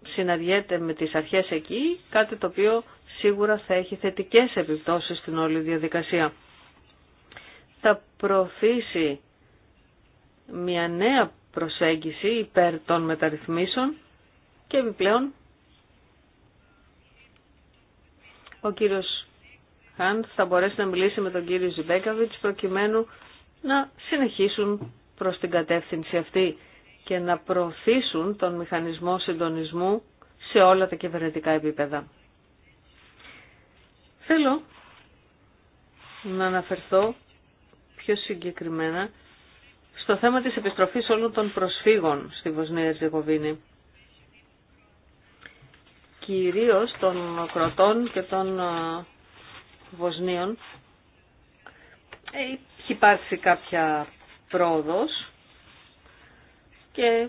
Συναντιέται με τις αρχές εκεί, κάτι το οποίο σίγουρα θα έχει θετικές επιπτώσεις στην όλη διαδικασία. Θα προωθήσει μια νέα προσέγγιση υπέρ των μεταρρυθμίσεων και επιπλέον ο κύριος Χάντ θα μπορέσει να μιλήσει με τον κύριο Ζιμπέκαβιτς προκειμένου να συνεχίσουν προς την κατεύθυνση αυτή και να προωθήσουν τον μηχανισμό συντονισμού σε όλα τα κυβερνητικά επίπεδα. Θέλω να αναφερθώ πιο συγκεκριμένα στο θέμα της επιστροφής όλων των προσφύγων στη Βοσνία Ζεγοβίνη. Κυρίως των Κροτών και των Βοσνίων. Ε, έχει υπάρξει κάποια πρόοδος και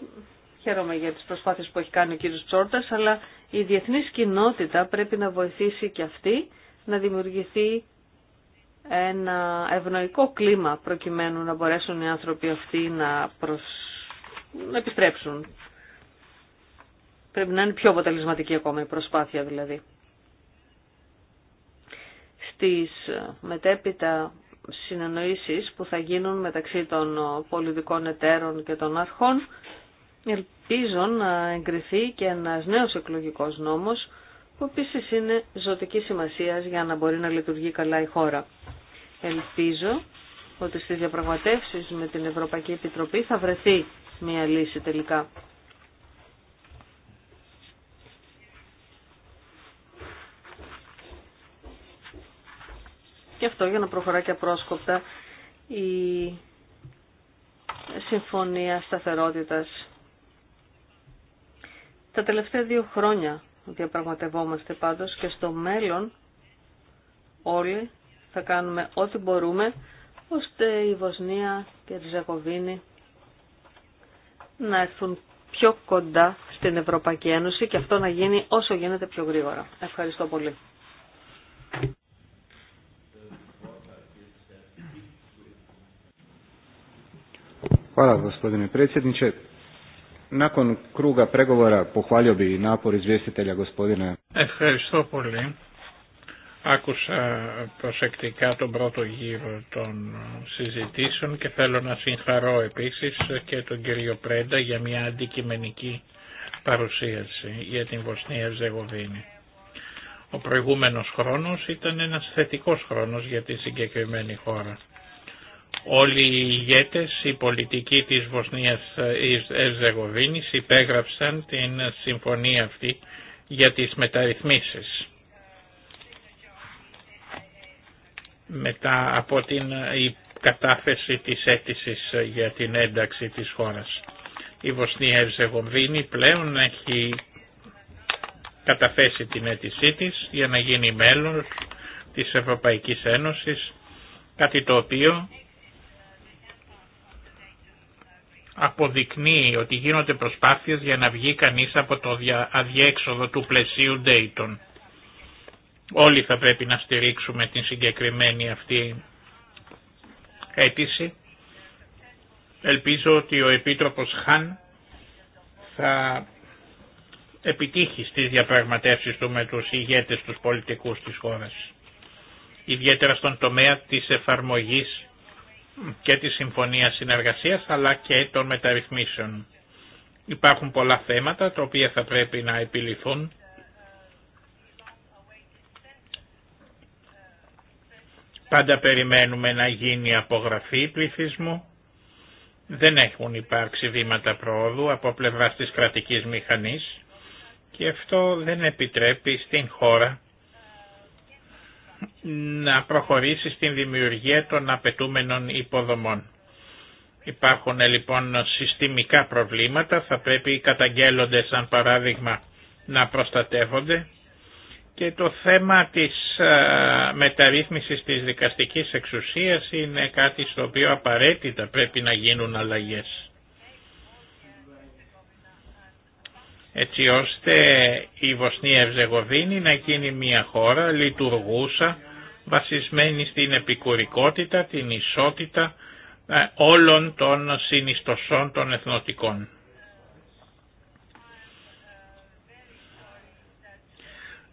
χαίρομαι για τις προσπάθειες που έχει κάνει ο κύριος Τσόρτας, αλλά η διεθνής κοινότητα πρέπει να βοηθήσει και αυτή να δημιουργηθεί ένα ευνοϊκό κλίμα προκειμένου να μπορέσουν οι άνθρωποι αυτοί να, να επιστρέψουν. Πρέπει να είναι πιο αποτελεσματική ακόμα η προσπάθεια δηλαδή. Στις ε, μετέπειτα συνεννοήσεις που θα γίνουν μεταξύ των ε, πολιτικών εταίρων και των αρχών ελπίζω να εγκριθεί και ένας νέος εκλογικός νόμος που επίση είναι ζωτική σημασία για να μπορεί να λειτουργεί καλά η χώρα. Ελπίζω ότι στις διαπραγματεύσεις με την Ευρωπαϊκή Επιτροπή θα βρεθεί μια λύση τελικά. Και αυτό για να προχωρά και απρόσκοπτα η Συμφωνία Σταθερότητας. Τα τελευταία δύο χρόνια διαπραγματευόμαστε πάντως και στο μέλλον όλοι θα κάνουμε ό,τι μπορούμε ώστε η Βοσνία και η Ριζακοβίνη να έρθουν πιο κοντά στην Ευρωπαϊκή Ένωση και αυτό να γίνει όσο γίνεται πιο γρήγορα. Ευχαριστώ πολύ. Hvala gospodine predsjedniče. Nakon kruga pregovora pohvalio bi napor izvjestitelja gospodina. Ευχαριστώ πολύ. Άκουσα προσεκτικά τον πρώτο γύρο των συζητήσεων και θέλω να συγχαρώ επίσης και τον κύριο Πρέντα για μια αντικειμενική παρουσίαση για την Βοσνία Ζεγοβίνη. Ο προηγούμενος χρόνος ήταν ένας θετικός χρόνος για τη συγκεκριμένη χώρα. Όλοι οι ηγέτες, οι πολιτικοί της Βοσνίας Ζεγοδίνης υπέγραψαν την συμφωνία αυτή για τις μεταρρυθμίσεις. μετά από την η κατάθεση της αίτηση για την ένταξη της χώρας. Η Βοσνία Ευζεγοβίνη πλέον έχει καταθέσει την αίτησή της για να γίνει μέλος της Ευρωπαϊκής Ένωσης, κάτι το οποίο αποδεικνύει ότι γίνονται προσπάθειες για να βγει κανείς από το αδιέξοδο του πλαισίου Dayton. Όλοι θα πρέπει να στηρίξουμε την συγκεκριμένη αυτή αίτηση. Ελπίζω ότι ο Επίτροπος Χαν θα επιτύχει στις διαπραγματεύσεις του με τους ηγέτες τους πολιτικούς της χώρας. Ιδιαίτερα στον τομέα της εφαρμογής και της Συμφωνίας Συνεργασίας αλλά και των μεταρρυθμίσεων. Υπάρχουν πολλά θέματα τα οποία θα πρέπει να επιληθούν Πάντα περιμένουμε να γίνει απογραφή πληθυσμού. Δεν έχουν υπάρξει βήματα προόδου από πλευρά της κρατικής μηχανής και αυτό δεν επιτρέπει στην χώρα να προχωρήσει στην δημιουργία των απαιτούμενων υποδομών. Υπάρχουν λοιπόν συστημικά προβλήματα, θα πρέπει οι καταγγέλλοντες σαν παράδειγμα να προστατεύονται και το θέμα της ε, μεταρρύθμισης της δικαστικής εξουσίας είναι κάτι στο οποίο απαραίτητα πρέπει να γίνουν αλλαγές. Έτσι ώστε η Βοσνία Ευζεγοβίνη να γίνει μια χώρα λειτουργούσα βασισμένη στην επικουρικότητα, την ισότητα ε, όλων των συνιστοσών των εθνοτικών.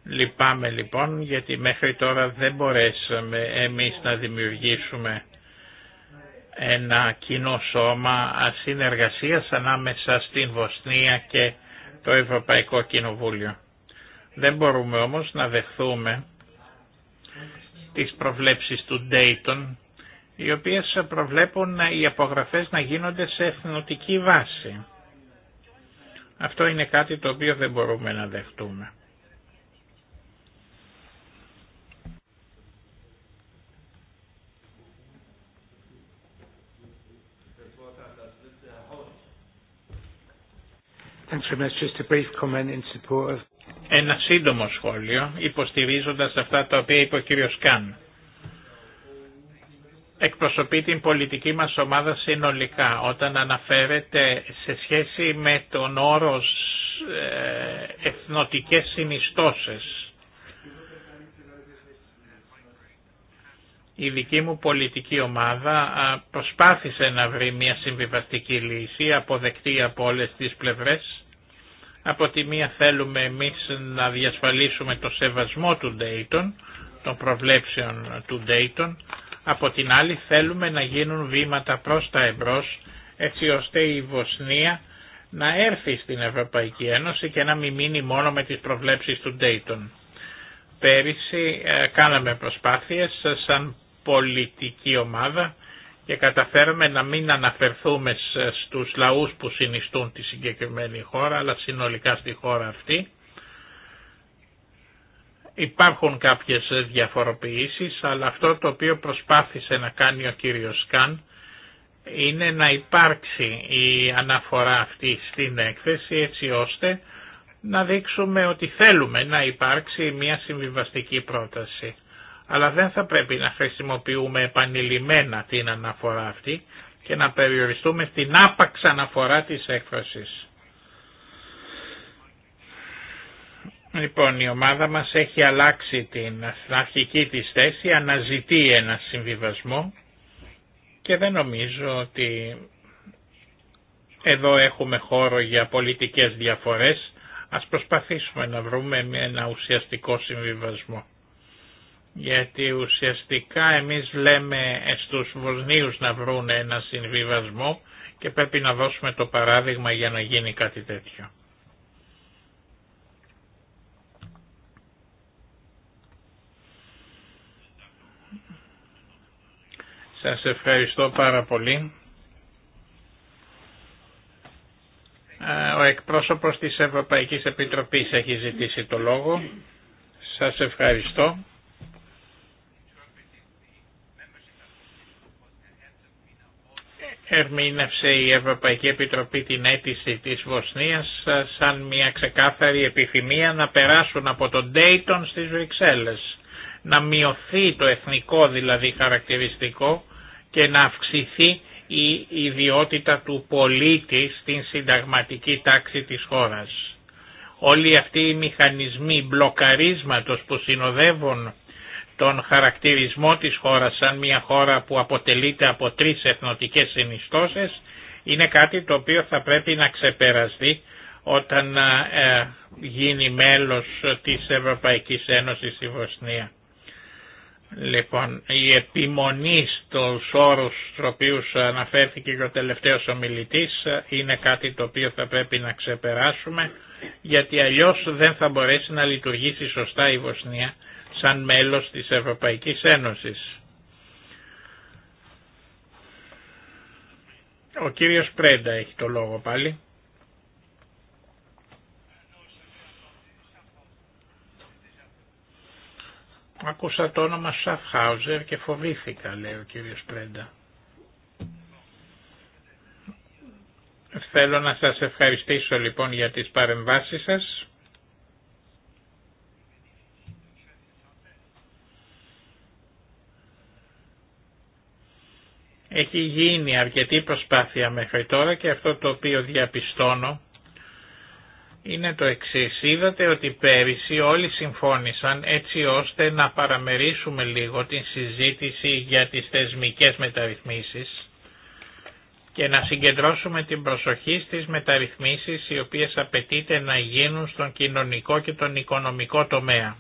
Λυπάμαι λοιπόν γιατί μέχρι τώρα δεν μπορέσαμε εμείς να δημιουργήσουμε ένα κοινό σώμα συνεργασίας ανάμεσα στην Βοσνία και το Ευρωπαϊκό Κοινοβούλιο. Δεν μπορούμε όμως να δεχθούμε τις προβλέψεις του Dayton, οι οποίες προβλέπουν οι απογραφές να γίνονται σε εθνοτική βάση. Αυτό είναι κάτι το οποίο δεν μπορούμε να δεχτούμε. Ένα σύντομο σχόλιο υποστηρίζοντας αυτά τα οποία είπε ο κύριος Καν. Εκπροσωπεί την πολιτική μας ομάδα συνολικά όταν αναφέρεται σε σχέση με τον όρο ε, εθνοτικές συνιστώσεις η δική μου πολιτική ομάδα προσπάθησε να βρει μια συμβιβαστική λύση αποδεκτή από όλες τις πλευρές. Από τη μία θέλουμε εμείς να διασφαλίσουμε το σεβασμό του Dayton, των προβλέψεων του Dayton. Από την άλλη θέλουμε να γίνουν βήματα προς τα εμπρός έτσι ώστε η Βοσνία να έρθει στην Ευρωπαϊκή Ένωση και να μην μείνει μόνο με τις προβλέψεις του Dayton. Πέρυσι ε, κάναμε προσπάθειες ε, σαν πολιτική ομάδα και καταφέρουμε να μην αναφερθούμε στους λαούς που συνιστούν τη συγκεκριμένη χώρα, αλλά συνολικά στη χώρα αυτή. Υπάρχουν κάποιες διαφοροποιήσεις, αλλά αυτό το οποίο προσπάθησε να κάνει ο κύριος Καν είναι να υπάρξει η αναφορά αυτή στην έκθεση έτσι ώστε να δείξουμε ότι θέλουμε να υπάρξει μια συμβιβαστική πρόταση αλλά δεν θα πρέπει να χρησιμοποιούμε επανειλημμένα την αναφορά αυτή και να περιοριστούμε στην άπαξ αναφορά της έκφρασης. Λοιπόν, η ομάδα μας έχει αλλάξει την αρχική της θέση, αναζητεί ένα συμβιβασμό και δεν νομίζω ότι εδώ έχουμε χώρο για πολιτικές διαφορές. Ας προσπαθήσουμε να βρούμε ένα ουσιαστικό συμβιβασμό γιατί ουσιαστικά εμείς λέμε ε, στους Βοσνίους να βρουν ένα συμβιβασμό και πρέπει να δώσουμε το παράδειγμα για να γίνει κάτι τέτοιο. Σας ευχαριστώ πάρα πολύ. Ε, ο εκπρόσωπος της Ευρωπαϊκής Επιτροπής έχει ζητήσει το λόγο. Σας ευχαριστώ. ερμήνευσε η Ευρωπαϊκή Επιτροπή την αίτηση της Βοσνίας ε, σαν μια ξεκάθαρη επιθυμία να περάσουν από τον Dayton στις Βρυξέλλες, να μειωθεί το εθνικό δηλαδή χαρακτηριστικό και να αυξηθεί η ιδιότητα του πολίτη στην συνταγματική τάξη της χώρας. Όλοι αυτοί οι μηχανισμοί μπλοκαρίσματος που συνοδεύουν τον χαρακτηρισμό της χώρας σαν μια χώρα που αποτελείται από τρεις εθνοτικές συνιστώσεις είναι κάτι το οποίο θα πρέπει να ξεπεραστεί όταν ε, γίνει μέλος της Ευρωπαϊκής Ένωσης στη Βοσνία. Λοιπόν, η επιμονή στους όρους στους οποίους αναφέρθηκε και ο τελευταίος ομιλητής είναι κάτι το οποίο θα πρέπει να ξεπεράσουμε γιατί αλλιώς δεν θα μπορέσει να λειτουργήσει σωστά η Βοσνία σαν μέλος της Ευρωπαϊκής Ένωσης. Ο κύριος Πρέντα έχει το λόγο πάλι. Άκουσα το όνομα Σαφχάουζερ και φοβήθηκα, λέει ο κύριος Πρέντα. Θέλω να σας ευχαριστήσω λοιπόν για τις παρεμβάσεις σας. Έχει γίνει αρκετή προσπάθεια μέχρι τώρα και αυτό το οποίο διαπιστώνω είναι το εξή. Είδατε ότι πέρυσι όλοι συμφώνησαν έτσι ώστε να παραμερίσουμε λίγο την συζήτηση για τις θεσμικές μεταρρυθμίσεις και να συγκεντρώσουμε την προσοχή στις μεταρρυθμίσεις οι οποίες απαιτείται να γίνουν στον κοινωνικό και τον οικονομικό τομέα.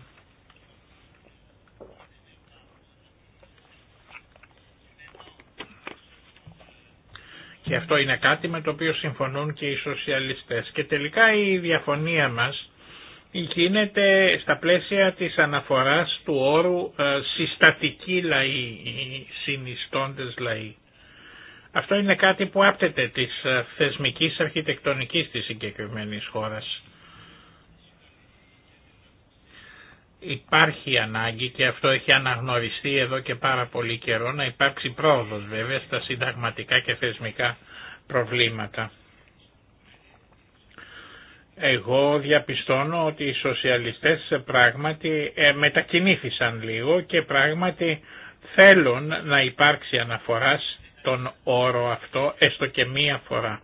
Και αυτό είναι κάτι με το οποίο συμφωνούν και οι σοσιαλιστές. Και τελικά η διαφωνία μας γίνεται στα πλαίσια της αναφοράς του όρου ε, συστατική λαή, συνιστώντες λαή. Αυτό είναι κάτι που άπτεται της ε, θεσμικής αρχιτεκτονικής της συγκεκριμένης χώρας. Υπάρχει ανάγκη και αυτό έχει αναγνωριστεί εδώ και πάρα πολύ καιρό να υπάρξει πρόοδος βέβαια στα συνταγματικά και θεσμικά προβλήματα. Εγώ διαπιστώνω ότι οι σοσιαλιστές πράγματι ε, μετακινήθησαν λίγο και πράγματι θέλουν να υπάρξει αναφορά στον όρο αυτό έστω και μία φορά.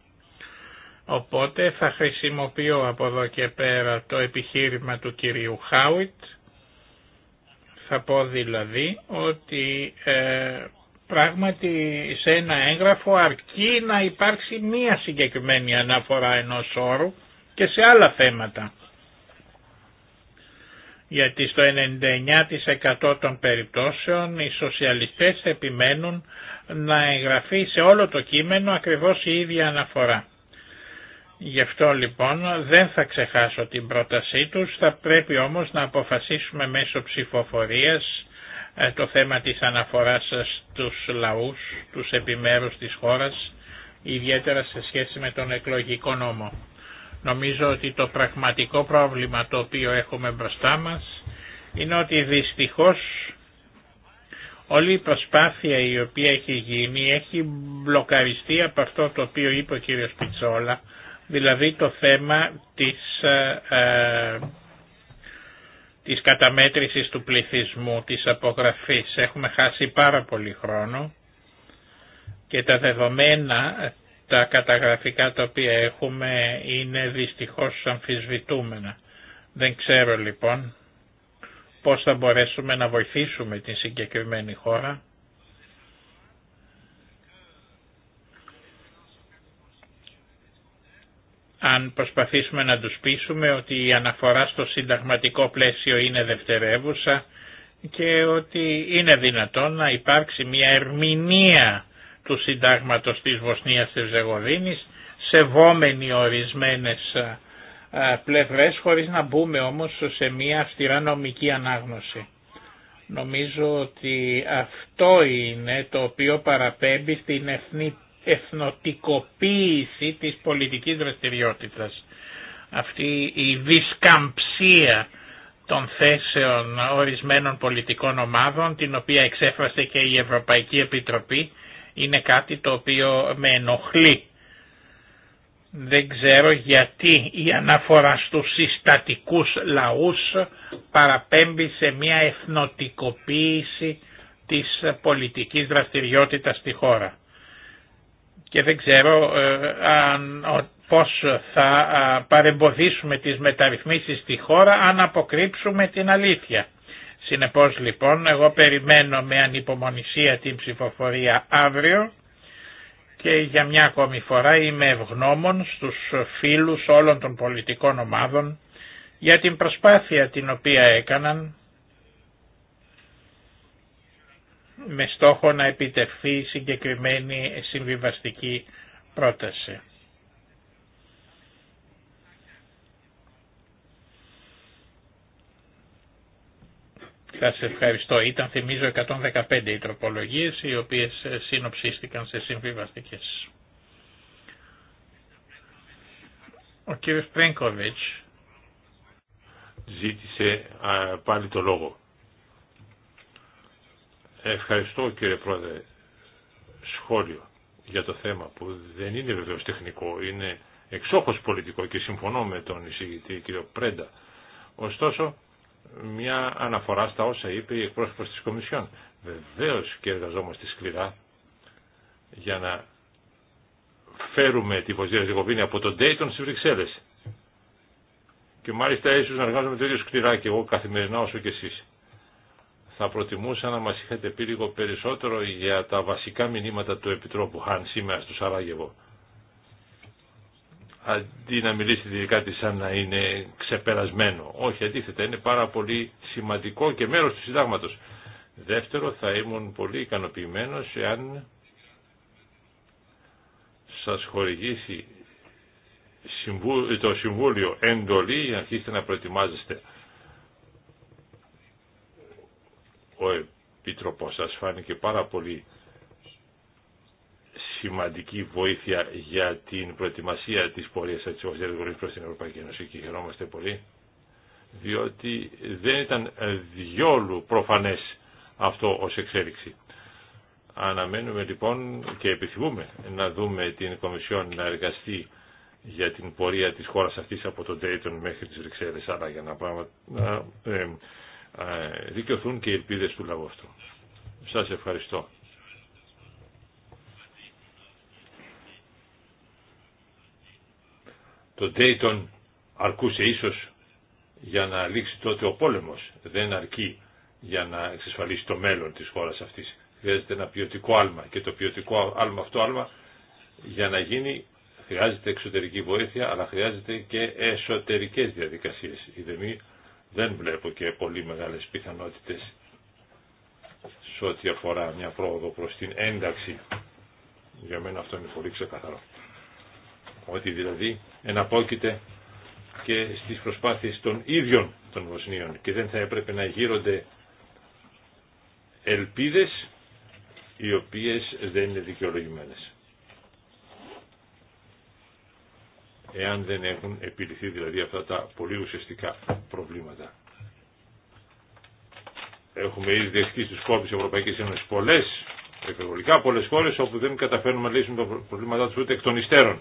Οπότε θα χρησιμοποιώ από εδώ και πέρα το επιχείρημα του κυρίου Χάουιτ θα πω δηλαδή ότι ε, πράγματι σε ένα έγγραφο αρκεί να υπάρξει μία συγκεκριμένη αναφορά ενός όρου και σε άλλα θέματα. Γιατί στο 99% των περιπτώσεων οι σοσιαλιστές επιμένουν να εγγραφεί σε όλο το κείμενο ακριβώς η ίδια αναφορά. Γι' αυτό λοιπόν δεν θα ξεχάσω την πρότασή τους, θα πρέπει όμως να αποφασίσουμε μέσω ψηφοφορίας ε, το θέμα της αναφοράς στους λαούς, τους επιμέρους της χώρας, ιδιαίτερα σε σχέση με τον εκλογικό νόμο. Νομίζω ότι το πραγματικό πρόβλημα το οποίο έχουμε μπροστά μας είναι ότι δυστυχώς όλη η προσπάθεια η οποία έχει γίνει έχει μπλοκαριστεί από αυτό το οποίο είπε ο κ. Πιτσόλα δηλαδή το θέμα της, ε, ε, της καταμέτρησης του πληθυσμού, της απογραφής. Έχουμε χάσει πάρα πολύ χρόνο και τα δεδομένα, τα καταγραφικά τα οποία έχουμε είναι δυστυχώς αμφισβητούμενα. Δεν ξέρω λοιπόν πώς θα μπορέσουμε να βοηθήσουμε την συγκεκριμένη χώρα αν προσπαθήσουμε να τους πείσουμε ότι η αναφορά στο συνταγματικό πλαίσιο είναι δευτερεύουσα και ότι είναι δυνατόν να υπάρξει μια ερμηνεία του συντάγματος της Βοσνίας της Ζεγοδίνης σεβόμενοι ορισμένες πλευρές χωρίς να μπούμε όμως σε μια αυστηρά νομική ανάγνωση. Νομίζω ότι αυτό είναι το οποίο παραπέμπει στην εθνή εθνοτικοποίηση της πολιτικής δραστηριότητας. Αυτή η δισκαμψία των θέσεων ορισμένων πολιτικών ομάδων, την οποία εξέφρασε και η Ευρωπαϊκή Επιτροπή, είναι κάτι το οποίο με ενοχλεί. Δεν ξέρω γιατί η αναφορά στους συστατικούς λαούς παραπέμπει σε μια εθνοτικοποίηση της πολιτικής δραστηριότητας στη χώρα και δεν ξέρω ε, αν, πώς θα παρεμποδίσουμε τις μεταρρυθμίσεις στη χώρα αν αποκρύψουμε την αλήθεια. Συνεπώς λοιπόν εγώ περιμένω με ανυπομονησία την ψηφοφορία αύριο και για μια ακόμη φορά είμαι ευγνώμων στους φίλους όλων των πολιτικών ομάδων για την προσπάθεια την οποία έκαναν με στόχο να επιτευχθεί συγκεκριμένη συμβιβαστική πρόταση. Σας ευχαριστώ. Ήταν θυμίζω 115 οι τροπολογίες οι οποίες συνοψίστηκαν σε συμβιβαστικές. Ο κύριος Πρέγκοβιτς ζήτησε πάλι το λόγο. Ευχαριστώ κύριε Πρόεδρε. Σχόλιο για το θέμα που δεν είναι βεβαίω τεχνικό, είναι εξόχως πολιτικό και συμφωνώ με τον εισηγητή κύριο Πρέντα. Ωστόσο, μια αναφορά στα όσα είπε η εκπρόσωπος της Κομισιόν. Βεβαίως και εργαζόμαστε σκληρά για να φέρουμε τη Βοζήρα Ζεγοβίνη από τον Τέιτον στις Βρυξέλλες. Και μάλιστα ίσως να εργάζομαι το ίδιο σκληρά και εγώ καθημερινά όσο και εσείς. Θα προτιμούσα να μας είχατε πει λίγο περισσότερο για τα βασικά μηνύματα του Επιτρόπου Χάν σήμερα στο Σαράγεβο. Αντί να μιλήσετε δικά κάτι σαν να είναι ξεπερασμένο. Όχι, αντίθετα, είναι πάρα πολύ σημαντικό και μέρος του συντάγματος. Δεύτερο, θα ήμουν πολύ ικανοποιημένος εάν σας χορηγήσει το Συμβούλιο εντολή αρχίσετε να προετοιμάζεστε ο Επίτροπος σας φάνηκε πάρα πολύ σημαντική βοήθεια για την προετοιμασία της πορείας της Ορθέδης προς την Ευρωπαϊκή Ένωση και χαιρόμαστε πολύ διότι δεν ήταν διόλου προφανές αυτό ως εξέλιξη. Αναμένουμε λοιπόν και επιθυμούμε να δούμε την Κομισιόν να εργαστεί για την πορεία της χώρας αυτής από τον Τέιτον μέχρι τις Βρυξέλλες αλλά για να, πράγμα, ε, ε, δικαιωθούν και οι ελπίδες του λαού αυτού. Σας ευχαριστώ. Το Dayton αρκούσε ίσως για να λήξει τότε ο πόλεμος. Δεν αρκεί για να εξασφαλίσει το μέλλον της χώρας αυτής. Χρειάζεται ένα ποιοτικό άλμα και το ποιοτικό άλμα αυτό άλμα για να γίνει χρειάζεται εξωτερική βοήθεια αλλά χρειάζεται και εσωτερικές διαδικασίες. Η δεμή δεν βλέπω και πολύ μεγάλες πιθανότητες σε ό,τι αφορά μια πρόοδο προς την ένταξη. Για μένα αυτό είναι πολύ ξεκαθαρό. Ότι δηλαδή εναπόκειται και στις προσπάθειες των ίδιων των Βοσνίων και δεν θα έπρεπε να γύρονται ελπίδες οι οποίες δεν είναι δικαιολογημένες. εάν δεν έχουν επιληθεί δηλαδή αυτά τα πολύ ουσιαστικά προβλήματα. Έχουμε ήδη δεχτεί στους κόρπους της Ευρωπαϊκής Ένωσης πολλές, επιβολικά πολλές χώρες όπου δεν καταφέρνουμε να λύσουμε τα προβλήματά τους ούτε εκ των υστέρων.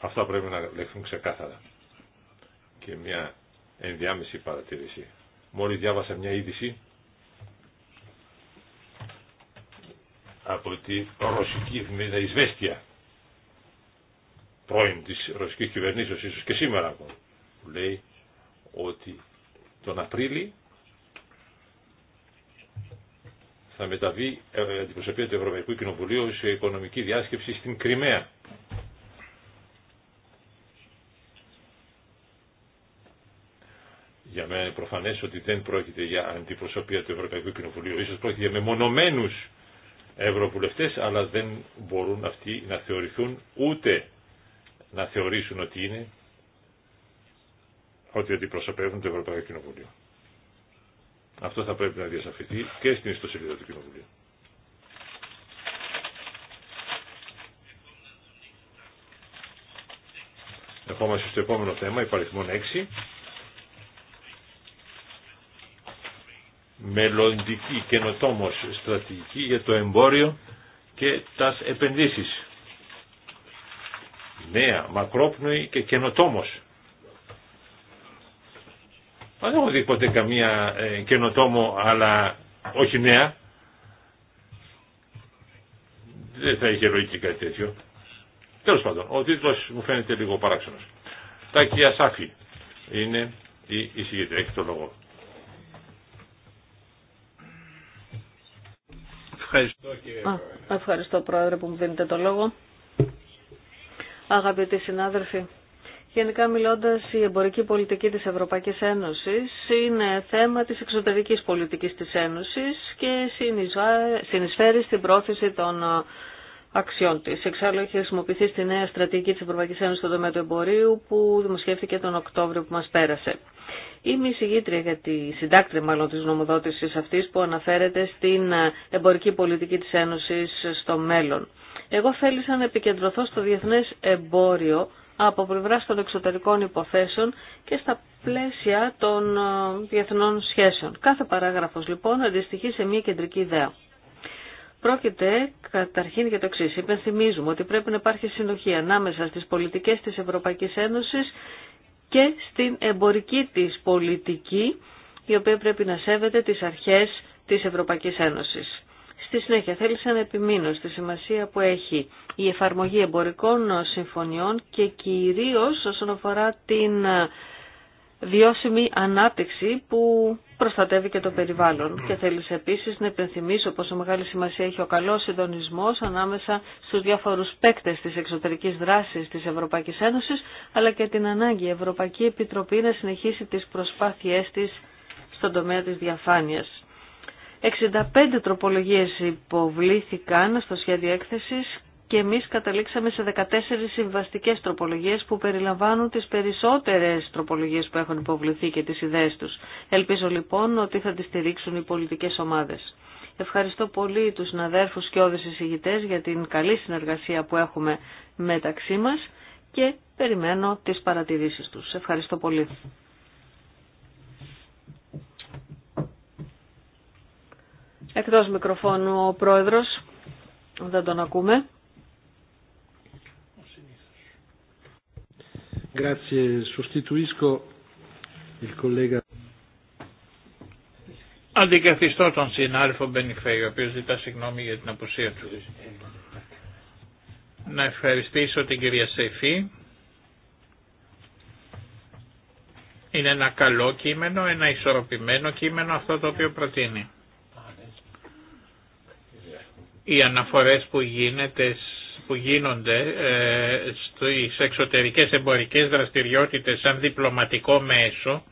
Αυτά πρέπει να λεχθούν ξεκάθαρα. Και μια ενδιάμεση παρατήρηση. Μόλις διάβασα μια είδηση από τη ρωσική εφημερίδα Ισβέστια πρώην της ρωσικής κυβερνήσεως ίσως και σήμερα ακόμα που λέει ότι τον Απρίλη θα μεταβεί ε, αντιπροσωπεία του Ευρωπαϊκού Κοινοβουλίου σε οικονομική διάσκεψη στην Κρυμαία. Για μένα είναι προφανές ότι δεν πρόκειται για αντιπροσωπεία του Ευρωπαϊκού Κοινοβουλίου. Ίσως πρόκειται για μεμονωμένους ευρωβουλευτές, αλλά δεν μπορούν αυτοί να θεωρηθούν ούτε να θεωρήσουν ότι είναι ότι αντιπροσωπεύουν το Ευρωπαϊκό Κοινοβούλιο. Αυτό θα πρέπει να διασαφηθεί και στην ιστοσελίδα του Κοινοβουλίου. Ερχόμαστε στο επόμενο θέμα, υπαριθμόν 6. μελλοντική καινοτόμως στρατηγική για το εμπόριο και τας επενδύσεις. Νέα, μακρόπνοη και καινοτόμος. Δεν έχω δει ποτέ καμία ε, καινοτόμο αλλά όχι νέα. Δεν θα είχε λογική κάτι τέτοιο. Τέλος πάντων, ο τίτλος μου φαίνεται λίγο παράξενος. Τα Σάφη είναι η συγκεκριμένη έχει το λόγο. Ευχαριστώ κύριε Πρόεδρε. ευχαριστώ Πρόεδρε που μου δίνετε το λόγο. Αγαπητοί συνάδελφοι, γενικά μιλώντας η εμπορική πολιτική της Ευρωπαϊκής Ένωσης είναι θέμα της εξωτερικής πολιτικής της Ένωσης και συνεισφέρει στην πρόθεση των αξιών της. Εξάλλου έχει χρησιμοποιηθεί στη νέα στρατηγική της Ευρωπαϊκής Ένωσης στον τομέα του εμπορίου που δημοσιεύτηκε τον Οκτώβριο που μας πέρασε. Είμαι συγγήτρια για τη συντάκτρια μάλλον της νομοδότησης αυτής που αναφέρεται στην ε, εμπορική πολιτική της Ένωσης στο μέλλον. Εγώ θέλησα να επικεντρωθώ στο διεθνές εμπόριο από πλευρά των εξωτερικών υποθέσεων και στα πλαίσια των ε, διεθνών σχέσεων. Κάθε παράγραφος λοιπόν αντιστοιχεί σε μια κεντρική ιδέα. Πρόκειται καταρχήν για το εξή. Υπενθυμίζουμε ότι πρέπει να υπάρχει συνοχή ανάμεσα στι πολιτικέ τη Ευρωπαϊκή Ένωση και στην εμπορική της πολιτική, η οποία πρέπει να σέβεται τις αρχές της Ευρωπαϊκής Ένωσης. Στη συνέχεια θέλησα να επιμείνω στη σημασία που έχει η εφαρμογή εμπορικών συμφωνιών και κυρίως όσον αφορά την βιώσιμη ανάπτυξη που προστατεύει και το περιβάλλον. Και θέλεις επίσης να υπενθυμίσω πόσο μεγάλη σημασία έχει ο καλός συντονισμός ανάμεσα στους διάφορους παίκτες της εξωτερικής δράσης της Ευρωπαϊκής Ένωσης, αλλά και την ανάγκη η Ευρωπαϊκή Επιτροπή να συνεχίσει τις προσπάθειές της στον τομέα της διαφάνειας. 65 τροπολογίες υποβλήθηκαν στο σχέδιο έκθεσης και εμείς καταλήξαμε σε 14 συμβαστικές τροπολογίες που περιλαμβάνουν τις περισσότερες τροπολογίες που έχουν υποβληθεί και τις ιδέες τους. Ελπίζω λοιπόν ότι θα τις στηρίξουν οι πολιτικές ομάδες. Ευχαριστώ πολύ τους συναδέρφους και όδες εισηγητές για την καλή συνεργασία που έχουμε μεταξύ μας και περιμένω τις παρατηρήσεις τους. Ευχαριστώ πολύ. Εκτός μικροφώνου ο πρόεδρος, δεν τον ακούμε. Grazie, sostituisco il collega. Αντικαθιστώ τον συνάδελφο Μπενιφέη, ο οποίο ζητά συγγνώμη για την απουσία του. Να ευχαριστήσω την κυρία Σεφή. Είναι ένα καλό κείμενο, ένα ισορροπημένο κείμενο αυτό το οποίο προτείνει. Οι αναφορές που γίνεται που γίνονται ε, στις εξωτερικές εμπορικές δραστηριότητες σαν διπλωματικό μέσο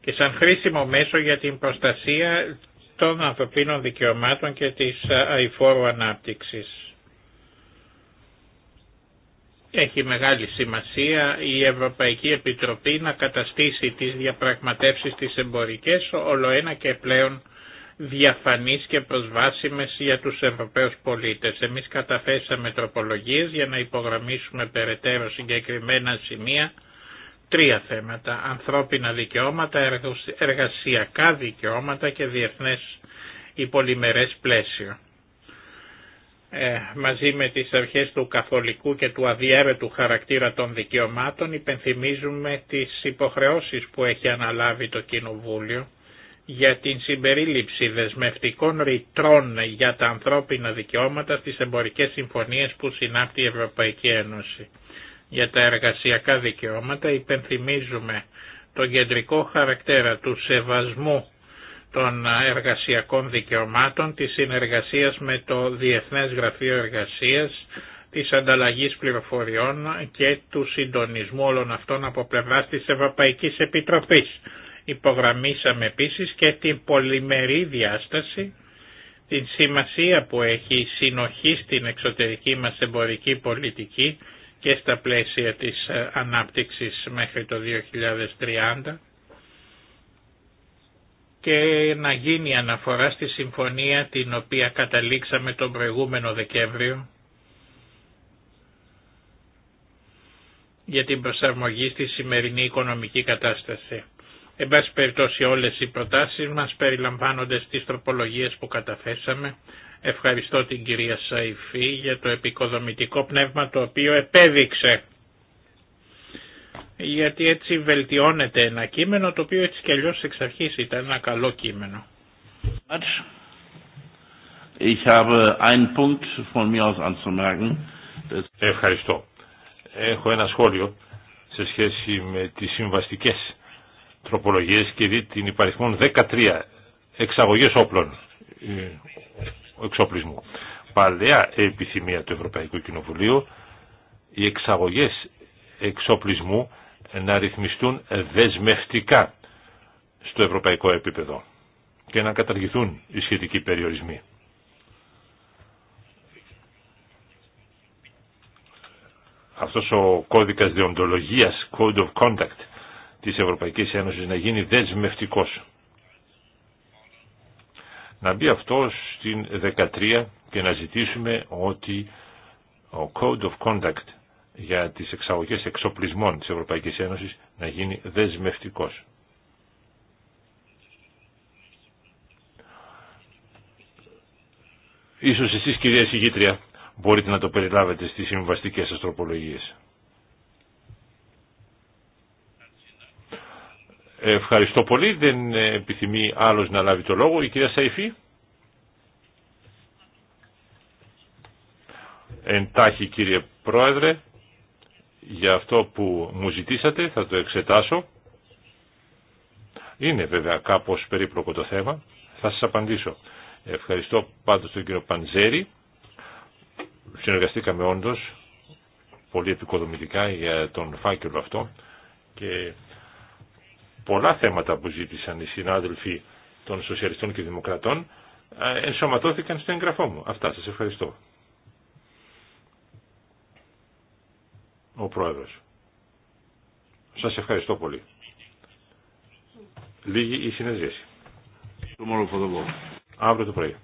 και σαν χρήσιμο μέσο για την προστασία των ανθρωπίνων δικαιωμάτων και της αηφόρου ανάπτυξης. Έχει μεγάλη σημασία η Ευρωπαϊκή Επιτροπή να καταστήσει τις διαπραγματεύσεις της εμπορικές όλο ένα και πλέον διαφανείς και προσβάσιμες για τους Ευρωπαίους πολίτες. Εμείς καταθέσαμε τροπολογίες για να υπογραμμίσουμε περαιτέρω συγκεκριμένα σημεία τρία θέματα. Ανθρώπινα δικαιώματα, εργασιακά δικαιώματα και διεθνές υπολιμερές πλαίσιο. Ε, μαζί με τις αρχές του καθολικού και του αδιέρετου χαρακτήρα των δικαιωμάτων υπενθυμίζουμε τις υποχρεώσεις που έχει αναλάβει το Κοινοβούλιο για την συμπερίληψη δεσμευτικών ρητρών για τα ανθρώπινα δικαιώματα στις εμπορικές συμφωνίες που συνάπτει η Ευρωπαϊκή Ένωση. Για τα εργασιακά δικαιώματα υπενθυμίζουμε τον κεντρικό χαρακτήρα του σεβασμού των εργασιακών δικαιωμάτων, της συνεργασίας με το Διεθνές Γραφείο Εργασίας, της ανταλλαγής πληροφοριών και του συντονισμού όλων αυτών από πλευράς της Ευρωπαϊκής Επιτροπής. Υπογραμμίσαμε επίσης και την πολυμερή διάσταση, την σημασία που έχει η συνοχή στην εξωτερική μας εμπορική πολιτική και στα πλαίσια της ε, ανάπτυξης μέχρι το 2030 και να γίνει αναφορά στη συμφωνία την οποία καταλήξαμε τον προηγούμενο Δεκέμβριο για την προσαρμογή στη σημερινή οικονομική κατάσταση. Εν πάση περιπτώσει όλες οι προτάσεις μας περιλαμβάνονται στις τροπολογίες που καταθέσαμε. Ευχαριστώ την κυρία Σαϊφή για το επικοδομητικό πνεύμα το οποίο επέδειξε. Γιατί έτσι βελτιώνεται ένα κείμενο το οποίο έτσι κι αλλιώς εξ αρχής ήταν ένα καλό κείμενο. Ευχαριστώ. Έχω ένα σχόλιο σε σχέση με τις συμβαστικές τροπολογίες και δει την υπαριθμόν 13 εξαγωγές όπλων εξοπλισμού. Παλαιά επιθυμία του Ευρωπαϊκού Κοινοβουλίου οι εξαγωγές εξοπλισμού να ρυθμιστούν δεσμευτικά στο ευρωπαϊκό επίπεδο και να καταργηθούν οι σχετικοί περιορισμοί. Αυτός ο κώδικας διοντολογίας, Code of Conduct, της Ευρωπαϊκής Ένωσης να γίνει δεσμευτικό. Να μπει αυτό στην 13 και να ζητήσουμε ότι ο Code of Conduct για τις εξαγωγές εξοπλισμών της Ευρωπαϊκής Ένωσης να γίνει δεσμευτικό. Ίσως εσείς κυρία Συγήτρια μπορείτε να το περιλάβετε στις συμβαστικές αστροπολογίες. Ευχαριστώ πολύ. Δεν επιθυμεί άλλος να λάβει το λόγο. Η κυρία Σαϊφή. Εντάχει κύριε Πρόεδρε, για αυτό που μου ζητήσατε θα το εξετάσω. Είναι βέβαια κάπως περίπλοκο το θέμα. Θα σας απαντήσω. Ευχαριστώ πάντως τον κύριο Παντζέρη. Συνεργαστήκαμε όντως πολύ επικοδομητικά για τον φάκελο αυτό και πολλά θέματα που ζήτησαν οι συνάδελφοι των Σοσιαλιστών και Δημοκρατών ε, ενσωματώθηκαν στο εγγραφό μου. Αυτά σας ευχαριστώ. Ο Πρόεδρος. Σας ευχαριστώ πολύ. Λίγη η συνεδρίαση. Αύριο το πρωί.